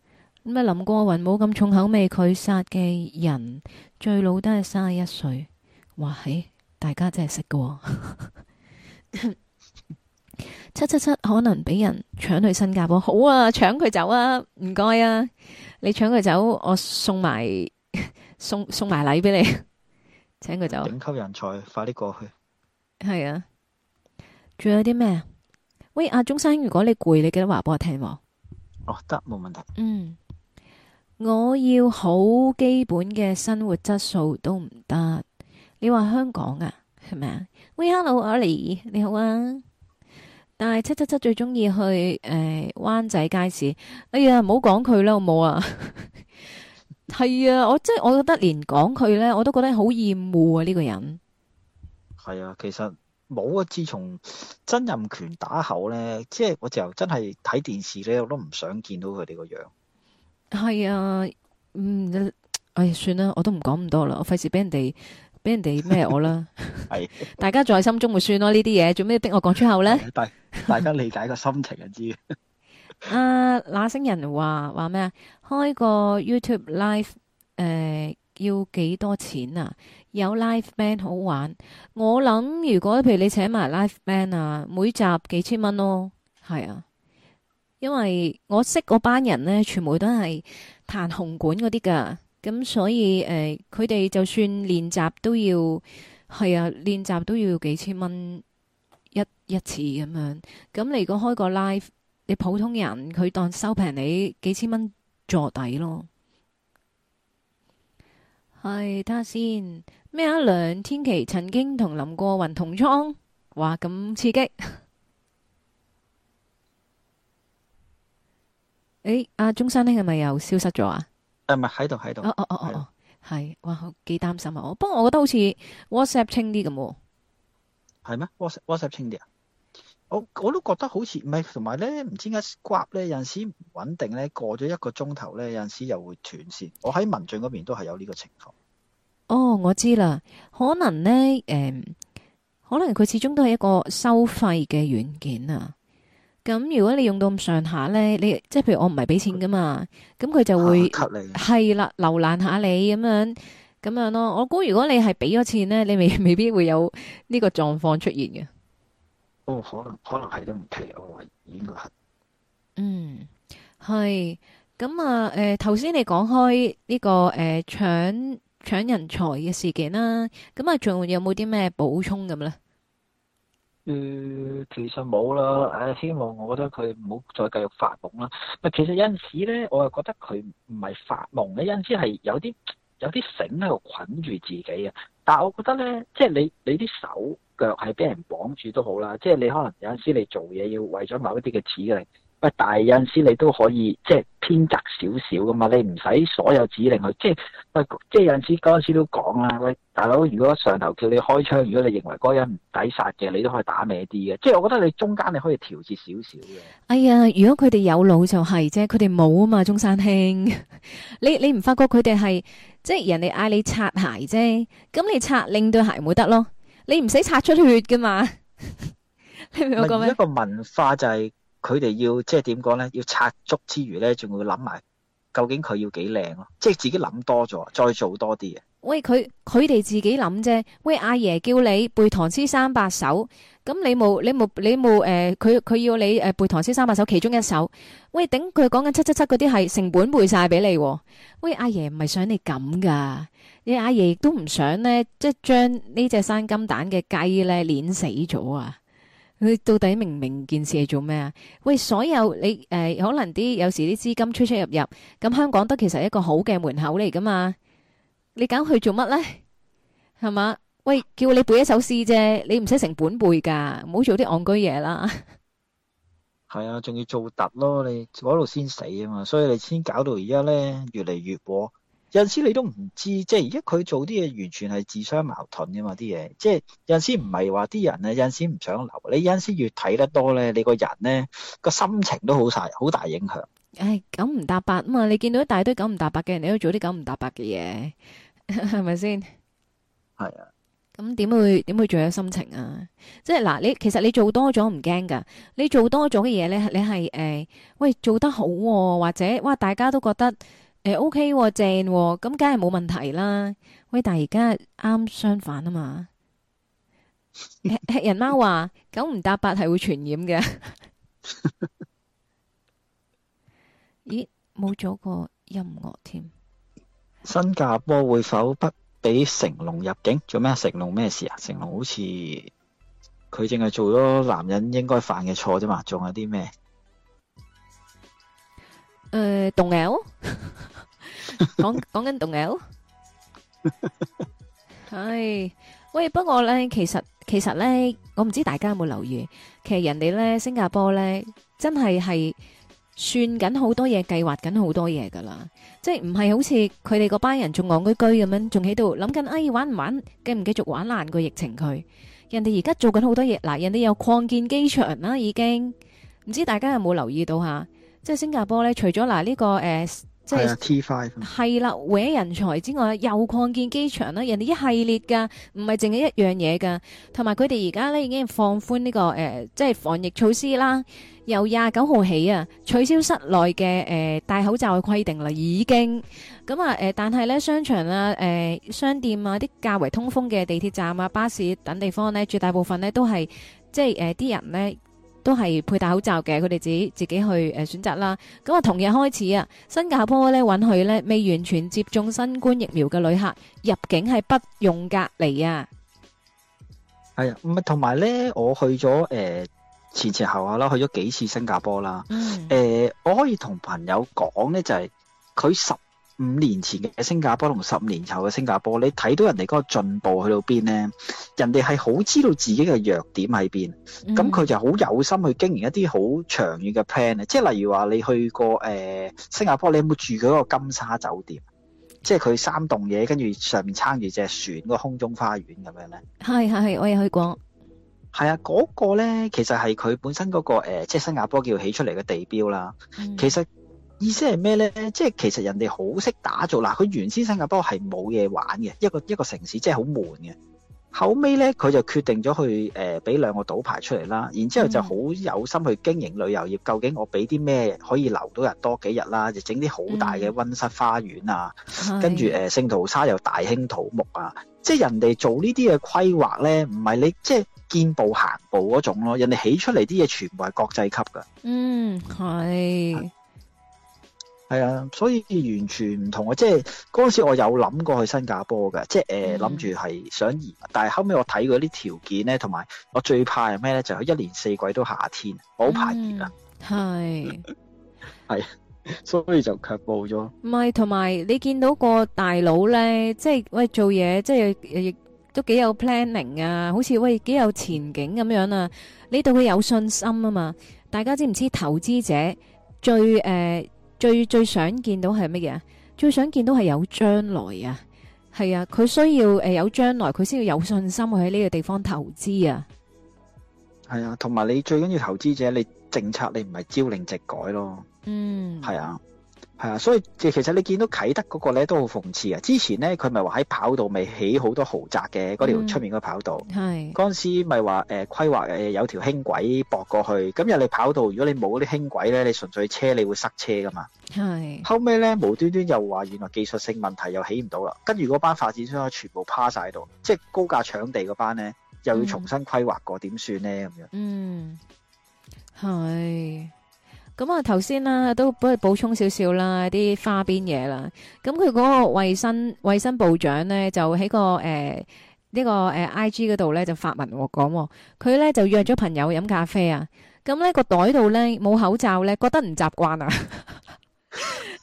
[SPEAKER 1] 咁啊，林過雲冇咁重口味，佢殺嘅人最老都係三十一歲，哇！嘿，大家真係識噶。 *laughs* *laughs* 七七七可能俾人搶去新加坡，好啊，搶佢走啊，唔該啊，你搶佢走，我送埋。送送埋禮俾你，請佢走。頂級人才，快啲過去。係啊，仲有啲咩？喂，阿中山，如果你攰，你記得話俾我聽喎。哦，得，冇問題。嗯，我要好基本嘅生活質素都唔得。你話香港啊，係咪啊？喂，Hello，Ali，你好啊。但係七七七最中意去誒，呃，灣仔街市。哎呀，唔好講佢啦，好冇啊？ *laughs* 係啊，我即係我覺得連講佢咧，我都覺得好厭惡啊！呢、呢個人
[SPEAKER 2] 係啊，其實冇啊。自從曾蔭權打後咧，即係我就真係睇電視咧，我都唔想見到佢哋個樣。
[SPEAKER 1] 係啊，嗯，哎、算啦，我都唔講咁多啦，費事俾人哋俾人哋咩我啦。係 *laughs* 是， *laughs* 大家在心中會算咯，呢啲嘢做咩逼我講出口咧？大 *laughs* 大家理解個心情就知。 *laughs* 啊！那星人話話咩啊？開個 YouTube Live 誒、呃，要幾多錢啊？有 Live Band 好玩，我諗如果譬如你請埋 Live Band 啊，每集幾千蚊咯，係啊，因為我識嗰班人咧，全部都係彈紅館嗰啲噶，咁所以誒，佢、呃、哋就算練習都要係啊，練習都要幾千蚊一一次咁樣。咁你如果開個 Live？你普通人佢當收平你幾千蚊坐底咯，係睇下先。咩啊？梁天琦曾經同林過雲同窗，哇咁刺激！誒、哎，阿中山呢係咪又消失咗啊？誒、
[SPEAKER 2] 呃，唔係喺
[SPEAKER 1] 度喺度。哦哦哦哦哦，係、哦、哇，幾擔心啊！不過我覺得好似 WhatsApp 清啲咁喎，
[SPEAKER 2] 係咩？WhatsApp WhatsApp 清啲啊？我我都覺得好似唔係，同埋咧，唔知點解刮咧，有陣時唔穩定咧，過咗一個鐘頭咧，有陣時又會先斷線。我喺文俊嗰邊都係有呢個情況。
[SPEAKER 1] 哦，我知啦，可能咧、嗯，可能佢始終都係一個收費嘅軟件啊。咁、嗯、如果你用到咁上下咧，你即係譬如我唔係俾錢噶嘛，咁佢就會係啦，瀏、啊、覽下你咁樣咁樣咯。我估如果你係俾咗錢咧，你未未必會有呢個狀況出現嘅。
[SPEAKER 2] 哦，可能可能係啲問題，哦，應該
[SPEAKER 1] 係。嗯，係咁啊，誒，頭先你講開呢個誒搶搶人才嘅事件啦，咁啊，仲有冇啲咩補充咁咧？
[SPEAKER 2] 誒，其實冇啦，誒，希望我覺得佢唔好再繼續發夢啦。其實有陣時咧，我係覺得佢唔係發夢嘅，有陣時係有啲有啲繩喺度捆住自己啊。但係我覺得咧，即係你你啲手腳係俾人綁住都好啦，即係你可能有陣時你做嘢要為咗某一啲嘅指令，但係有陣時你都可以即係偏側少少噶嘛，你唔使所有指令去即係，即係有陣時嗰陣時都講啦喂，大佬如果上頭叫你開槍，如果你認為嗰人唔抵殺嘅，你都可以打歪啲嘅，即係我覺得你中間你可以調節少少
[SPEAKER 1] 嘅。哎呀，如果佢哋有腦就係、是、啫，佢哋冇啊嘛，中山兄， *laughs* 你你唔發覺佢哋係即係人哋嗌你擦鞋啫，咁你擦另對鞋會得咯？你唔使擦出血噶嘛？你明我講咩？一個
[SPEAKER 2] 文化就係佢哋要即係點講咧？要擦足之餘咧，仲會諗埋究竟佢要幾靚咯？即係自己諗多咗，再做多啲嘅。
[SPEAKER 1] 喂，佢佢哋自己諗啫。喂，阿爺叫你背唐詩三百首，咁你冇你冇你冇誒？佢佢要你誒背唐詩三百首其中一首。喂，頂佢講緊七七七嗰啲係成本背晒俾你。喂，阿爺唔係想你咁噶。你阿爺亦都唔想咧，即係將呢隻生金蛋嘅雞咧碾死咗啊！佢到底明唔明件事係做咩啊？喂，所有你誒，可能啲有時啲資金出出入入，咁香港都其實係一個好嘅門口嚟噶嘛？你搞去做乜咧？係嘛？喂，叫你背一首詩啫，你唔使成本背噶，唔好做啲戇居嘢啦。係
[SPEAKER 2] 啊，仲要做特咯，你嗰度先死啊嘛，所以你先搞到而家咧，越嚟越火。有時你都唔知，即係而家佢做啲嘢完全係自相矛盾㗎嘛啲嘢，即係有時唔係話啲人啊，有時唔想留。你有時越睇得多咧，你個人咧個心情都好晒，好大影響。
[SPEAKER 1] 唉、哎，九唔搭八啊嘛，你見到一大堆九唔搭八嘅人，你都做啲九唔搭八嘅嘢，係咪先？係啊。咁點會點會仲有心情啊？即係嗱，你其實你做多咗唔驚㗎，你做多咗嘅嘢咧，你係誒，喂做得好、啊，或者哇大家都覺得。誒，OK，正、啊，咁梗係冇問題啦。喂，但係而家啱相反啊嘛，吃 *laughs* 人貓話九唔搭八係會傳染嘅。 *laughs* 咦，冇咗個音樂添。
[SPEAKER 2] 新加坡會否不俾成龍入境？做咩？成龍咩事啊？成龍好似佢淨係做咗男人應該犯嘅錯啫嘛，仲有啲咩？
[SPEAKER 1] 誒，動搖，講講緊動搖，係喂，不過咧，其實其實咧，我唔知大家有冇留意，其實人哋咧，新加坡咧，真係係算緊好多嘢，計劃緊好多嘢噶啦，即係唔係好似佢哋嗰班人仲戇居居咁樣，仲喺度諗緊，哎，玩唔玩，繼唔繼續玩爛個疫情佢？人哋而家做緊好多嘢，嗱，人哋有擴建機場啦，已經，唔知大家有冇留意到吓？即係新加坡咧，除咗嗱呢個誒、呃，即係
[SPEAKER 2] T five
[SPEAKER 1] 係啦，毀、啊、人才之外，又擴建機場啦，人哋一系列噶，唔係淨係一樣嘢噶。同埋佢哋而家咧已經放寬呢、這個誒、呃，即係防疫措施啦，由廿九號起啊，取消室內嘅誒戴口罩嘅規定啦，已經咁啊、呃、但係咧商場啊、誒、呃、商店啊、啲較為通風嘅地鐵站啊、巴士等地方咧，絕大部分咧都係即係啲、呃、人咧。都係佩戴口罩嘅，佢哋自己自己去誒、呃、選擇啦。咁啊，同日開始啊，新加坡咧允許咧未完全接種新冠疫苗嘅旅客入境係不用隔離啊。
[SPEAKER 2] 係啊，唔係同埋咧，我去咗誒、呃、前前後後啦，去咗幾次新加坡啦。誒、嗯呃，我可以同朋友講咧，就係、是、佢十。五年前嘅新加坡同十五年後嘅新加坡，你睇到人哋嗰個進步去到邊咧？人哋係好知道自己嘅弱點喺邊，咁、嗯、佢就好有心去經營一啲好長遠嘅 plan 啊，即係例如話，你去過誒、呃、新加坡，你有冇住過個金沙酒店？即係佢三棟嘢，跟住上面撐住隻船個空中花園
[SPEAKER 1] 咁樣咧。係，係，係，我有去過，
[SPEAKER 2] 係啊，嗰、那個咧其實係佢本身嗰、那個誒、呃，即係新加坡叫起出嚟嘅地標啦。嗯、其實。意思係咩咧？即係其實人哋好識打造嗱，佢原先新加坡係冇嘢玩嘅，一個一個城市即係好悶嘅。後尾咧，佢就決定咗去誒，俾、呃、兩個賭牌出嚟啦。然之後就好有心去經營旅遊業、嗯。究竟我俾啲咩可以留到人多幾日啦？就整啲好大嘅温室花園啊，嗯、
[SPEAKER 1] 跟住誒
[SPEAKER 2] 聖淘沙又大興土木啊。即係人哋做呢啲嘅規劃咧，唔係你即係見步行步嗰種咯。人哋起出嚟啲嘢全部係國際級噶。嗯，
[SPEAKER 1] 係。
[SPEAKER 2] 係啊，所以完全唔同啊。即係嗰陣時，我有諗過去新加坡嘅，即係誒諗住係想，移、嗯、民。但係後尾我睇過啲條件咧，同埋我最怕係咩咧？就係、是、一年四季都夏天，我好怕熱
[SPEAKER 1] 啊。係、嗯、
[SPEAKER 2] 係， *laughs* 所以就卻步咗。
[SPEAKER 1] 唔係，同埋你見到個大佬咧，即、就、係、是、喂做嘢，即係亦都幾有 planning 啊，好似喂幾有前景咁樣啊。你對佢有信心啊嘛。大家知唔知道投資者最誒，呃最最想見到係乜嘢啊？最想見到係有將來啊，係啊，佢需要誒、呃、有將來，佢先要有信心去喺呢個地方投資啊。
[SPEAKER 2] 係啊，同埋你最緊要投資者，你政策你唔係朝令夕改咯。
[SPEAKER 1] 嗯，
[SPEAKER 2] 係啊。係啊，所以其實你見到啟德嗰個咧都好諷刺啊。之前咧佢咪話喺跑道咪起好多豪宅嘅，嗰條出面嗰跑道。係嗰陣時咪話誒規劃誒有條輕軌駁過去。今日你跑道如果你冇啲輕軌咧，你純粹車你會塞車噶嘛。係後尾咧無端端又話原來技術性問題又起唔到啦。跟住嗰班發展商全部趴晒喺度，即係高價搶地嗰班咧、嗯、又要重新規劃過，點算咧咁樣？
[SPEAKER 1] 嗯，係。咁啊，頭先啦，都幫佢補充少少啦，啲花邊嘢啦。咁佢嗰個衛生衛生部長咧，就喺個誒呢個誒 IG 嗰度咧，就發文講，佢咧就約咗朋友飲咖啡啊。咁呢個袋度咧冇口罩咧，覺得唔習慣啊。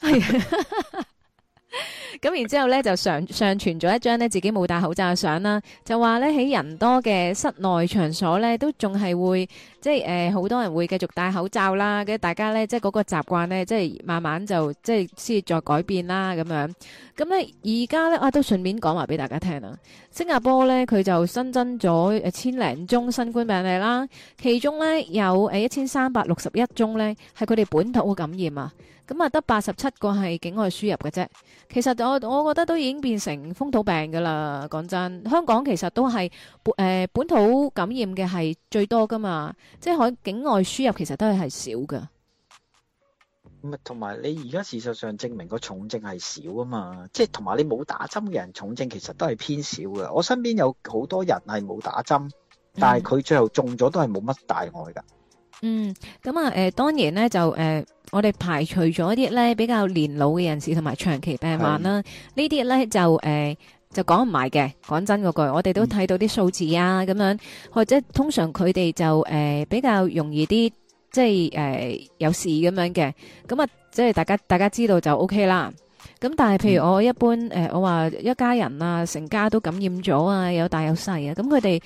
[SPEAKER 1] 係。咁然之後咧就上上傳咗一張咧自己冇戴口罩嘅相啦，就話咧喺人多嘅室內場所咧，都仲係會。即係誒，好、呃、多人會繼續戴口罩啦，嘅大家咧，即係嗰個習慣咧，即係慢慢就即係先再改變啦咁樣。咁咧而家咧啊，都順便講話俾大家聽啦。新加坡咧佢就新增咗誒千零宗新冠病例啦，其中咧有一千三百六十一宗咧係佢哋本土嘅感染啊，咁啊得八十七個係境外輸入嘅啫。其實我我覺得都已經變成風土病噶啦，講真，香港其實都係誒、呃、本土感染嘅係最多噶嘛。即係喺境外輸入其實都係係少嘅，
[SPEAKER 2] 唔係，同埋你而家事實上證明個重症係少啊嘛，即係同埋你冇打針嘅人重症其實都係偏少嘅。我身邊有好多人係冇打針，但係佢最後中咗都係冇乜大礙噶。
[SPEAKER 1] 嗯，咁、嗯、啊，誒、呃，當然咧就誒、呃，我哋排除咗一啲咧比較年老嘅人士同埋長期病患啦，這些呢啲咧就誒。呃就講唔埋嘅，講真嗰句，我哋都睇到啲數字啊咁樣，或者通常佢哋就誒、呃、比較容易啲，即係誒、呃、有事咁樣嘅。咁啊，即係大家大家知道就 OK 啦。咁但係譬如我一般誒、呃，我話一家人啊，成家都感染咗啊，有大有細啊，咁佢哋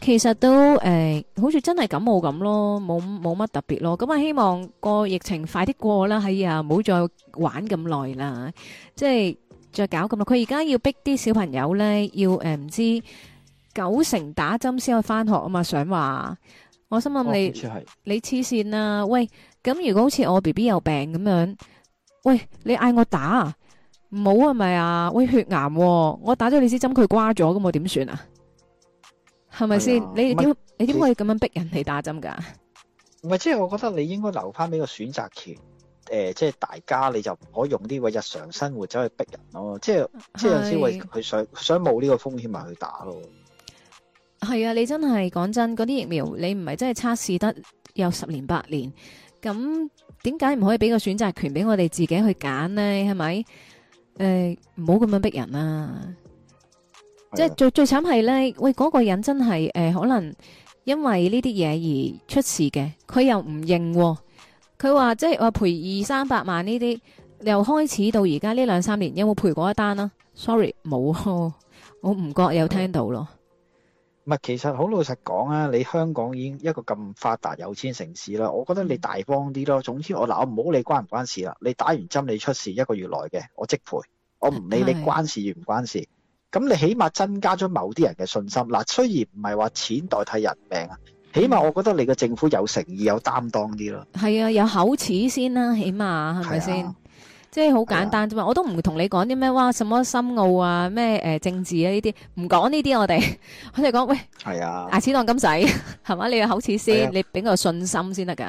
[SPEAKER 1] 其實都誒、呃，好似真係感冒咁咯，冇冇乜特別咯。咁啊，希望個疫情快啲過啦，係啊唔好再玩咁耐啦，即係。再搞咁啊！佢而家要逼啲小朋友咧，要、呃、唔知九成打針先可以翻學啊嘛！想話，我心想問你，哦、你黐線啊！喂，咁如果好似我 B B 有病咁樣，喂，你嗌我打，唔好係咪啊？喂，血癌，啊，我打咗你支針，佢瓜咗噉我點算啊？係咪先？你點你點可以咁樣逼人嚟打針噶？
[SPEAKER 2] 唔係，即係我覺得你應該留翻俾個選擇權。誒、呃，即係大家你就唔可以用呢個日常生活走去逼人咯，即係即係有時，佢想想冒呢個風險埋去打咯。
[SPEAKER 1] 係啊，你真係講真的，嗰啲疫苗，你唔係真係測試得有十年八年，咁點解唔可以俾個選擇權俾我哋自己去揀呢？係咪？誒、呃，唔好咁樣逼人啊。即係最最慘係咧，喂，嗰個人真係誒、呃，可能因為呢啲嘢，而出事嘅，佢又唔認、喎。佢話即係話賠二三百萬呢啲，由開始到而家呢兩三年有冇賠過一單啊？Sorry，冇，我唔覺有聽到咯。
[SPEAKER 2] 唔係，其實好老實講啊，你香港已經一個咁發達有錢城市啦，我覺得你大方啲咯。總之我嗱，我唔好你關唔關事啦。你打完針你出事一個月內嘅，我即賠，我唔理你關事與唔關事。咁你起碼增加咗某啲人嘅信心。嗱，雖然唔係話錢代替人命啊。起碼我覺得你個政府有誠意、嗯、有擔當啲咯，
[SPEAKER 1] 係啊，有口齒先啦、啊，起碼係咪先？即係好簡單啫嘛、啊，我都唔會同你講啲咩哇，什麼深奧啊，咩誒政治啊呢啲，唔講呢啲，我哋 *laughs* 我哋講喂，係啊，牙齒當金使，係嘛？你有口齒先，啊、你俾個信心先得噶。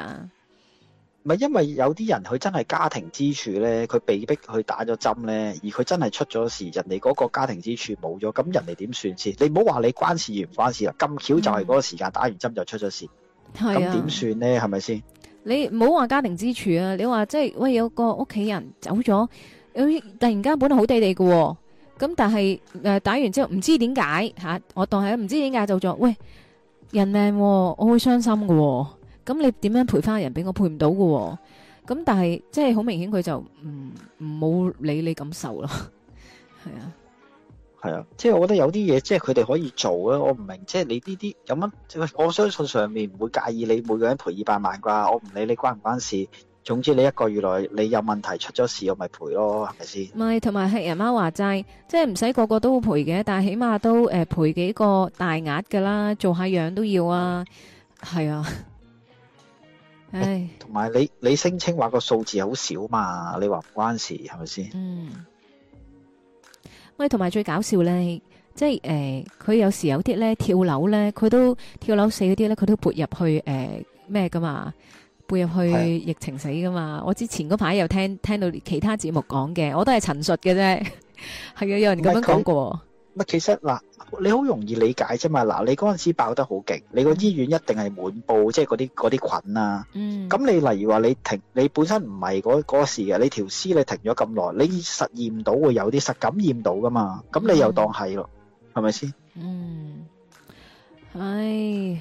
[SPEAKER 2] 唔係，因為有啲人佢真係家庭支柱咧，佢被逼去打咗針咧，而佢真係出咗事，人哋嗰個家庭支柱冇咗，咁人哋點算先？你唔好話你關事完唔關事啦，咁巧就係嗰個時間打完針就出咗事，
[SPEAKER 1] 咁點
[SPEAKER 2] 算咧？係咪先？
[SPEAKER 1] 你唔好話家庭支柱啊，你話即係喂有個屋企人走咗，突然間本來好地地嘅，咁但係誒、呃、打完之後唔知點解吓，我當係唔知點解就做：「喂人命，啊，我會傷心嘅、啊。咁你點樣賠翻人俾我陪不、哦？賠唔到噶，咁，但係即係好明顯佢就唔唔冇理你感受啦。
[SPEAKER 2] 係啊，係啊，即係我覺得有啲嘢，即係佢哋可以做啊。我唔明白，即係你呢啲有乜？我相信上面唔會介意你每個人賠二百萬啩。我唔理你關唔關事，總之你一個月內你有問題出咗事，我咪賠咯，係咪先？
[SPEAKER 1] 唔係同埋吃人貓話齋，即係唔使個個都會賠嘅，但係起碼都誒賠、呃、幾個大額噶啦，做下樣都要啊，係啊。
[SPEAKER 2] 唉，同埋你你聲稱話個數字好少嘛，你話唔關事係咪先？嗯，
[SPEAKER 1] 喂，同埋最搞笑咧，即係誒，佢、呃、有時有啲咧跳樓咧，佢都跳樓死嗰啲咧，佢都撥入去誒咩噶嘛，撥入去疫情死噶嘛。我之前嗰排又聽聽到其他節目講嘅，我都係陳述嘅啫，係 *laughs* 啊，有人咁樣講過。
[SPEAKER 2] 咪其實嗱，你好容易理解啫嘛。嗱，你嗰陣時爆得好勁，你個醫院一定係滿布即係嗰啲嗰啲菌啊。咁你例如話你停，你本身唔係嗰嗰時嘅，你條屍你停咗咁耐，你實驗到會有啲實感染到㗎嘛？咁你又當係咯，係咪先？嗯，
[SPEAKER 1] 係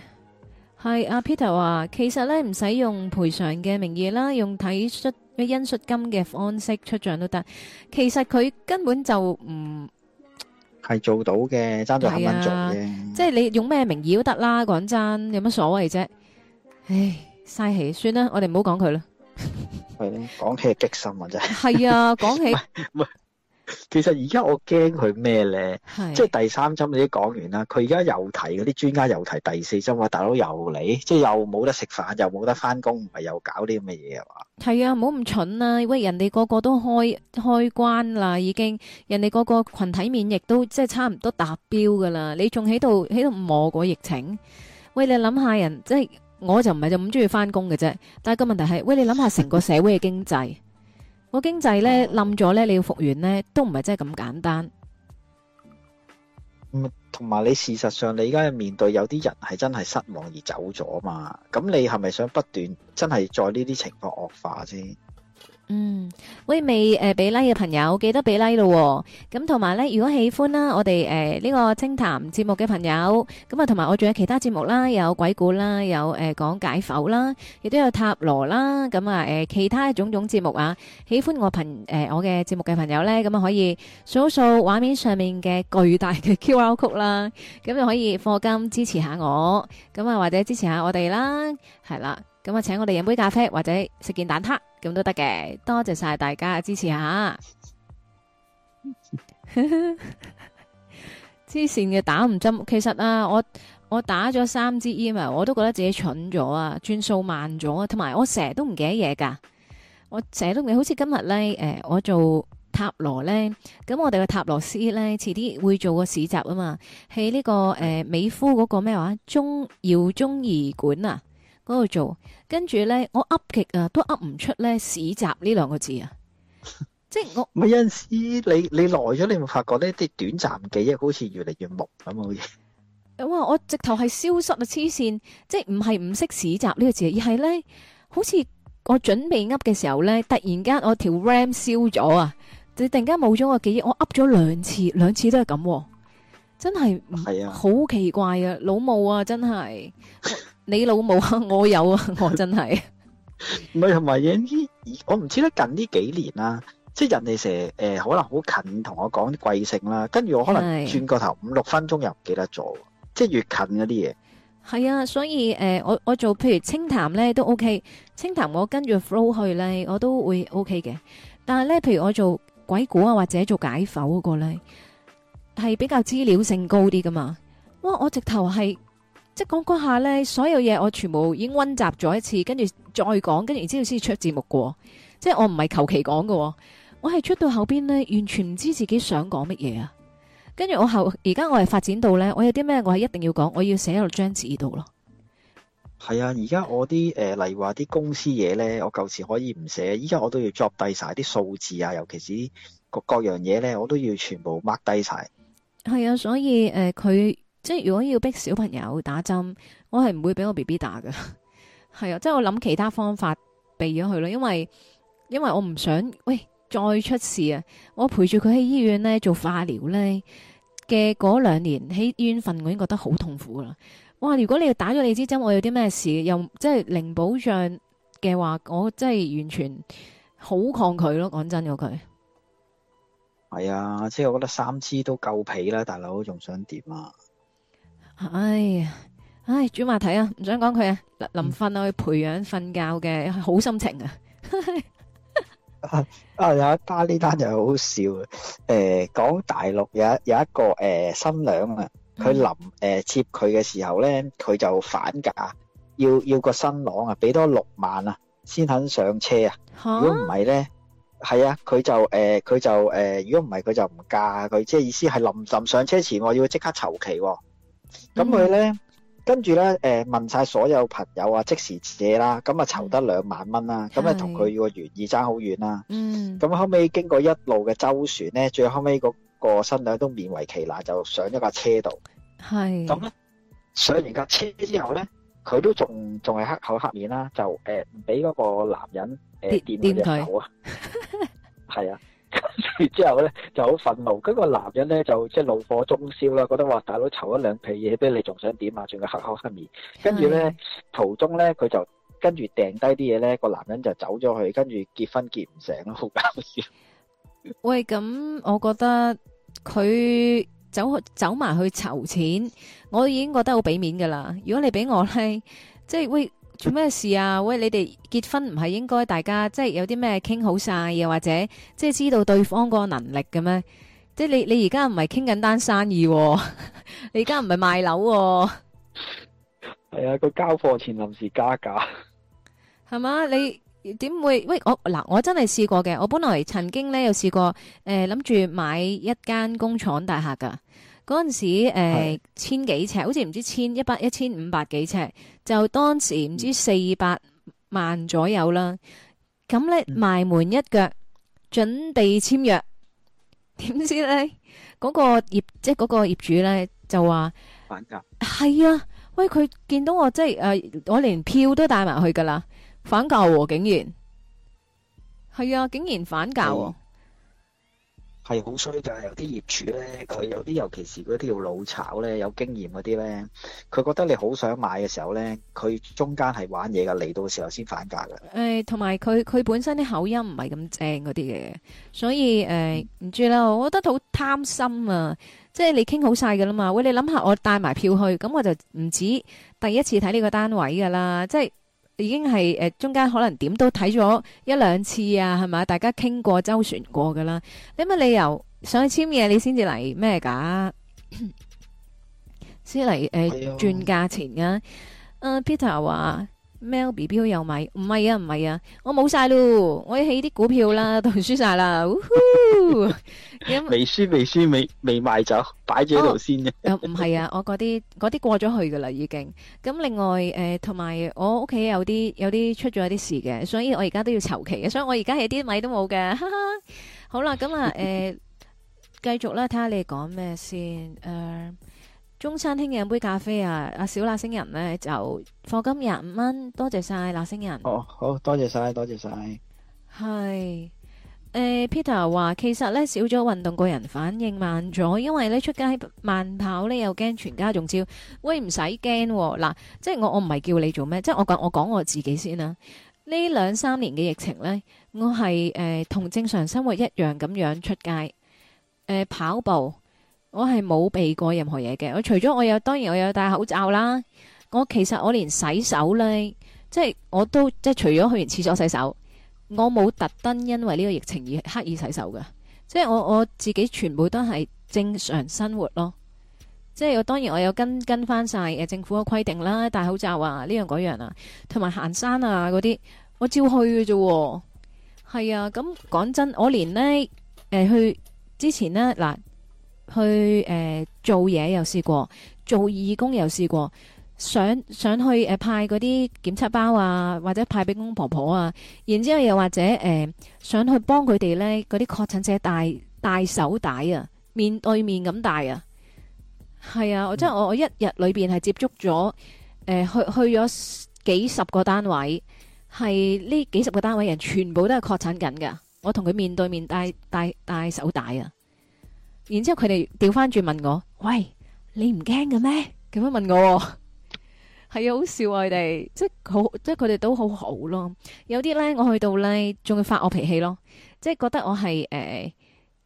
[SPEAKER 1] 係阿 Peter 話，其實咧唔使用賠償嘅名義啦，用體恤嘅恩恤金嘅方式出賬都得。其實佢根本就唔
[SPEAKER 2] 係做到嘅，爭在肯唔肯做嘅，
[SPEAKER 1] 即係你用咩名義都得啦。講真，有乜所謂啫？唉，嘥氣，算啦，我哋唔好講佢啦。
[SPEAKER 2] 係咯，講起係激心啊，真係。係啊，講起。其實而家我驚佢咩咧？係即係第三針你都講完啦，佢而家又提嗰啲專家又提第四針，話大佬又嚟，即係又冇得食飯，又冇得翻工，唔係又搞啲咁嘅嘢啊
[SPEAKER 1] 嘛？係啊，唔好咁蠢啊！喂，人哋個個都開開關啦，已經人哋個個群體免疫都即係差唔多達標噶啦，你仲喺度喺度磨過疫情？喂，你諗下人，即係我就唔係就咁中意翻工嘅啫，但係個問題係，喂，你諗下成個社會嘅經濟。 *laughs* 個經濟呢冧咗呢，你要復原呢都唔係真係咁簡單。
[SPEAKER 2] 同埋你事實上，你而家面對有啲人係真係失望而走咗嘛？咁你係咪想不斷真係在呢啲情況惡化先？
[SPEAKER 1] 嗯，喂，未誒俾、呃、like 嘅朋友記得俾 like 咯，咁同埋咧，如果喜歡啦，我哋誒呢個清談節目嘅朋友，咁啊同埋我仲有其他節目啦，有鬼故啦，有誒講、呃、解剖啦，亦都有塔羅啦，咁啊誒其他種種節目啊，喜歡我朋誒、呃、我嘅節目嘅朋友咧，咁啊可以數數畫面上面嘅巨大嘅 QR Code 啦，咁就可以課金支持下我，咁啊或者支持下我哋啦，係啦。咁啊，請我哋飲杯咖啡或者食件蛋撻，咁都得嘅。多謝晒大家嘅支持下！黐綫嘅打唔針，其實啊，我我打咗三支 email，我都覺得自己蠢咗啊，轉數慢咗，同埋我成日都唔記得嘢噶。我成日都唔記，好似今日咧，誒、呃，我做塔羅咧，咁我哋嘅塔羅師咧，遲啲會做個市集啊嘛，喺呢、這個誒、呃、美孚嗰個咩話中耀中醫館啊。嗰度做，跟住咧我噏極啊，都噏唔出咧市集呢兩個字啊！即係我唔係
[SPEAKER 2] *laughs* 有陣時你你來咗，你咪發覺呢啲短暫記憶好似越嚟越木咁，嗯，好
[SPEAKER 1] 似。哇！我直頭係消失啊！痴綫，即係唔係唔識市集呢個字，而係咧好似我準備噏嘅時候咧，突然間我條 Ram 燒咗啊！你突然間冇咗個記憶，我噏咗兩次，兩次都係咁喎。真係，係啊，好奇怪啊！老母啊，真係， *laughs* 你老母啊，我有啊，我真係。唔係唔
[SPEAKER 2] 係我唔知得近呢幾年啦，啊，即係人哋成日誒可能好近同我講啲貴姓啦，跟住我可能轉個頭五六分鐘又唔記得咗，即係越近嗰啲嘢。
[SPEAKER 1] 係啊，所以誒、呃，我我做譬如清談咧都 OK，清談我跟住 flow 去咧，我都會 OK 嘅。但係咧，譬如我做鬼故啊，或者做解剖嗰個咧。係比較資料性高啲噶嘛？哇！我直頭係即係講下呢，所有嘢我全部已經溫習咗一次，跟住再講，跟住然之後先出節目嘅。即係我唔係求其講嘅，我係出到後邊呢，完全唔知自己想講乜嘢啊！跟住我後而家我係發展到呢，我有啲咩我係一定要講，我要寫喺度張紙度咯。
[SPEAKER 2] 係啊！而家我啲誒、呃，例如話啲公司嘢呢，我舊時可以唔寫，依家我都要作低曬啲數字啊，尤其是各樣嘢呢，我都要全部 mark 低曬。
[SPEAKER 1] 係啊，所以誒，佢、呃、即係如果要逼小朋友打針，我係唔會俾我 B B 打噶。係 *laughs* 啊，即係我諗其他方法避咗佢咯。因為因為我唔想喂再出事啊！我陪住佢喺醫院咧做化療咧嘅嗰兩年喺醫院瞓，我已經覺得好痛苦啦。哇！如果你打咗你支針，我有啲咩事又即係零保障嘅話，我真係完全好抗拒咯。講真，咗佢。係啊，即係
[SPEAKER 2] 我覺得三支都夠皮啦，大佬仲想點啊？
[SPEAKER 1] 係啊，唉，轉話題啊，唔想講佢啊，臨瞓啊，去、嗯、培養瞓覺嘅好心情啊。 *laughs* 啊，
[SPEAKER 2] 啊、欸有，有一單呢單就係好笑啊。誒、欸，講大陸有有一個誒新娘啊，佢臨誒接佢嘅時候咧，佢就反價，要要個新郎啊，俾多六萬啊，先肯上車啊，如果唔係咧。係啊，佢就誒，佢、呃、就誒，如果唔係佢就唔嫁佢，即係意思係臨陣上車前我要即刻籌期喎。咁佢咧，跟住咧，誒、呃、問晒所有朋友啊，即時借啦，咁啊籌得兩萬蚊啦，咁啊同佢個原意爭好遠啦。嗯。咁後尾經過一路嘅周旋咧，最後尾嗰個新娘都勉為其難就上咗架車度。
[SPEAKER 1] 係。咁咧，上
[SPEAKER 2] 完架車之後咧，佢、嗯、都仲仲係黑口黑面啦，就誒唔俾嗰個男人。
[SPEAKER 1] 跌電電台啊，
[SPEAKER 2] 係 *laughs* 啊，跟住之後咧就好憤怒，跟、個男人咧就即係怒火中燒啦，覺得話大佬籌咗兩皮嘢俾你，仲想點啊？仲要黑口黑、黑面，跟住咧途中咧佢就跟住掟低啲嘢咧，個男人就走咗去，跟住結婚結唔成咯，好搞笑。
[SPEAKER 1] 喂，咁、嗯、我覺得佢走走埋去籌錢，我已經覺得好俾面噶啦。如果你俾我咧，即、就、係、是、喂。做咩事啊？喂，你哋結婚唔係應該大家即係有啲咩傾好晒，又或者即係知道對方個能力嘅咩？即係你你而家唔係傾緊單生意，你而家唔係賣樓？
[SPEAKER 2] 係啊，佢交貨前臨時加價，
[SPEAKER 1] 係嘛？你點會？喂，我嗱，我真係試過嘅。我本來曾經咧有試過誒，呃、諗住買一間工廠大廈噶。嗰陣時，呃、千幾尺，好似唔知千一百一千五百幾尺，就當時唔知四百萬左右啦。咁咧埋門一腳，準備簽約，點知咧嗰個業，即係嗰個業主咧就話
[SPEAKER 2] 反
[SPEAKER 1] 價，係啊，喂，佢見到我即係、呃、我連票都帶埋去㗎啦，反價喎，竟然係啊，竟然反價喎。哦。
[SPEAKER 2] 係好衰，就係有啲業主咧，佢有啲尤其是嗰啲要老炒咧，有經驗嗰啲咧，佢覺得你好想買嘅時候咧，佢中間係玩嘢噶，嚟到時候先反價噶。誒、
[SPEAKER 1] 哎，同埋佢佢本身啲口音唔係咁正嗰啲嘅，所以誒唔知啦，我覺得好貪心啊，即係你傾好晒噶啦嘛，喂，你諗下我帶埋票去，咁我就唔止第一次睇呢個單位噶啦，即係。已經係誒、呃，中間可能點都睇咗一兩次啊，係咪，大家傾過、周旋過噶啦。你乜理由想去簽嘢，你先至嚟咩噶？先嚟誒，轉價、呃、錢噶、啊呃。Peter 話。買 B B 都有米，唔係啊，唔係啊，我冇晒咯，我要起啲股票啦，同輸晒啦，
[SPEAKER 2] 咁未輸未輸未未賣走，擺住喺度先嘅。
[SPEAKER 1] 又唔係啊，我嗰啲嗰啲過咗去噶啦，已經。咁另外誒，同埋我屋企有啲有啲出咗啲事嘅，所以我而家都要籌期嘅，所以我而家係一啲米都冇嘅。哈哈，好啦，咁啊誒，繼續啦，睇下你哋講咩先，誒。中餐廳嘅一杯咖啡啊！阿小喇星人呢，就課金廿五蚊，多謝晒喇星人。哦，
[SPEAKER 2] 好多謝晒，多謝晒。
[SPEAKER 1] 係、呃、，Peter 話其實呢，少咗運動，個人反應慢咗，因為呢出街慢跑呢又驚全家中招。喂，唔使驚，嗱，即係我我唔係叫你做咩，即係我講我講我，我自己先啦。呢兩三年嘅疫情呢，我係誒同正常生活一樣咁樣出街，誒、呃、跑步。我係冇避過任何嘢嘅。我除咗我有，當然我有戴口罩啦。我其實我連洗手呢，即係我都即係除咗去完廁所洗手，我冇特登因為呢個疫情而刻意洗手噶。即係我我自己全部都係正常生活咯。即係我當然我有跟跟翻晒政府嘅規定啦，戴口罩啊呢樣嗰樣啊，同埋行山啊嗰啲，我照去嘅啫，哦。係啊，咁、嗯、講真，我連呢，誒、呃、去之前呢。嗱。去、呃、做嘢又試過，做義工又試過，想想去、呃、派嗰啲檢測包啊，或者派俾公婆婆啊，然之後又或者、呃、想去幫佢哋咧，嗰啲確診者戴戴手帶啊，面對面咁戴啊。係啊，我即係我我一日裏面係接觸咗、呃、去去咗幾十個單位，係呢幾十個單位人全部都係確診緊㗎。我同佢面對面戴戴戴手帶啊。然之後佢哋調翻轉問我，喂，你唔驚嘅咩？咁樣問我，係 *laughs* 啊，好笑啊！佢哋即係好，即係佢哋都好好咯。有啲咧，我去到咧，仲要發我脾氣咯。即係覺得我係誒、呃，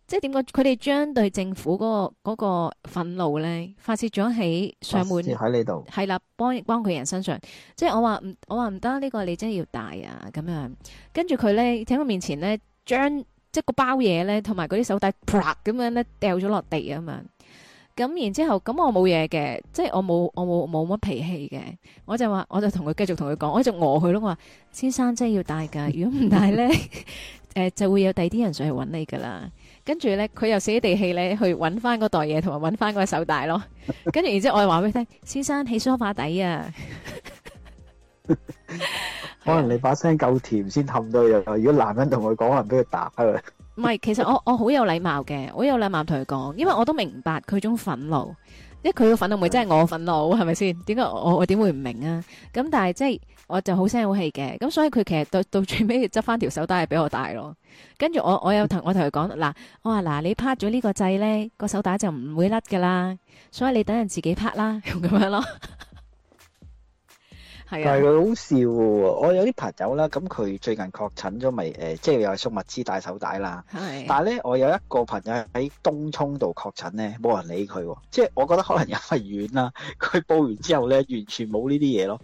[SPEAKER 1] 即係點講？佢哋將對政府嗰個嗰個憤怒咧，發泄咗喺上門喺呢度，係啦，幫幫佢人身上。即係我話唔，我話唔得，呢、呢個你真係要大啊！咁樣，跟住佢咧，喺我面前咧，將。即係個包嘢咧，同埋嗰啲手帶扑咁樣咧掉咗落地啊嘛！咁然之後，咁我冇嘢嘅，即係我冇我冇冇乜脾氣嘅，我就話我就同佢繼續同佢講，我就餓佢咯，我話 *laughs* 先生真係要帶噶，如果唔帶咧誒、 *laughs* 呃、就會有第二啲人上去搵你噶啦。跟住咧佢又死地氣咧去搵翻嗰袋嘢同埋搵翻嗰手帶咯。跟住然之後，後我又話俾佢聽， *laughs* 先生起梳化底啊。 *laughs*
[SPEAKER 2] *laughs* 可能你把聲夠甜先氹到佢。 *laughs* 如果男人同佢講，可能俾佢打佢。
[SPEAKER 1] 唔 *laughs* 係，其實我我好有禮貌嘅，我有禮貌同佢講，因為我都明白佢種憤怒，因為佢嘅憤怒唔會真係我憤怒，係咪先？點解我我點會唔明啊？咁但係即係我就好聲好氣嘅，咁所以佢其實到，到最尾執翻條手帶係俾我戴咯。跟住我我有同我同佢講嗱，我話嗱你拍咗呢個掣咧，個手帶就唔會甩噶啦，所以你等人自己拍啦，咁樣咯。係，啊， *noise* 係佢好
[SPEAKER 2] 笑喎、哦。我有啲朋友啦，咁佢最近確診咗，咪即係又係送物資戴手帶啦。
[SPEAKER 1] 但係咧，
[SPEAKER 2] 我有一個朋友喺東涌度確診咧，冇人理佢喎。即係我覺得可能因為遠啦，佢報完之後咧，完全冇呢啲嘢咯。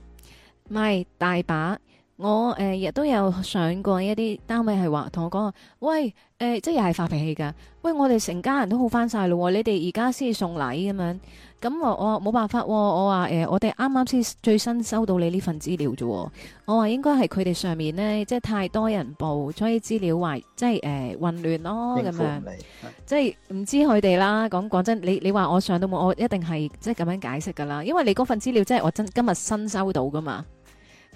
[SPEAKER 1] 咪， *noise* 大把。我誒，亦、呃、都有上過一啲單位是說，係話同我講喂，誒、呃，即係又係發脾氣噶，喂，我哋成家人都好翻晒咯，你哋而家先送禮咁樣，咁我我冇辦法，我話誒、呃，我哋啱啱先最新收到你呢份資料啫，我話應該係佢哋上面呢，即係太多人報，所以資料話即係誒混亂咯，咁樣，即係唔知佢哋啦。講講真，你你話我上到冇，我一定係即係咁樣解釋噶啦，因為你嗰份資料即係我真今日新收到噶嘛。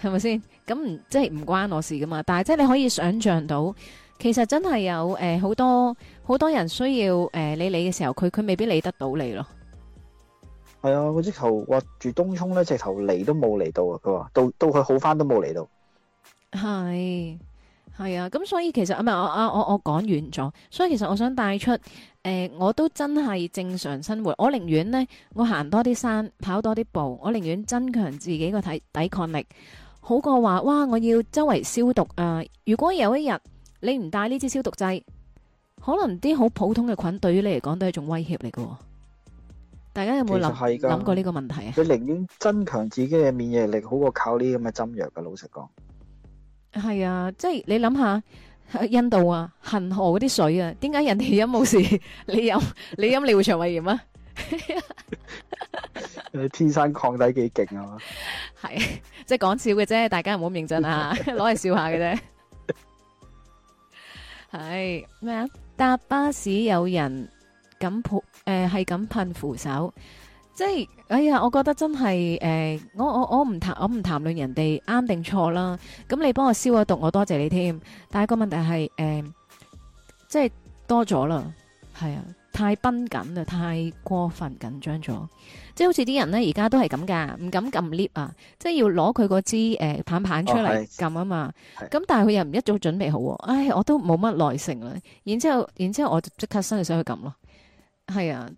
[SPEAKER 1] 係咪先咁？即係唔關我事噶嘛。但係即係你可以想象到，其實真係有誒好多好多人需要誒、呃、你理嘅時候，佢佢未必理得到你咯。
[SPEAKER 2] 係啊，嗰隻頭話住東涌呢，直頭嚟都冇嚟到啊。佢話到到佢好返都冇嚟到。
[SPEAKER 1] 係係啊，咁所以其實啊，唔係我啊，我我講遠咗。所以其實我想帶出誒、呃，我都真係正常生活。我寧願呢，我行多啲山，跑多啲步，我寧願增強自己個體抵抗力。好過話哇！我要周圍消毒啊、呃！如果有一日你唔帶呢支消毒劑，可能啲好普通嘅菌對於你嚟講都係一種威脅嚟喎。大家有冇諗諗過呢個問題啊？你
[SPEAKER 2] 寧願增強自己嘅免疫力，好過靠呢咁嘅針藥嘅。老實講，
[SPEAKER 1] 係啊，即、就、係、是、你諗下印度啊，恒河嗰啲水啊，點解人哋飲冇事？ *laughs* 你飲你飲你會腸胃炎啊？
[SPEAKER 2] 你 *laughs* 天生抗體幾勁啊！
[SPEAKER 1] 係， *laughs* 即係講笑嘅啫，大家唔好咁認真啊，攞嚟笑，笑一下嘅啫。係咩啊？搭巴士有人咁潑誒，係咁噴扶手，即係哎呀，我覺得真係誒、呃，我我我唔談我唔談論人哋啱定錯啦。咁你幫我消咗毒，我多謝你添。但係個問題係誒、呃，即係多咗啦，係啊。太繃緊啦，太過分緊張咗，即係好似啲人咧而家都係咁噶，唔敢撳 lift 啊，即係要攞佢嗰支誒、欸、棒棒出嚟撳啊嘛，咁、哦、但係佢又唔一早準備好、啊，唉，我都冇乜耐性啦。然之後，然之後我就即刻心就想去撳咯，係啊，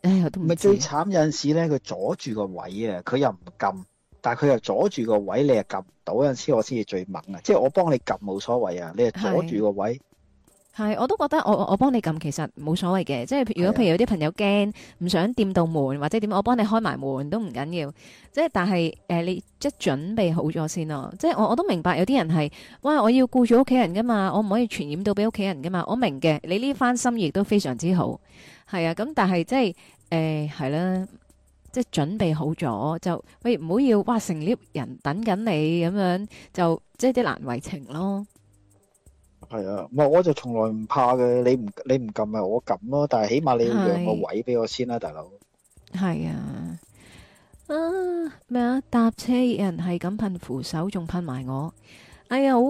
[SPEAKER 2] 唉，我都唔係最慘有陣時咧，佢阻住個位啊，佢又唔撳，但係佢又阻住個位，你又撳唔到有陣時，我先至最猛啊，即、就、係、是、我幫你撳冇所謂啊，你係阻住個位。
[SPEAKER 1] 係，我都覺得我我幫你撳其實冇所謂嘅，即係如果譬如有啲朋友驚唔想掂到門或者點，我幫你開埋門都唔緊要緊、呃。即係但係你即係準備好咗先咯。即係我我都明白有啲人係哇，我要顧住屋企人㗎嘛，我唔可以傳染到俾屋企人㗎嘛。我明嘅，你呢番心意都非常之好，係、嗯、啊。咁但係即係誒係啦，即係、呃、準備好咗就喂唔好要哇成啲人等緊你咁樣，就即係啲難為情咯。
[SPEAKER 2] 係啊，唔係我就從來唔怕嘅。你唔你唔撳咪，我撳咯。但係起碼你要讓個位俾我先啦，係啊，大佬。
[SPEAKER 1] 係啊，啊咩啊？搭車人係咁噴扶手，仲噴埋我，哎呀，好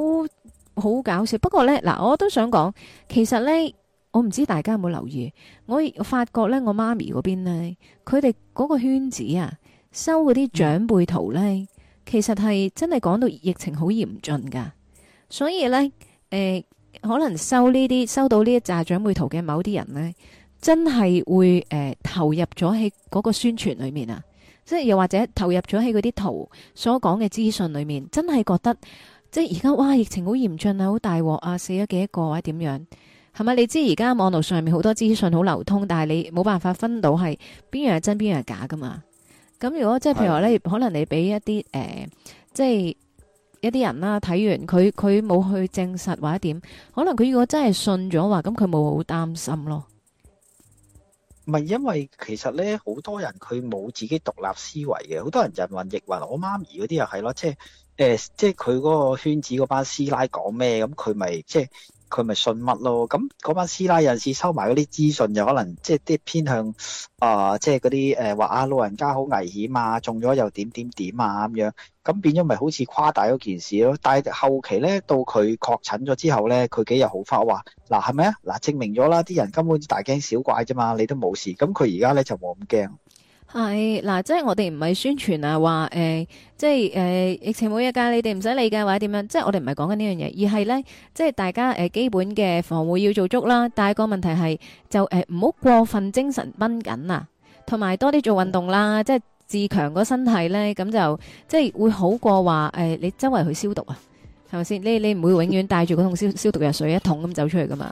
[SPEAKER 1] 好搞笑。不過咧，嗱，我都想講，其實咧，我唔知大家有冇留意，我發覺咧，我媽咪嗰邊咧，佢哋嗰個圈子啊，收嗰啲長輩圖咧，其實係真係講到疫情好嚴峻噶，所以咧。誒、呃，可能收呢啲收到呢一扎長輩圖嘅某啲人呢，真係會誒、呃、投入咗喺嗰個宣傳裏面啊，即係又或者投入咗喺嗰啲圖所講嘅資訊裏面，真係覺得即係而家哇，疫情好嚴峻啊，好大鑊啊，死咗幾多個或者點樣，係咪？你知而家網絡上面好多資訊好流通，但係你冇辦法分到係邊樣係真邊樣係假㗎嘛？咁如果即係譬如話呢、嗯、可能你俾一啲誒、呃，即係。一啲人啦、啊，睇完佢佢冇去證實或者點，可能佢如果真係信咗話，咁佢冇好擔心咯。
[SPEAKER 2] 唔係，因為其實咧，好多人佢冇自己獨立思維嘅，好多人人雲亦雲。我媽咪嗰啲又係咯，即係，誒、呃，即係，佢嗰個圈子嗰班師奶講咩，咁佢咪即係，佢咪信乜咯？咁嗰班師奶有陣時收埋嗰啲資訊，又可能即係啲偏向啊、呃，即係嗰啲誒話啊，呃、老人家好危險啊，中咗又點點點啊咁樣。咁變咗咪好似誇大嗰件事咯，但係後期咧到佢確診咗之後咧，佢幾日好翻話，嗱係咪啊？嗱、啊、證明咗啦，啲人根本大驚小怪啫嘛，你都冇事。咁佢而家咧就冇咁驚。
[SPEAKER 1] 係嗱，即係我哋唔係宣傳啊，話、呃、即係、呃、疫情冇嘢㗎，你哋唔使理㗎或者點樣，即係我哋唔係講緊呢樣嘢，而係咧即係大家、呃、基本嘅防護要做足啦。但係個問題係就唔好、呃、過分精神繃緊啊，同埋多啲做運動啦，即係。自強個身體咧，咁就即係會好過話誒、哎，你周圍去消毒啊，係咪先？你你唔會永遠帶住嗰桶消消毒藥水一桶咁走出嚟噶嘛？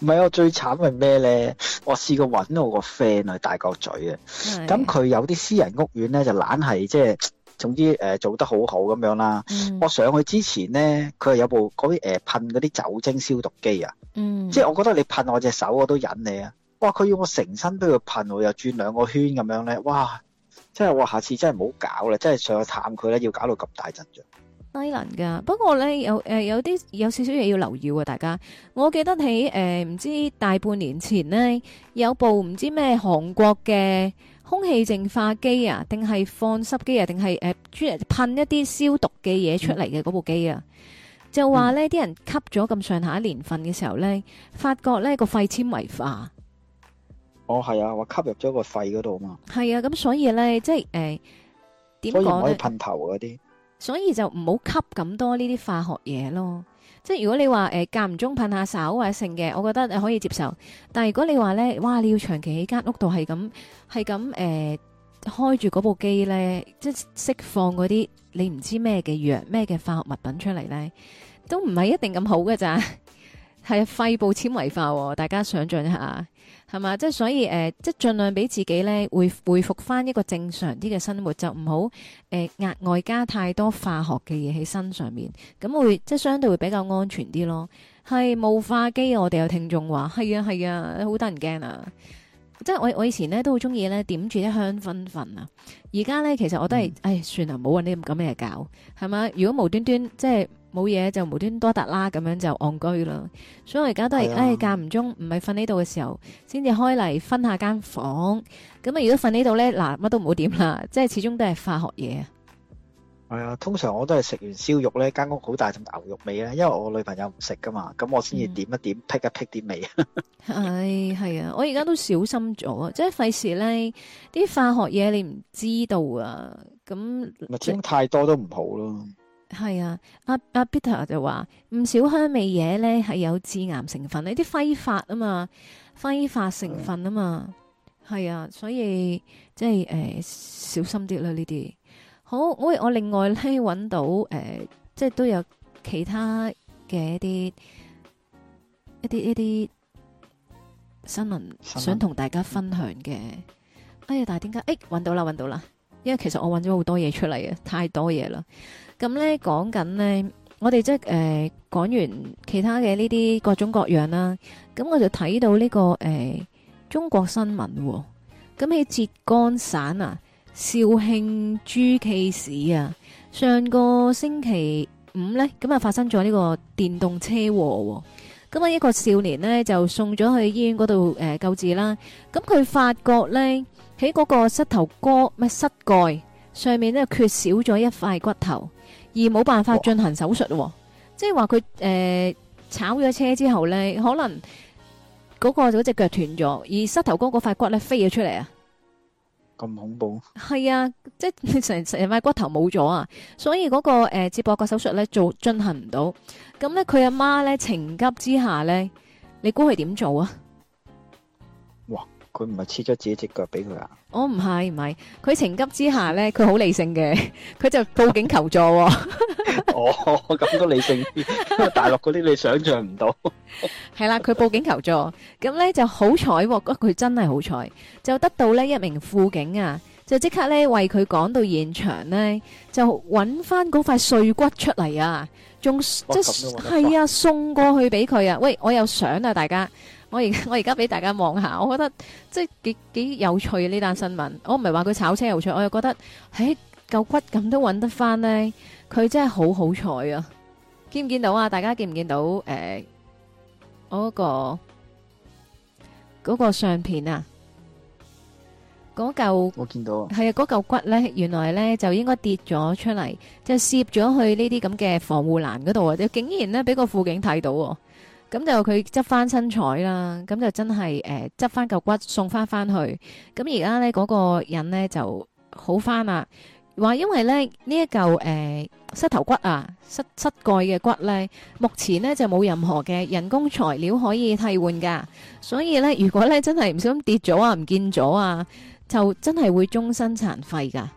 [SPEAKER 2] 唔係啊，我最慘係咩咧？我試過搵我個 friend 去大角咀啊，咁佢有啲私人屋苑咧，就懶係即係，總之誒、呃、做得好好咁樣啦、嗯。我上去之前咧，佢係有部嗰啲誒噴嗰啲酒精消毒機啊，嗯、即係我覺得你噴我隻手，我都忍你啊。哇！佢要我成身都要噴我，又轉兩個圈咁樣咧。哇！即係我下次真係唔好搞啦，真係上去探佢咧，要搞到咁大陣仗，
[SPEAKER 1] 低能噶。不過咧，有誒、呃、有啲有少少嘢要留意啊。大家我記得起誒，唔、呃、知道大半年前咧，有部唔知咩韓國嘅空氣淨化機啊，定係放濕機啊，定係誒專噴一啲消毒嘅嘢出嚟嘅嗰部機啊，就話咧啲人吸咗咁上下一年份嘅時候咧，發覺咧個肺纖維化。
[SPEAKER 2] 哦，係啊，我吸入咗個肺嗰度嘛。
[SPEAKER 1] 係啊，咁所以咧，即係誒，點講咧？所以唔可以噴頭嗰啲。所以就唔好吸咁多呢啲化學嘢咯。即係如果你話誒間唔中噴下手或者剩嘅，我覺得可以接受。但係如果你話咧，哇，你要長期喺間屋度係咁係咁誒開住嗰部機咧，即係釋放嗰啲你唔知咩嘅藥咩嘅化學物品出嚟咧，都唔係一定咁好㗎。咋。係肺部纖維化，大家想象一下。係嘛，即係所以誒、呃，即係盡量俾自己咧，會回復翻一個正常啲嘅生活，就唔好誒額外加太多化學嘅嘢喺身上面，咁會即係相對會比較安全啲咯。係霧化機，我哋有聽眾話係啊係啊，好得人驚啊！即係我我以前咧都好中意咧點住啲香薰粉啊，而家咧其實我都係，唉、嗯哎、算啦，唔好搵啲咁嘅嘢搞，係嘛？如果無端端即係。冇嘢就無端多達啦，咁樣就戇居啦。所以我而家都係、啊，唉，間唔中唔係瞓呢度嘅時候，先至開嚟分下間房。咁啊，如果瞓呢度咧，嗱，乜都唔好點啦，即係始終都係化學嘢
[SPEAKER 2] 啊。係啊，通常我都係食完燒肉咧，間屋好大陣牛肉味啊，因為我女朋友唔食㗎嘛，咁我先至點一點辟、嗯、一辟啲味。
[SPEAKER 1] 係 *laughs* 係啊，我而家都小心咗，啊， *laughs* 即係費事咧啲化學嘢你唔知道啊。咁，清
[SPEAKER 2] 太多都唔好咯。
[SPEAKER 1] 係啊，阿阿 Peter 就話唔少香味嘢咧，係有致癌成分。呢啲揮發啊嘛，揮發成分啊嘛，係啊，所以即係誒、呃、小心啲啦。呢啲好我我另外咧揾到誒、呃，即係都有其他嘅一啲一啲一啲新聞，想同大家分享嘅。哎呀，但係點解誒揾到啦，揾到啦？因為其實我揾咗好多嘢出嚟嘅，太多嘢啦。咁咧講緊咧，我哋即係誒講完其他嘅呢啲各種各樣啦。咁我就睇到呢個誒中國新聞，咁喺浙江省啊紹興諸暨市啊，上個星期五咧，咁啊發生咗呢個電動車禍。咁啊，一個少年咧就送咗去醫院嗰度誒救治啦。咁佢發覺咧喺嗰個膝頭哥咩膝蓋上面咧缺少咗一塊骨頭。而冇辦法進行手術，哦，即係話佢誒炒咗車之後咧，可能嗰、嗰個隻腳斷咗，而膝頭哥嗰塊骨咧飛咗出嚟啊！
[SPEAKER 2] 咁恐怖？
[SPEAKER 1] 係啊！即係成成塊骨頭冇咗啊！所以嗰、嗰個接駁骨手術咧做進行唔到，咁咧佢阿媽咧情急之下咧，你估佢點做啊？
[SPEAKER 2] 佢唔係切咗自己隻腳俾佢啊！哦，
[SPEAKER 1] 唔係唔係，佢情急之下咧，佢好理性嘅，佢就報警求助。
[SPEAKER 2] 哦，咁都理性，因為大陸嗰啲你想象唔到。
[SPEAKER 1] 係啦，佢報警求助，咁咧就好彩，覺得佢真係好彩，就得到咧一名副警啊，就即刻咧為佢趕到現場咧，就揾翻嗰塊碎骨出嚟啊，仲即係啊，送過去俾佢啊！喂，我有相啊，大家。我而我而家俾大家望下，我覺得即係幾幾有趣呢單新聞。我唔係話佢炒車有趣，我又覺得喺嚿、哎、骨咁都揾得翻呢。佢真係好好彩啊！見唔見到啊？大家見唔見到誒？嗰、呃那個嗰、那個相片啊？嗰嚿我見到係啊，嗰嚿骨呢，原來呢，就應該跌咗出嚟，就攝咗去呢啲咁嘅防護欄嗰度啊！竟然呢、啊，俾個輔警睇到。咁就佢執翻身材啦，咁就真係誒執翻嚿骨送翻翻去。咁而家咧嗰個人咧就好翻啦，話因為咧呢一嚿誒膝頭骨啊膝膝蓋嘅骨咧，目前咧就冇任何嘅人工材料可以替換噶，所以咧如果咧真係唔小心跌咗啊唔見咗啊，就真係會終身殘廢噶。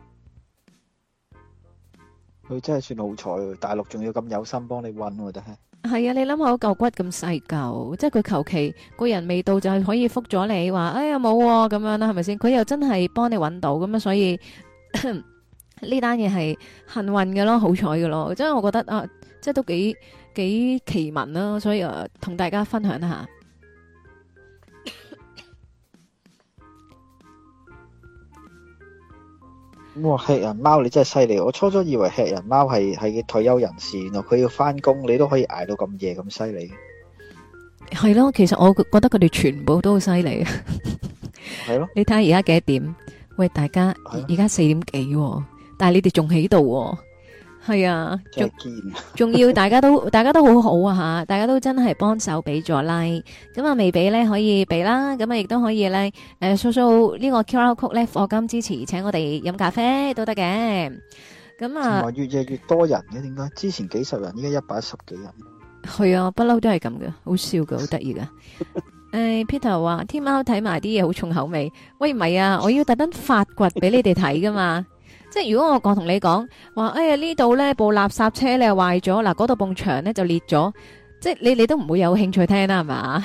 [SPEAKER 2] 佢真係算好彩，大陸仲要咁有心幫你搵，真係。
[SPEAKER 1] 係 *noise* 啊，你諗下我嚿骨咁細嚿，即係佢求其個人未到就係可以覆咗你話，哎呀冇咁樣啦，係咪先？佢又真係幫你搵到咁啊，所以呢單嘢係幸運嘅咯，好彩嘅咯，即係我覺得啊，即係都幾幾奇聞咯，所以啊，同大家分享一下。
[SPEAKER 2] 哇！吃人貓你真係犀利，我初初以為吃人貓係係退休人士，原來佢要返工，你都可以捱到咁夜咁犀利。
[SPEAKER 1] 係咯，其實我覺得佢哋全部都好犀利。係 *laughs* 咯，你睇下而家幾多點？喂，大家而家四點幾喎，但係你哋仲喺度。係啊，仲 *laughs* 要大家都大家都好好啊吓，大家都真係幫手俾咗 like，咁啊未俾咧可以俾啦，咁啊亦都可以咧，誒、呃、掃呢個 QR Code 咧，課金支持，請我哋飲咖啡都得嘅，咁啊來
[SPEAKER 2] 越夜越多人嘅點解？之前幾十人，依家一百一十
[SPEAKER 1] 幾人，係啊，不嬲都係咁嘅，好笑嘅，好得意嘅。誒、 *laughs* 呃、，Peter 話天喵睇埋啲嘢好重口味，喂唔係啊，我要特登發掘俾你哋睇噶嘛。 *laughs* 即係如果我講同你講話，哎呀呢度呢部垃圾車呢壞咗，嗱嗰度埲牆呢就裂咗，即係你你都唔會有興趣聽啦，係嘛、 *laughs* 啊？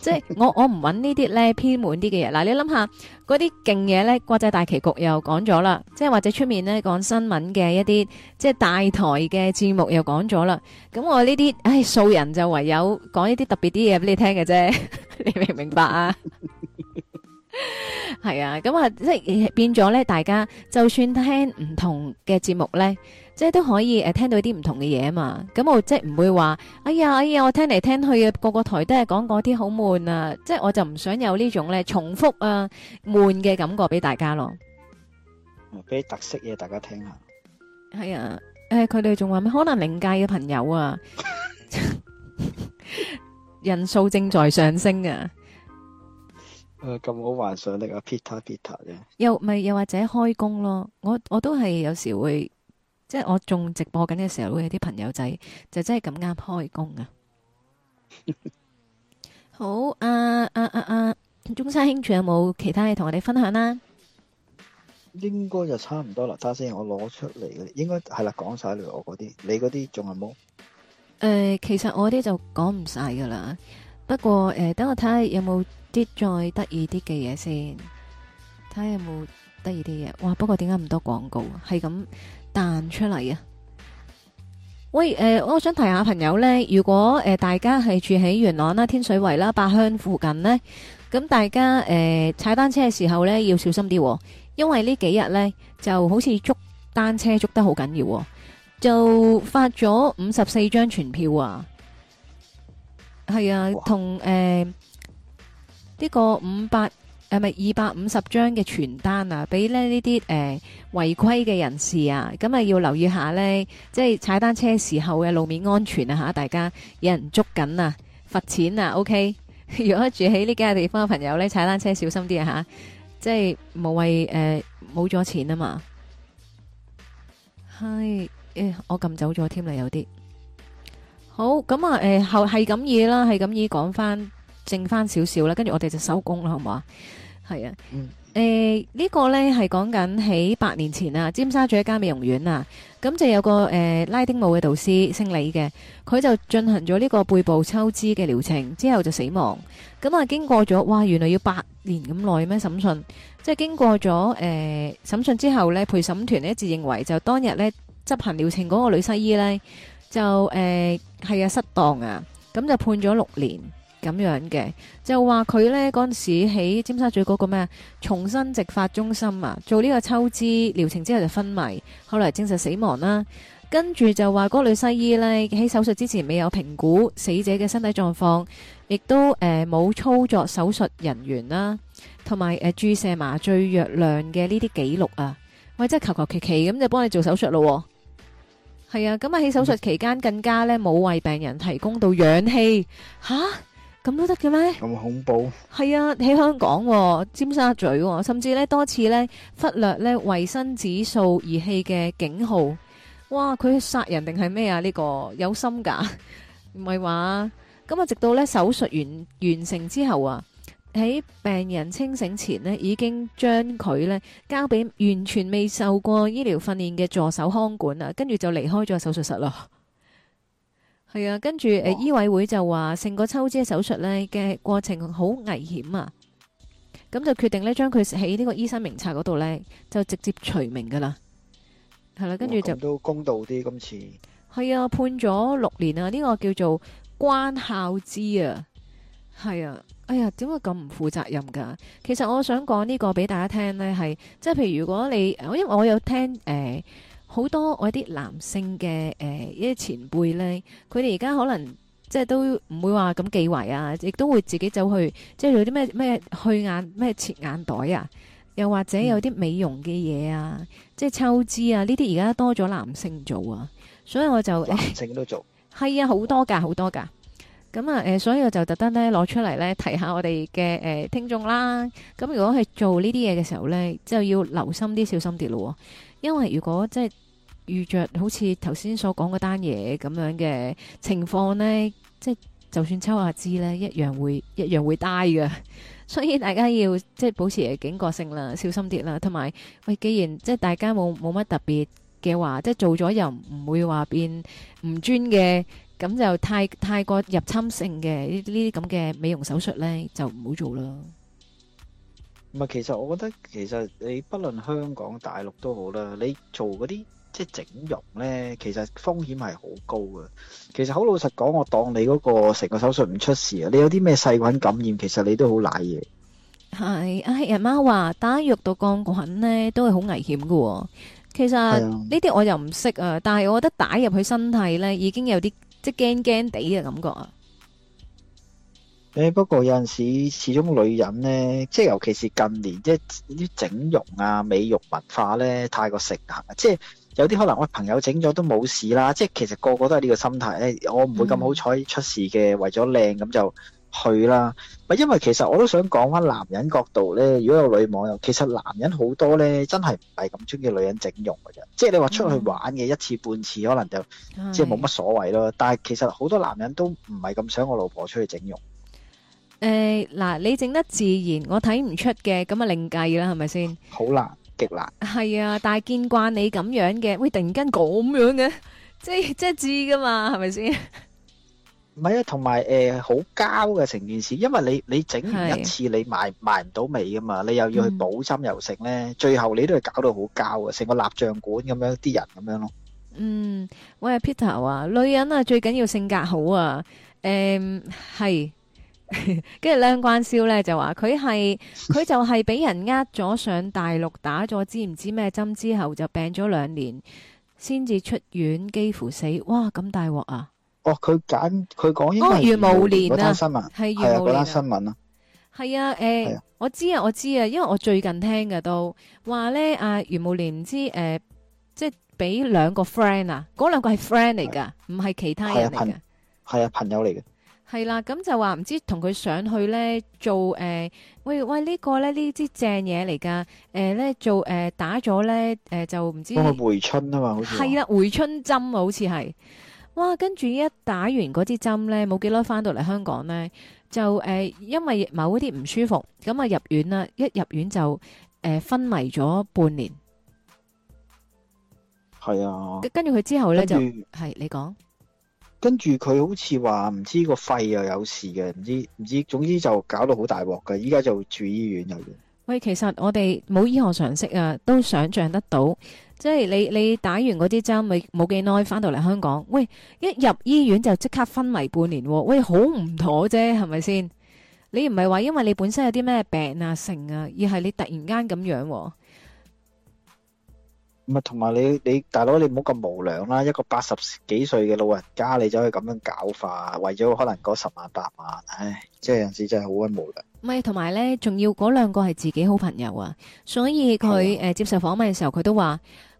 [SPEAKER 1] 即係我我唔揾呢啲呢偏門啲嘅嘢，嗱你諗下嗰啲勁嘢呢，國際大棋局又講咗啦，即係或者出面呢講新聞嘅一啲即係大台嘅節目又講咗啦，咁我呢啲唉素人就唯有講一啲特別啲嘢俾你聽嘅啫， *laughs* 你明唔明白啊？ *laughs* 係啊，咁啊，即係變咗咧，大家就算聽唔同嘅節目咧，即係都可以誒，聽到啲唔同嘅嘢啊嘛。咁我即係唔會話，哎呀，哎呀，我聽嚟聽去個個台都係講嗰啲好悶啊，即係我就唔想有呢種咧重複啊、悶嘅感覺俾大家咯。
[SPEAKER 2] 哦，俾特色嘢大家聽下。
[SPEAKER 1] 係啊，誒，佢哋仲話咩？可能靈界嘅朋友啊，人數正在上升啊。
[SPEAKER 2] 誒，咁好幻想力啊，Peter Peter 嘅。
[SPEAKER 1] 又咪又或者開工咯？我我都係有時會，即係我仲直播緊嘅時候，會有啲朋友仔就真係咁啱開工啊。 *laughs* 好，啊啊啊，啊，中山兄仲有冇其他嘢同我哋分享啊？應
[SPEAKER 2] 該就差唔多啦，先我攞出嚟嗰啲，應該係啦，講晒嚟我嗰啲，你嗰啲仲係冇？
[SPEAKER 1] 誒、呃，其實我啲就講唔晒噶啦。不過誒、呃，等我睇下有冇啲再得意啲嘅嘢先，睇下有冇得意啲嘢。哇！不過點解咁多廣告，係咁彈出嚟啊？喂，誒、呃，我想提下朋友呢，如果誒、呃、大家係住喺元朗啦、天水圍啦、八鄉附近呢，咁大家誒踩、呃、單車嘅時候呢要小心啲、哦，因為呢幾日呢就好似捉單車捉得好緊要、哦，就發咗五十四張傳票啊！係啊，同誒呢個五百係咪二百五十張嘅傳單啊，俾咧呢啲誒違規嘅人士啊，咁啊要留意下咧，即係踩單車時候嘅路面安全啊吓，大家有人捉緊啊，罰錢啊，OK。 *laughs* 如果住喺呢幾個地方嘅朋友咧，踩單車小心啲啊吓，即係無謂誒冇咗錢啊嘛。係誒，我撳走咗添啦，有啲。好咁、嗯、啊，誒、啊，後係咁意啦，係咁意講翻，剩翻少少啦，跟住我哋就收工啦，好嘛？係啊，誒、嗯、呢、啊這個呢係講緊喺八年前啊，尖沙咀一間美容院啊，咁、啊、就有個誒、啊、拉丁舞嘅導師，姓李嘅，佢就進行咗呢個背部抽脂嘅療程，之後就死亡。咁啊，經過咗，哇，原來要八年咁耐咩審訊？即係、就是、經過咗誒審訊之後呢，陪審團一致認為就當日呢執行療程嗰個女西醫呢。就誒係、呃、啊，失當啊，咁就判咗六年咁樣嘅，就話佢呢嗰陣時喺尖沙咀嗰個咩重新植髮中心啊，做呢個抽脂療程之後就昏迷，後嚟證實死亡啦、啊。跟住就話嗰女西醫呢，喺手術之前未有評估死者嘅身體狀況，亦都誒冇、呃、操作手術人員啦、啊，同埋誒注射麻醉藥量嘅呢啲記錄啊，喂，真係求求其其咁就幫你做手術咯、啊。係啊，咁啊喺手術期間更加咧冇為病人提供到氧氣，吓，咁都得嘅咩？咁恐怖！係啊，喺香港喎，尖沙咀喎，甚至咧多次咧忽略咧衛生指數儀器嘅警號，哇！佢殺人定係咩啊？呢個有心噶，唔係話，咁啊直到咧手術完完成之後啊。喺病人清醒前呢，已經將佢呢交俾完全未受過醫療訓練嘅助手看管啦。跟住就離開咗手術室咯。係啊，跟住誒，醫委會就話，成個抽脂嘅手術呢嘅過程好危險啊。咁就決定呢，將佢喺呢個醫生名冊嗰度呢，就直接除名噶啦。係啦、啊，跟住就
[SPEAKER 2] 都公道啲。今次
[SPEAKER 1] 係啊，判咗六年啊。呢、呢個叫做關孝之啊，係啊。哎呀，點會咁唔負責任㗎？其實我想講呢個俾大家聽咧，係即係譬如如果你，因為我有聽誒好、呃、多我啲男性嘅誒、呃、一啲前輩咧，佢哋而家可能即係都唔會話咁忌諱啊，亦都會自己走去即係有啲咩咩去眼咩切眼袋啊，又或者有啲美容嘅嘢啊，嗯、即係抽脂啊，呢啲而家多咗男性做啊，所以我就男性都做係、哎、啊，好多㗎，好多㗎。咁啊，誒、呃，所以我就特登咧攞出嚟咧提下我哋嘅誒聽眾啦。咁如果係做呢啲嘢嘅時候咧，就要留心啲，小心啲咯。因為如果即係遇着好似頭先所講嗰單嘢咁樣嘅情況咧，即係就算抽下支咧，一樣會一樣會低嘅。所以大家要即係保持嘅警覺性啦，小心啲啦。同埋喂，既然即係大家冇冇乜特別嘅話，即係做咗又唔會話變唔專嘅。咁就太太過入侵性嘅呢呢啲咁嘅美容手術咧，就唔好做啦。
[SPEAKER 2] 唔係，其實我覺得，其實你不論香港、大陸都好啦，你做嗰啲即係整容咧，其實風險係好高噶。其實好老實講，我當你嗰個成個手術唔出事啊，你有啲咩細菌感染，其實你都好瀨嘢。
[SPEAKER 1] 係阿阿媽話打肉毒桿菌咧，都係好危險噶。其實呢啲我又唔識啊，但係我覺得打入去身體咧，已經有啲。即係驚驚地嘅感覺啊！
[SPEAKER 2] 誒、欸，不過有陣時始終女人咧，即係尤其是近年即係啲整容啊、美容文化咧太過盛行，即係有啲可能我、哎、朋友整咗都冇事啦，即係其實個個都係呢個心態，誒，我唔會咁好彩出事嘅，為咗靚咁就。去啦，唔係因為其實我都想講翻男人角度咧。如果有女網友，其實男人好多咧，真係唔係咁中意女人整容嘅啫。即係你話出去玩嘅一次半次，可能就即係冇乜所謂咯。但係其實好多男人都唔係咁想我老婆出去整容。
[SPEAKER 1] 誒，嗱，你整得自然，我睇唔出嘅，咁啊另計啦，係咪先？
[SPEAKER 2] 好難，極難。
[SPEAKER 1] 係啊，但係見慣你咁樣嘅，會，突然間咁樣嘅，即係即係智噶嘛，係咪先？
[SPEAKER 2] 唔係啊，同埋誒好膠嘅成件事，因為你你整完一次，你賣賣唔到味噶嘛，你又要去補針又食咧、嗯，最後你都係搞到好膠啊，成個蠟像館咁樣啲人咁樣咯。嗯，
[SPEAKER 1] 喂 Peter 啊，女人啊最緊要性格好啊。誒、嗯、係，跟住 *laughs* 兩關少咧就話佢係佢就係俾人呃咗上大陸 *laughs* 打咗知唔知咩針之後就病咗兩年，先至出院幾乎死，哇咁大鑊啊！
[SPEAKER 2] 哦，佢揀佢講應該係袁。嗰、啊、單新聞係啊，嗰、啊啊、
[SPEAKER 1] 單新聞啊，係啊，誒、呃，我知啊，我知，啊，我知啊，因為我最近聽嘅都話咧，阿、啊、袁慕蓮唔知誒、呃，即係俾兩個 friend 啊，嗰兩個係 friend 嚟噶，唔係、啊、其他人嚟噶，
[SPEAKER 2] 係啊，啊，朋友嚟嘅，
[SPEAKER 1] 係啦、啊，咁就話唔知同佢上去咧做誒、呃，喂喂，這個、呢個咧、呃呃、呢支正嘢嚟噶，誒咧做誒打咗咧，誒就唔知、哦、回春啊嘛，好似係啦，回春針啊，好似係。哇！跟住一打完嗰支針咧，冇幾耐翻到嚟香港咧，就誒、呃、因為某啲唔舒服，咁啊入院啦。一入院就誒、呃、昏迷咗半年。
[SPEAKER 2] 係啊。跟住佢之後咧就係你講。跟住佢好似話唔知個肺又有事嘅，唔知唔知，總之就搞到好大鑊嘅。依家就住醫院入院。
[SPEAKER 1] 喂，其實我哋冇醫學常識啊，都想象得到。即係你你打完嗰啲針咪冇幾耐翻到嚟香港，喂，一入醫院就即刻昏迷半年，喂，好唔妥啫，係咪先？你唔係話因為你本身有啲咩病啊成啊，而係你突然間咁樣。唔
[SPEAKER 2] 係，同埋你你大佬，你唔好咁無良啦，一個八十幾歲嘅老人家你走去咁樣搞法，為咗可能嗰十萬八萬，唉，即係有陣時真係好鬼無良。
[SPEAKER 1] 唔係，同埋呢，仲要嗰兩個係自己好朋友啊，所以佢誒，接受訪問嘅時候佢都話。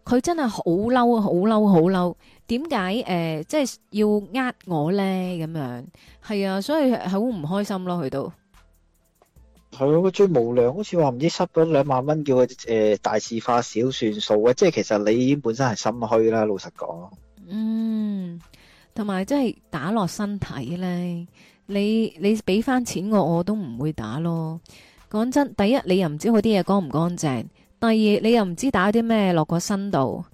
[SPEAKER 1] 佢真係好嬲，好嬲，好嬲！點解誒，即係要呃我咧？咁樣係啊，所以好唔開心咯、啊，佢都
[SPEAKER 2] 係佢最無良，好似話唔知塞咗兩萬蚊，叫佢誒、呃、大事化小，算數嘅、啊。即係其實你已經本身係心虛啦、啊，老實講。嗯，
[SPEAKER 1] 同埋即係打落身體咧，你你俾翻錢我，我都唔會打咯。講真，第一你又唔知佢啲嘢乾唔乾淨。第二，你又唔知打啲咩落個身度，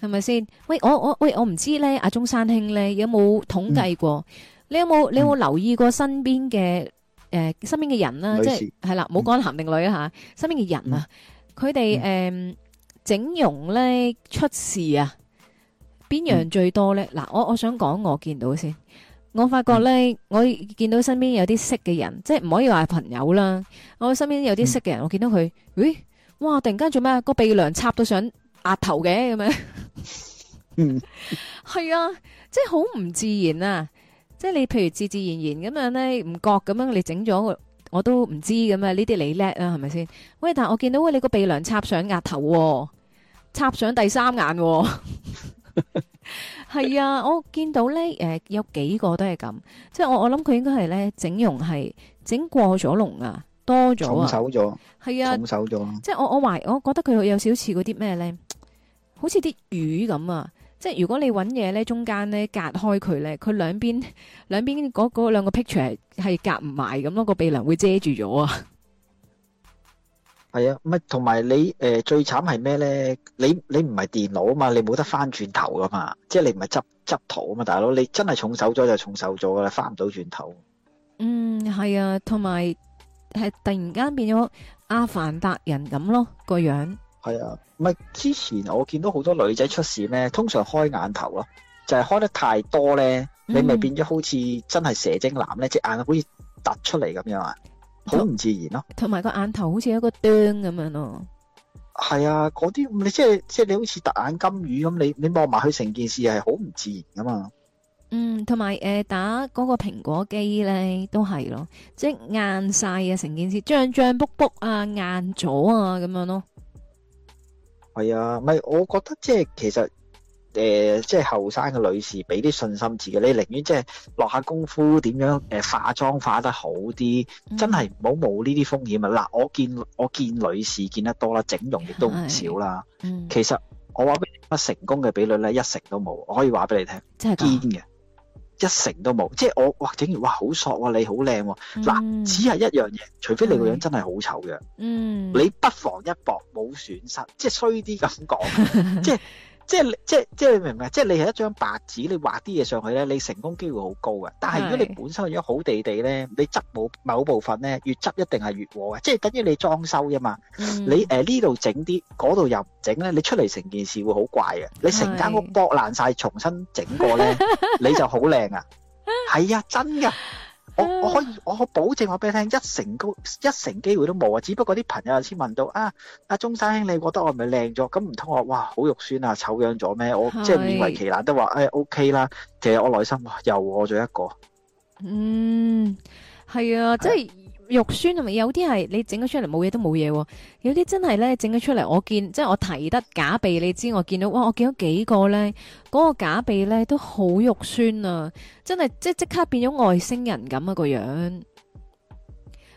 [SPEAKER 1] 係咪先？喂，我我喂我唔知咧。阿中山兄咧有冇統計過、嗯？你有冇你有冇留意過身邊嘅誒，身邊嘅人、啊嗯嗯、啦，即係係啦，冇講男定女啊。吓，身邊嘅人啊，佢哋誒整容咧出事啊，邊樣最多咧？嗱、嗯，我我想講，我見到先，我發覺咧、嗯，我見到身邊有啲識嘅人，即係唔可以話係朋友啦。我身邊有啲識嘅人，我見到佢，喂、嗯哇！突然間做咩？個鼻梁插到上額頭嘅咁樣，嗯，係啊，即係好唔自然啊！即係你譬如自自然然咁樣咧，唔覺咁樣你整咗，我都唔知咁啊！呢啲你叻啊，係咪先？喂，但我見到喂你個鼻梁插上額頭、啊，插上第三眼、啊，係 *laughs* *laughs* 啊！我見到咧，誒、呃，有幾個都係咁，即係我我諗佢應該係咧整容係整過咗龍啊。多咗啊，重手
[SPEAKER 2] 咗，係啊，重手咗、啊。即
[SPEAKER 1] 係我我懷我覺得佢有少少似嗰啲咩咧，好似啲魚咁啊。即係如果你搵嘢咧，中間咧隔開佢咧，佢兩邊兩邊嗰嗰兩個 picture 係隔唔埋咁咯，嗰個鼻梁會遮住咗
[SPEAKER 2] 啊。係啊，乜同埋你誒、呃、最慘係咩咧？你你唔係電腦啊嘛，你冇得翻轉頭噶嘛，即係你唔係執執圖啊嘛，大佬你真係重手咗就重手咗噶啦，翻唔到轉頭。嗯，
[SPEAKER 1] 係啊，同埋。係突然間變咗阿凡達人咁咯個樣，係啊，唔係、啊、之
[SPEAKER 2] 前我見到好多女仔出事咩，通常開眼頭咯，就係、是、開得太多咧、嗯，你咪變咗好似真係蛇精男咧，隻眼好似突出嚟咁樣啊，好唔自然咯，
[SPEAKER 1] 同埋個眼頭好似一個釘咁樣咯，
[SPEAKER 2] 係啊，嗰啲你即係即係你好似突眼金魚咁，你你望埋佢成件事係好唔自然噶嘛。
[SPEAKER 1] 嗯，同埋誒，打嗰個蘋果肌咧，都係咯，即係硬晒啊，成件事脹脹卜卜啊，硬咗啊，咁樣咯。
[SPEAKER 2] 係啊，咪我覺得即係其實誒，即係後生嘅女士俾啲信心自己，你寧願即係落下功夫，點樣誒化妝化得好啲，真係唔好冒呢啲風險啊！嗱，我見我見女士見得多啦，整容亦都唔少啦。其實我話俾你聽，成功嘅比率咧一成都冇，我可以話俾你聽，真係堅嘅。一成都冇，即係我哇，整完哇好索啊，你好靚喎啊，嗱、嗯、只係一樣嘢，除非你個樣真係好醜嘅，嗯，你不妨一搏，冇損失，即係衰啲咁講， *laughs* 即係。即係你，即係即係你明唔明，即係你係一張白紙，你畫啲嘢上去咧，你成功機會好高嘅。但係如果你本身係咗好地地咧，你執冇某部分咧，越執一定係越和嘅，即係等於你裝修㗎嘛。嗯、你呢度整啲，嗰、呃、度又唔整咧，你出嚟成件事會好怪嘅。你成間屋剝爛晒，重新整過咧，你就好靚啊。係 *laughs* 啊，真㗎。我我可以，我可保證我話俾你聽，一成高一成機會都冇啊！只不過啲朋友先問到啊，阿中山兄，你覺得我係咪靚咗？咁唔通我哇好肉酸啊，醜樣咗咩？我是即係勉為其難都話誒、哎、OK 啦。其實我內心又餓咗一個。
[SPEAKER 1] 嗯，係啊，即、就、係、是。啊肉酸係咪有啲係你整咗出嚟冇嘢都冇嘢，有啲、哦、真係咧整咗出嚟。我見即係我提得假鼻，你知我見到哇，我見到幾個咧，嗰那個假鼻咧都好肉酸啊！真係即即刻變咗外星人咁啊個樣。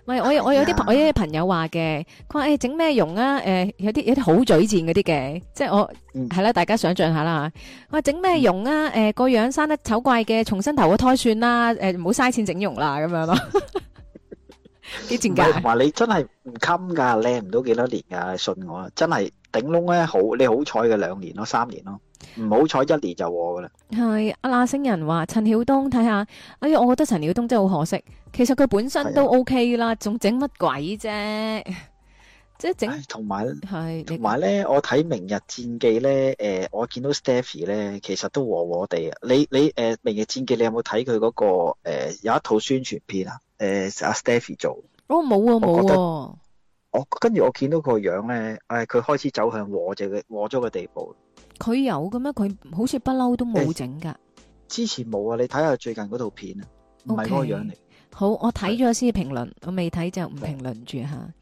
[SPEAKER 1] 唔係我，我有我有啲我有啲朋友話嘅，佢話誒整咩容啊？誒、呃、有啲有啲好嘴賤嗰啲嘅，即係我係啦、嗯，大家想象下啦。我話整咩容啊？誒、嗯、個、呃、樣生得醜怪嘅，重新投個胎算啦。誒唔好嘥錢整容啦，咁樣咯。 *laughs* 啲戰記，
[SPEAKER 2] 你真係唔襟噶靚唔到幾多年㗎，信我，真係頂籠咧好，你好彩嘅兩年咯，三年咯，唔好彩一年就和嘅啦。
[SPEAKER 1] 係阿那星人話陳曉東，睇下，哎呀，我覺得陳曉東真係好可惜，其實佢本身都 OK 啦，仲整乜鬼啫？即係整同埋係同埋咧，
[SPEAKER 2] 我睇《明日戰記》咧，誒，我見到 Stephy 咧，其實都和和地。你你誒、呃，《明日戰記》你有冇睇佢嗰個誒、呃、有一套宣傳片啊？誒、uh,，阿 Stephy 做
[SPEAKER 1] 哦，冇啊，冇、啊。
[SPEAKER 2] 我跟住我見到個樣咧，誒、哎，佢開始走向和就嘅和咗嘅地步。
[SPEAKER 1] 佢有嘅咩？佢好似不嬲都冇整㗎。Uh,
[SPEAKER 2] 之前冇啊，你睇下最近嗰套片啊，
[SPEAKER 1] 唔係嗰個樣嚟，、okay.。好，我睇咗先評論，我未睇就唔評論住吓。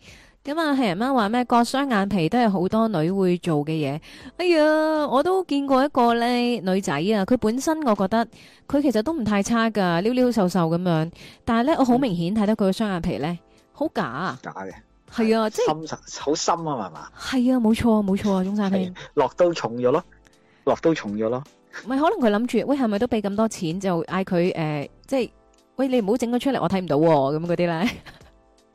[SPEAKER 1] 咁、嗯、啊，係人媽話咩？割雙眼皮都係好多女會做嘅嘢。哎呀，我都見過一個咧女仔啊，佢本身我覺得佢其實都唔太差噶，溜溜瘦瘦咁樣。但係咧，我好明顯睇到佢個雙眼皮咧，好假假嘅係啊，即係
[SPEAKER 2] 好深啊嘛嘛
[SPEAKER 1] 係啊，冇錯冇錯啊，中山、啊。
[SPEAKER 2] 落刀重咗咯，落刀重咗咯。
[SPEAKER 1] 唔 *laughs* 係可能佢諗住喂，係咪都俾咁多錢就嗌佢誒，即係喂你唔好整咗出嚟，我睇唔到咁嗰啲咧。那那 *laughs*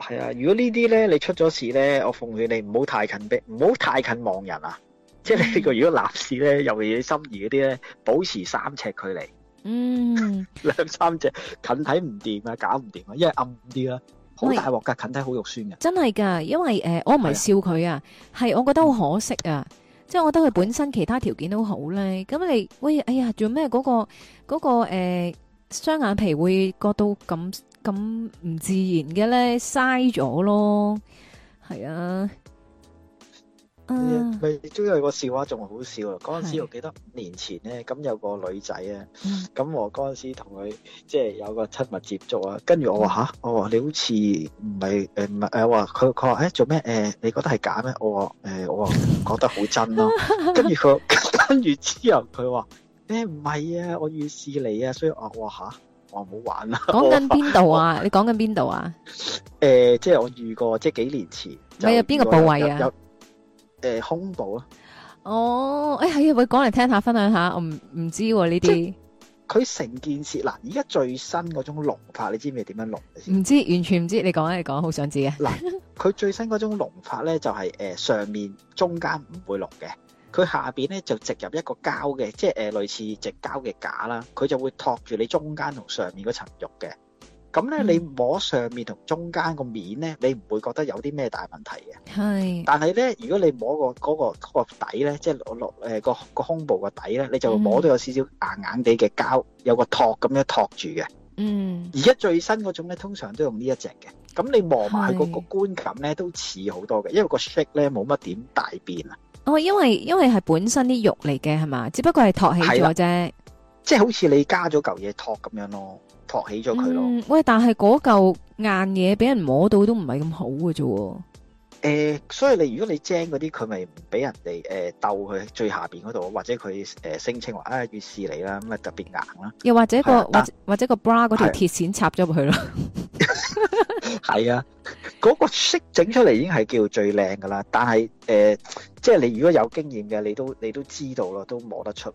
[SPEAKER 2] 係啊，如果呢啲咧，你出咗事咧，我奉勸你唔好太近逼，唔好太近望人啊！即係呢個如果男士咧，尤其是你心儀嗰啲咧，保持三尺距離。嗯，兩 *laughs* 三尺近睇唔掂啊，搞唔掂啊，啊的的，因為暗啲啦，好大鑊噶，近睇好肉
[SPEAKER 1] 酸啊。真係噶，因為誒，我唔係笑佢啊，係我覺得好可惜啊，即係我覺得佢本身其他條件都好咧，咁你喂，哎呀，做咩嗰個嗰個誒雙眼皮會割到咁？咁唔自然嘅咧，嘥咗咯，係啊、uh, 嗯，
[SPEAKER 2] 嗯，咪之後個笑話仲好笑啊！嗰陣時我記得年前咧，咁有個女仔啊，咁我嗰陣時同佢即係有個親密接觸啊，跟住我話吓，我話你好似唔係誒唔係誒，我話佢，佢話誒，做咩誒？你覺得係假咩？我話誒，我話覺得好真咯，跟住佢跟住之後佢話咩？唔、欸、係啊，我預示你啊，所以我話哇吓。我唔好玩啦。講緊邊度
[SPEAKER 1] 啊？你講緊邊度啊？誒、
[SPEAKER 2] 呃，即係我遇過，即係幾年前。
[SPEAKER 1] 唔係啊，邊個部位啊？
[SPEAKER 2] 誒，胸、呃、部啊。
[SPEAKER 1] 哦，哎呀，會講嚟聽下，分享下。我唔唔知呢、啊、啲。
[SPEAKER 2] 佢成件事嗱，而家最新嗰種隆法，你知唔知點樣隆？
[SPEAKER 1] 唔知，完全唔知道。你講你講，好想知嘅。嗱，
[SPEAKER 2] 佢最新嗰種隆法咧，就係、是、誒、呃、上面中間唔會隆嘅。佢下面咧就植入一個膠嘅，即係誒、呃、類似植膠嘅架啦。佢就會托住你中間同上面嗰層肉嘅。咁咧、嗯、你摸上面同中間個面咧，你唔會覺得有啲咩大問題嘅。但係咧，如果你摸、嗰個嗰個嗰個底咧，即係落落誒個胸部個底咧，你就會摸到有少少硬硬地嘅膠、嗯，有個托咁樣托住嘅。
[SPEAKER 1] 嗯。
[SPEAKER 2] 而家最新嗰種咧，通常都用呢一隻嘅。咁你摸埋佢嗰個觀感咧，都似好多嘅，因為個 shape 咧冇乜點大變啊。
[SPEAKER 1] 哦，因為因為係本身啲肉嚟嘅係嘛，只不過係托起咗啫，即係
[SPEAKER 2] 好似你加咗嚿嘢托咁樣咯，托起咗佢咯，嗯。
[SPEAKER 1] 喂，但係嗰嚿硬嘢俾人摸到都唔係咁好嘅啫。嗯
[SPEAKER 2] 誒、呃，所以你如果你精嗰啲，佢咪唔俾人哋誒斗佢最下邊嗰度，或者佢誒聲稱話啊，越視你啦，咁啊特別硬啦，
[SPEAKER 1] 又或者個、啊、或者或者個 bra 嗰條鐵線插咗入去咯，
[SPEAKER 2] 係啊，嗰、 *laughs* *laughs* *laughs* 啊那個色整出嚟已經係叫最靚噶啦。但係誒、呃，即係你如果有經驗嘅，你都你都知道咯，都摸得出。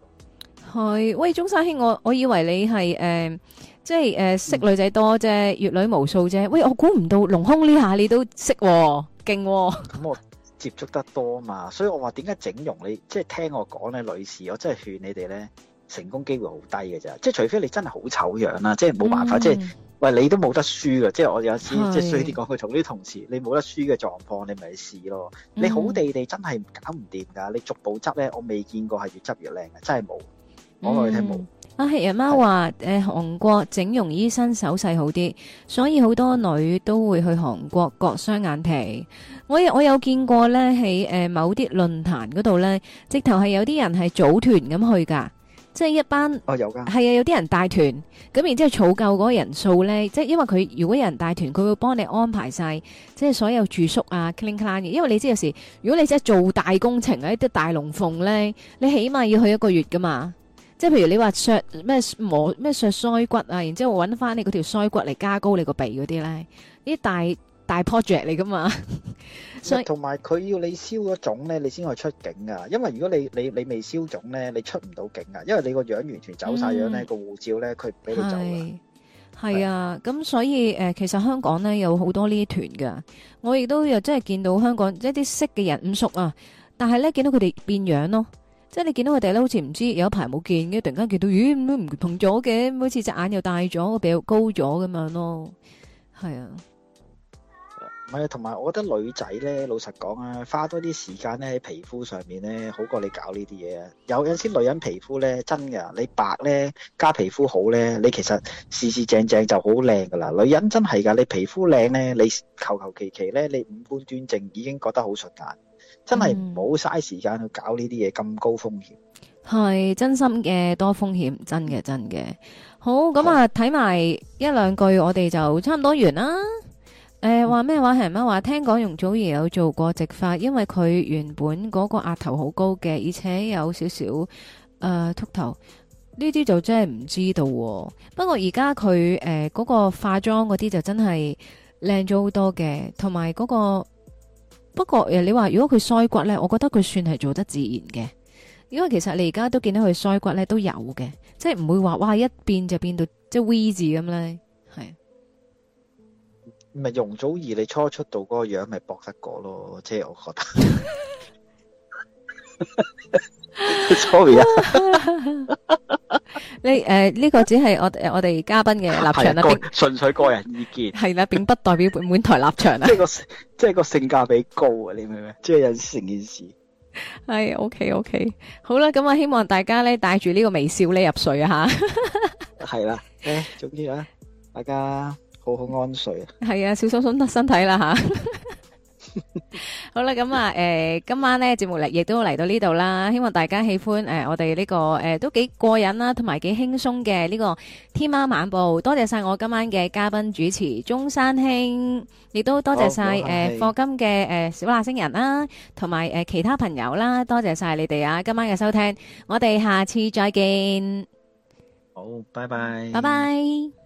[SPEAKER 1] 係喂，中山兄，我我以為你係誒、呃，即係誒、呃、識女仔多啫，閱、嗯、女無數啫。喂，我估唔到隆胸呢下你都識。
[SPEAKER 2] 勁咁、哦、我接觸得多嘛，所以我話點解整容你即係、就是、聽我講咧，女士，我真係勸你哋咧，成功機會好低嘅咋。即、就、係、是、除非你真係好醜樣啦，即係冇辦法，即、嗯、係、就是、喂你都冇得輸噶，即、就、係、是、我有一次即係所以點講佢同啲同事，你冇得輸嘅狀況，你咪試咯，你好地地真係搞唔掂噶，你逐步執咧，我未見過係越執越靚嘅，真係冇，
[SPEAKER 1] 講落去聽冇。嗯阿黑阿媽話，誒，韓國整容醫生手勢好啲，所以好多女都會去韓國割雙眼皮。我有我有見過咧，喺誒某啲論壇嗰度咧，直頭係有啲人係組團咁去噶，即係一班哦有噶係啊，有啲人帶團，咁然之後湊夠嗰個人數咧，即係因為佢如果有人帶團，佢會幫你安排晒，即係所有住宿啊，clean clean 嘅。因為你知有時，如果你真係做大工程啊，啲大龍鳳咧，你起碼要去一個月噶嘛。即係譬如你話削咩磨咩削腮骨啊，然之後搵翻你嗰條腮骨嚟加高你個鼻嗰啲咧，呢啲大大 project 嚟噶嘛。
[SPEAKER 2] 同埋佢要你消咗腫咧，你先可以出境啊。因為如果你你你未消腫咧，你出唔到境啊。因為你個樣完全走晒樣咧，個護照咧佢唔俾你走。
[SPEAKER 1] 係係啊，咁所以誒，其實香港咧有好多呢啲團噶。我亦都又真係見到香港一啲識嘅人唔熟啊，但係咧見到佢哋變樣咯。即係你見到佢哋咧，好似唔知有一排冇見嘅，突然間見到，咦咁唔同咗嘅，好似隻眼又大咗，個鼻又高咗咁樣咯，係啊，唔
[SPEAKER 2] 係啊，同埋我覺得女仔咧，老實講啊，花多啲時間咧喺皮膚上面咧，好過你搞呢啲嘢啊。有有啲女人皮膚咧真噶，你白咧加皮膚好咧，你其實四四正正就好靚噶啦。女人真係噶，你皮膚靚咧，你求求其其咧，你五官端正已經覺得好順眼。真係唔好嘥時間去搞呢啲嘢，咁高風險，
[SPEAKER 1] 係真心嘅，多風險，真嘅真嘅。好咁啊，睇埋一兩句，我哋就差唔多完啦。誒、呃，話咩話？係咩話？聽講容祖兒有做過植髮，因為佢原本嗰個額頭好高嘅，而且有少少誒禿頭。呢啲就真係唔知道、哦。不過而家佢誒嗰個化妝嗰啲就真係靚咗好多嘅，同埋嗰個。不過誒，你話如果佢腮骨咧，我覺得佢算係做得自然嘅，因為其實你而家都見到佢腮骨咧都有嘅，即係唔會話哇一變就變到即係 V 字咁咧，係。
[SPEAKER 2] 唔係容祖兒你初出道嗰個樣咪搏得過咯，即係我覺得。Sorry 啊。
[SPEAKER 1] *laughs* 你誒呢、呃這個只係我哋、 *laughs* 呃、我哋嘉賓嘅立場啦，
[SPEAKER 2] 純、啊、粹個人意見係啦、 *laughs* 啊，並
[SPEAKER 1] 不代表本台立場啦即係個即
[SPEAKER 2] 係、這個性價比高啊，你明唔明？即係有成件事。
[SPEAKER 1] 係、 *laughs* 哎、OK OK，好啦、啊，咁、嗯、啊，希望大家咧帶住呢個微笑咧入睡啊吓。
[SPEAKER 2] 係啦，誒、 *laughs* 啊，總之啊，大家好好安睡 *laughs* 是
[SPEAKER 1] 啊。係啊，小心心得身體啦吓。呵呵好啦，咁啊，誒，今晚呢節目嚟，亦都嚟到呢度啦，希望大家喜歡誒，我哋呢個誒都幾過癮啦，同埋幾輕鬆嘅呢個天喵晚報，多謝晒我今晚嘅嘉賓主持中山兄，亦都多謝晒誒霍金嘅誒小辣星人啦，同埋誒其他朋友啦，多謝晒你哋啊，今晚嘅收聽，我哋下次再見，
[SPEAKER 2] 好，拜拜，拜拜。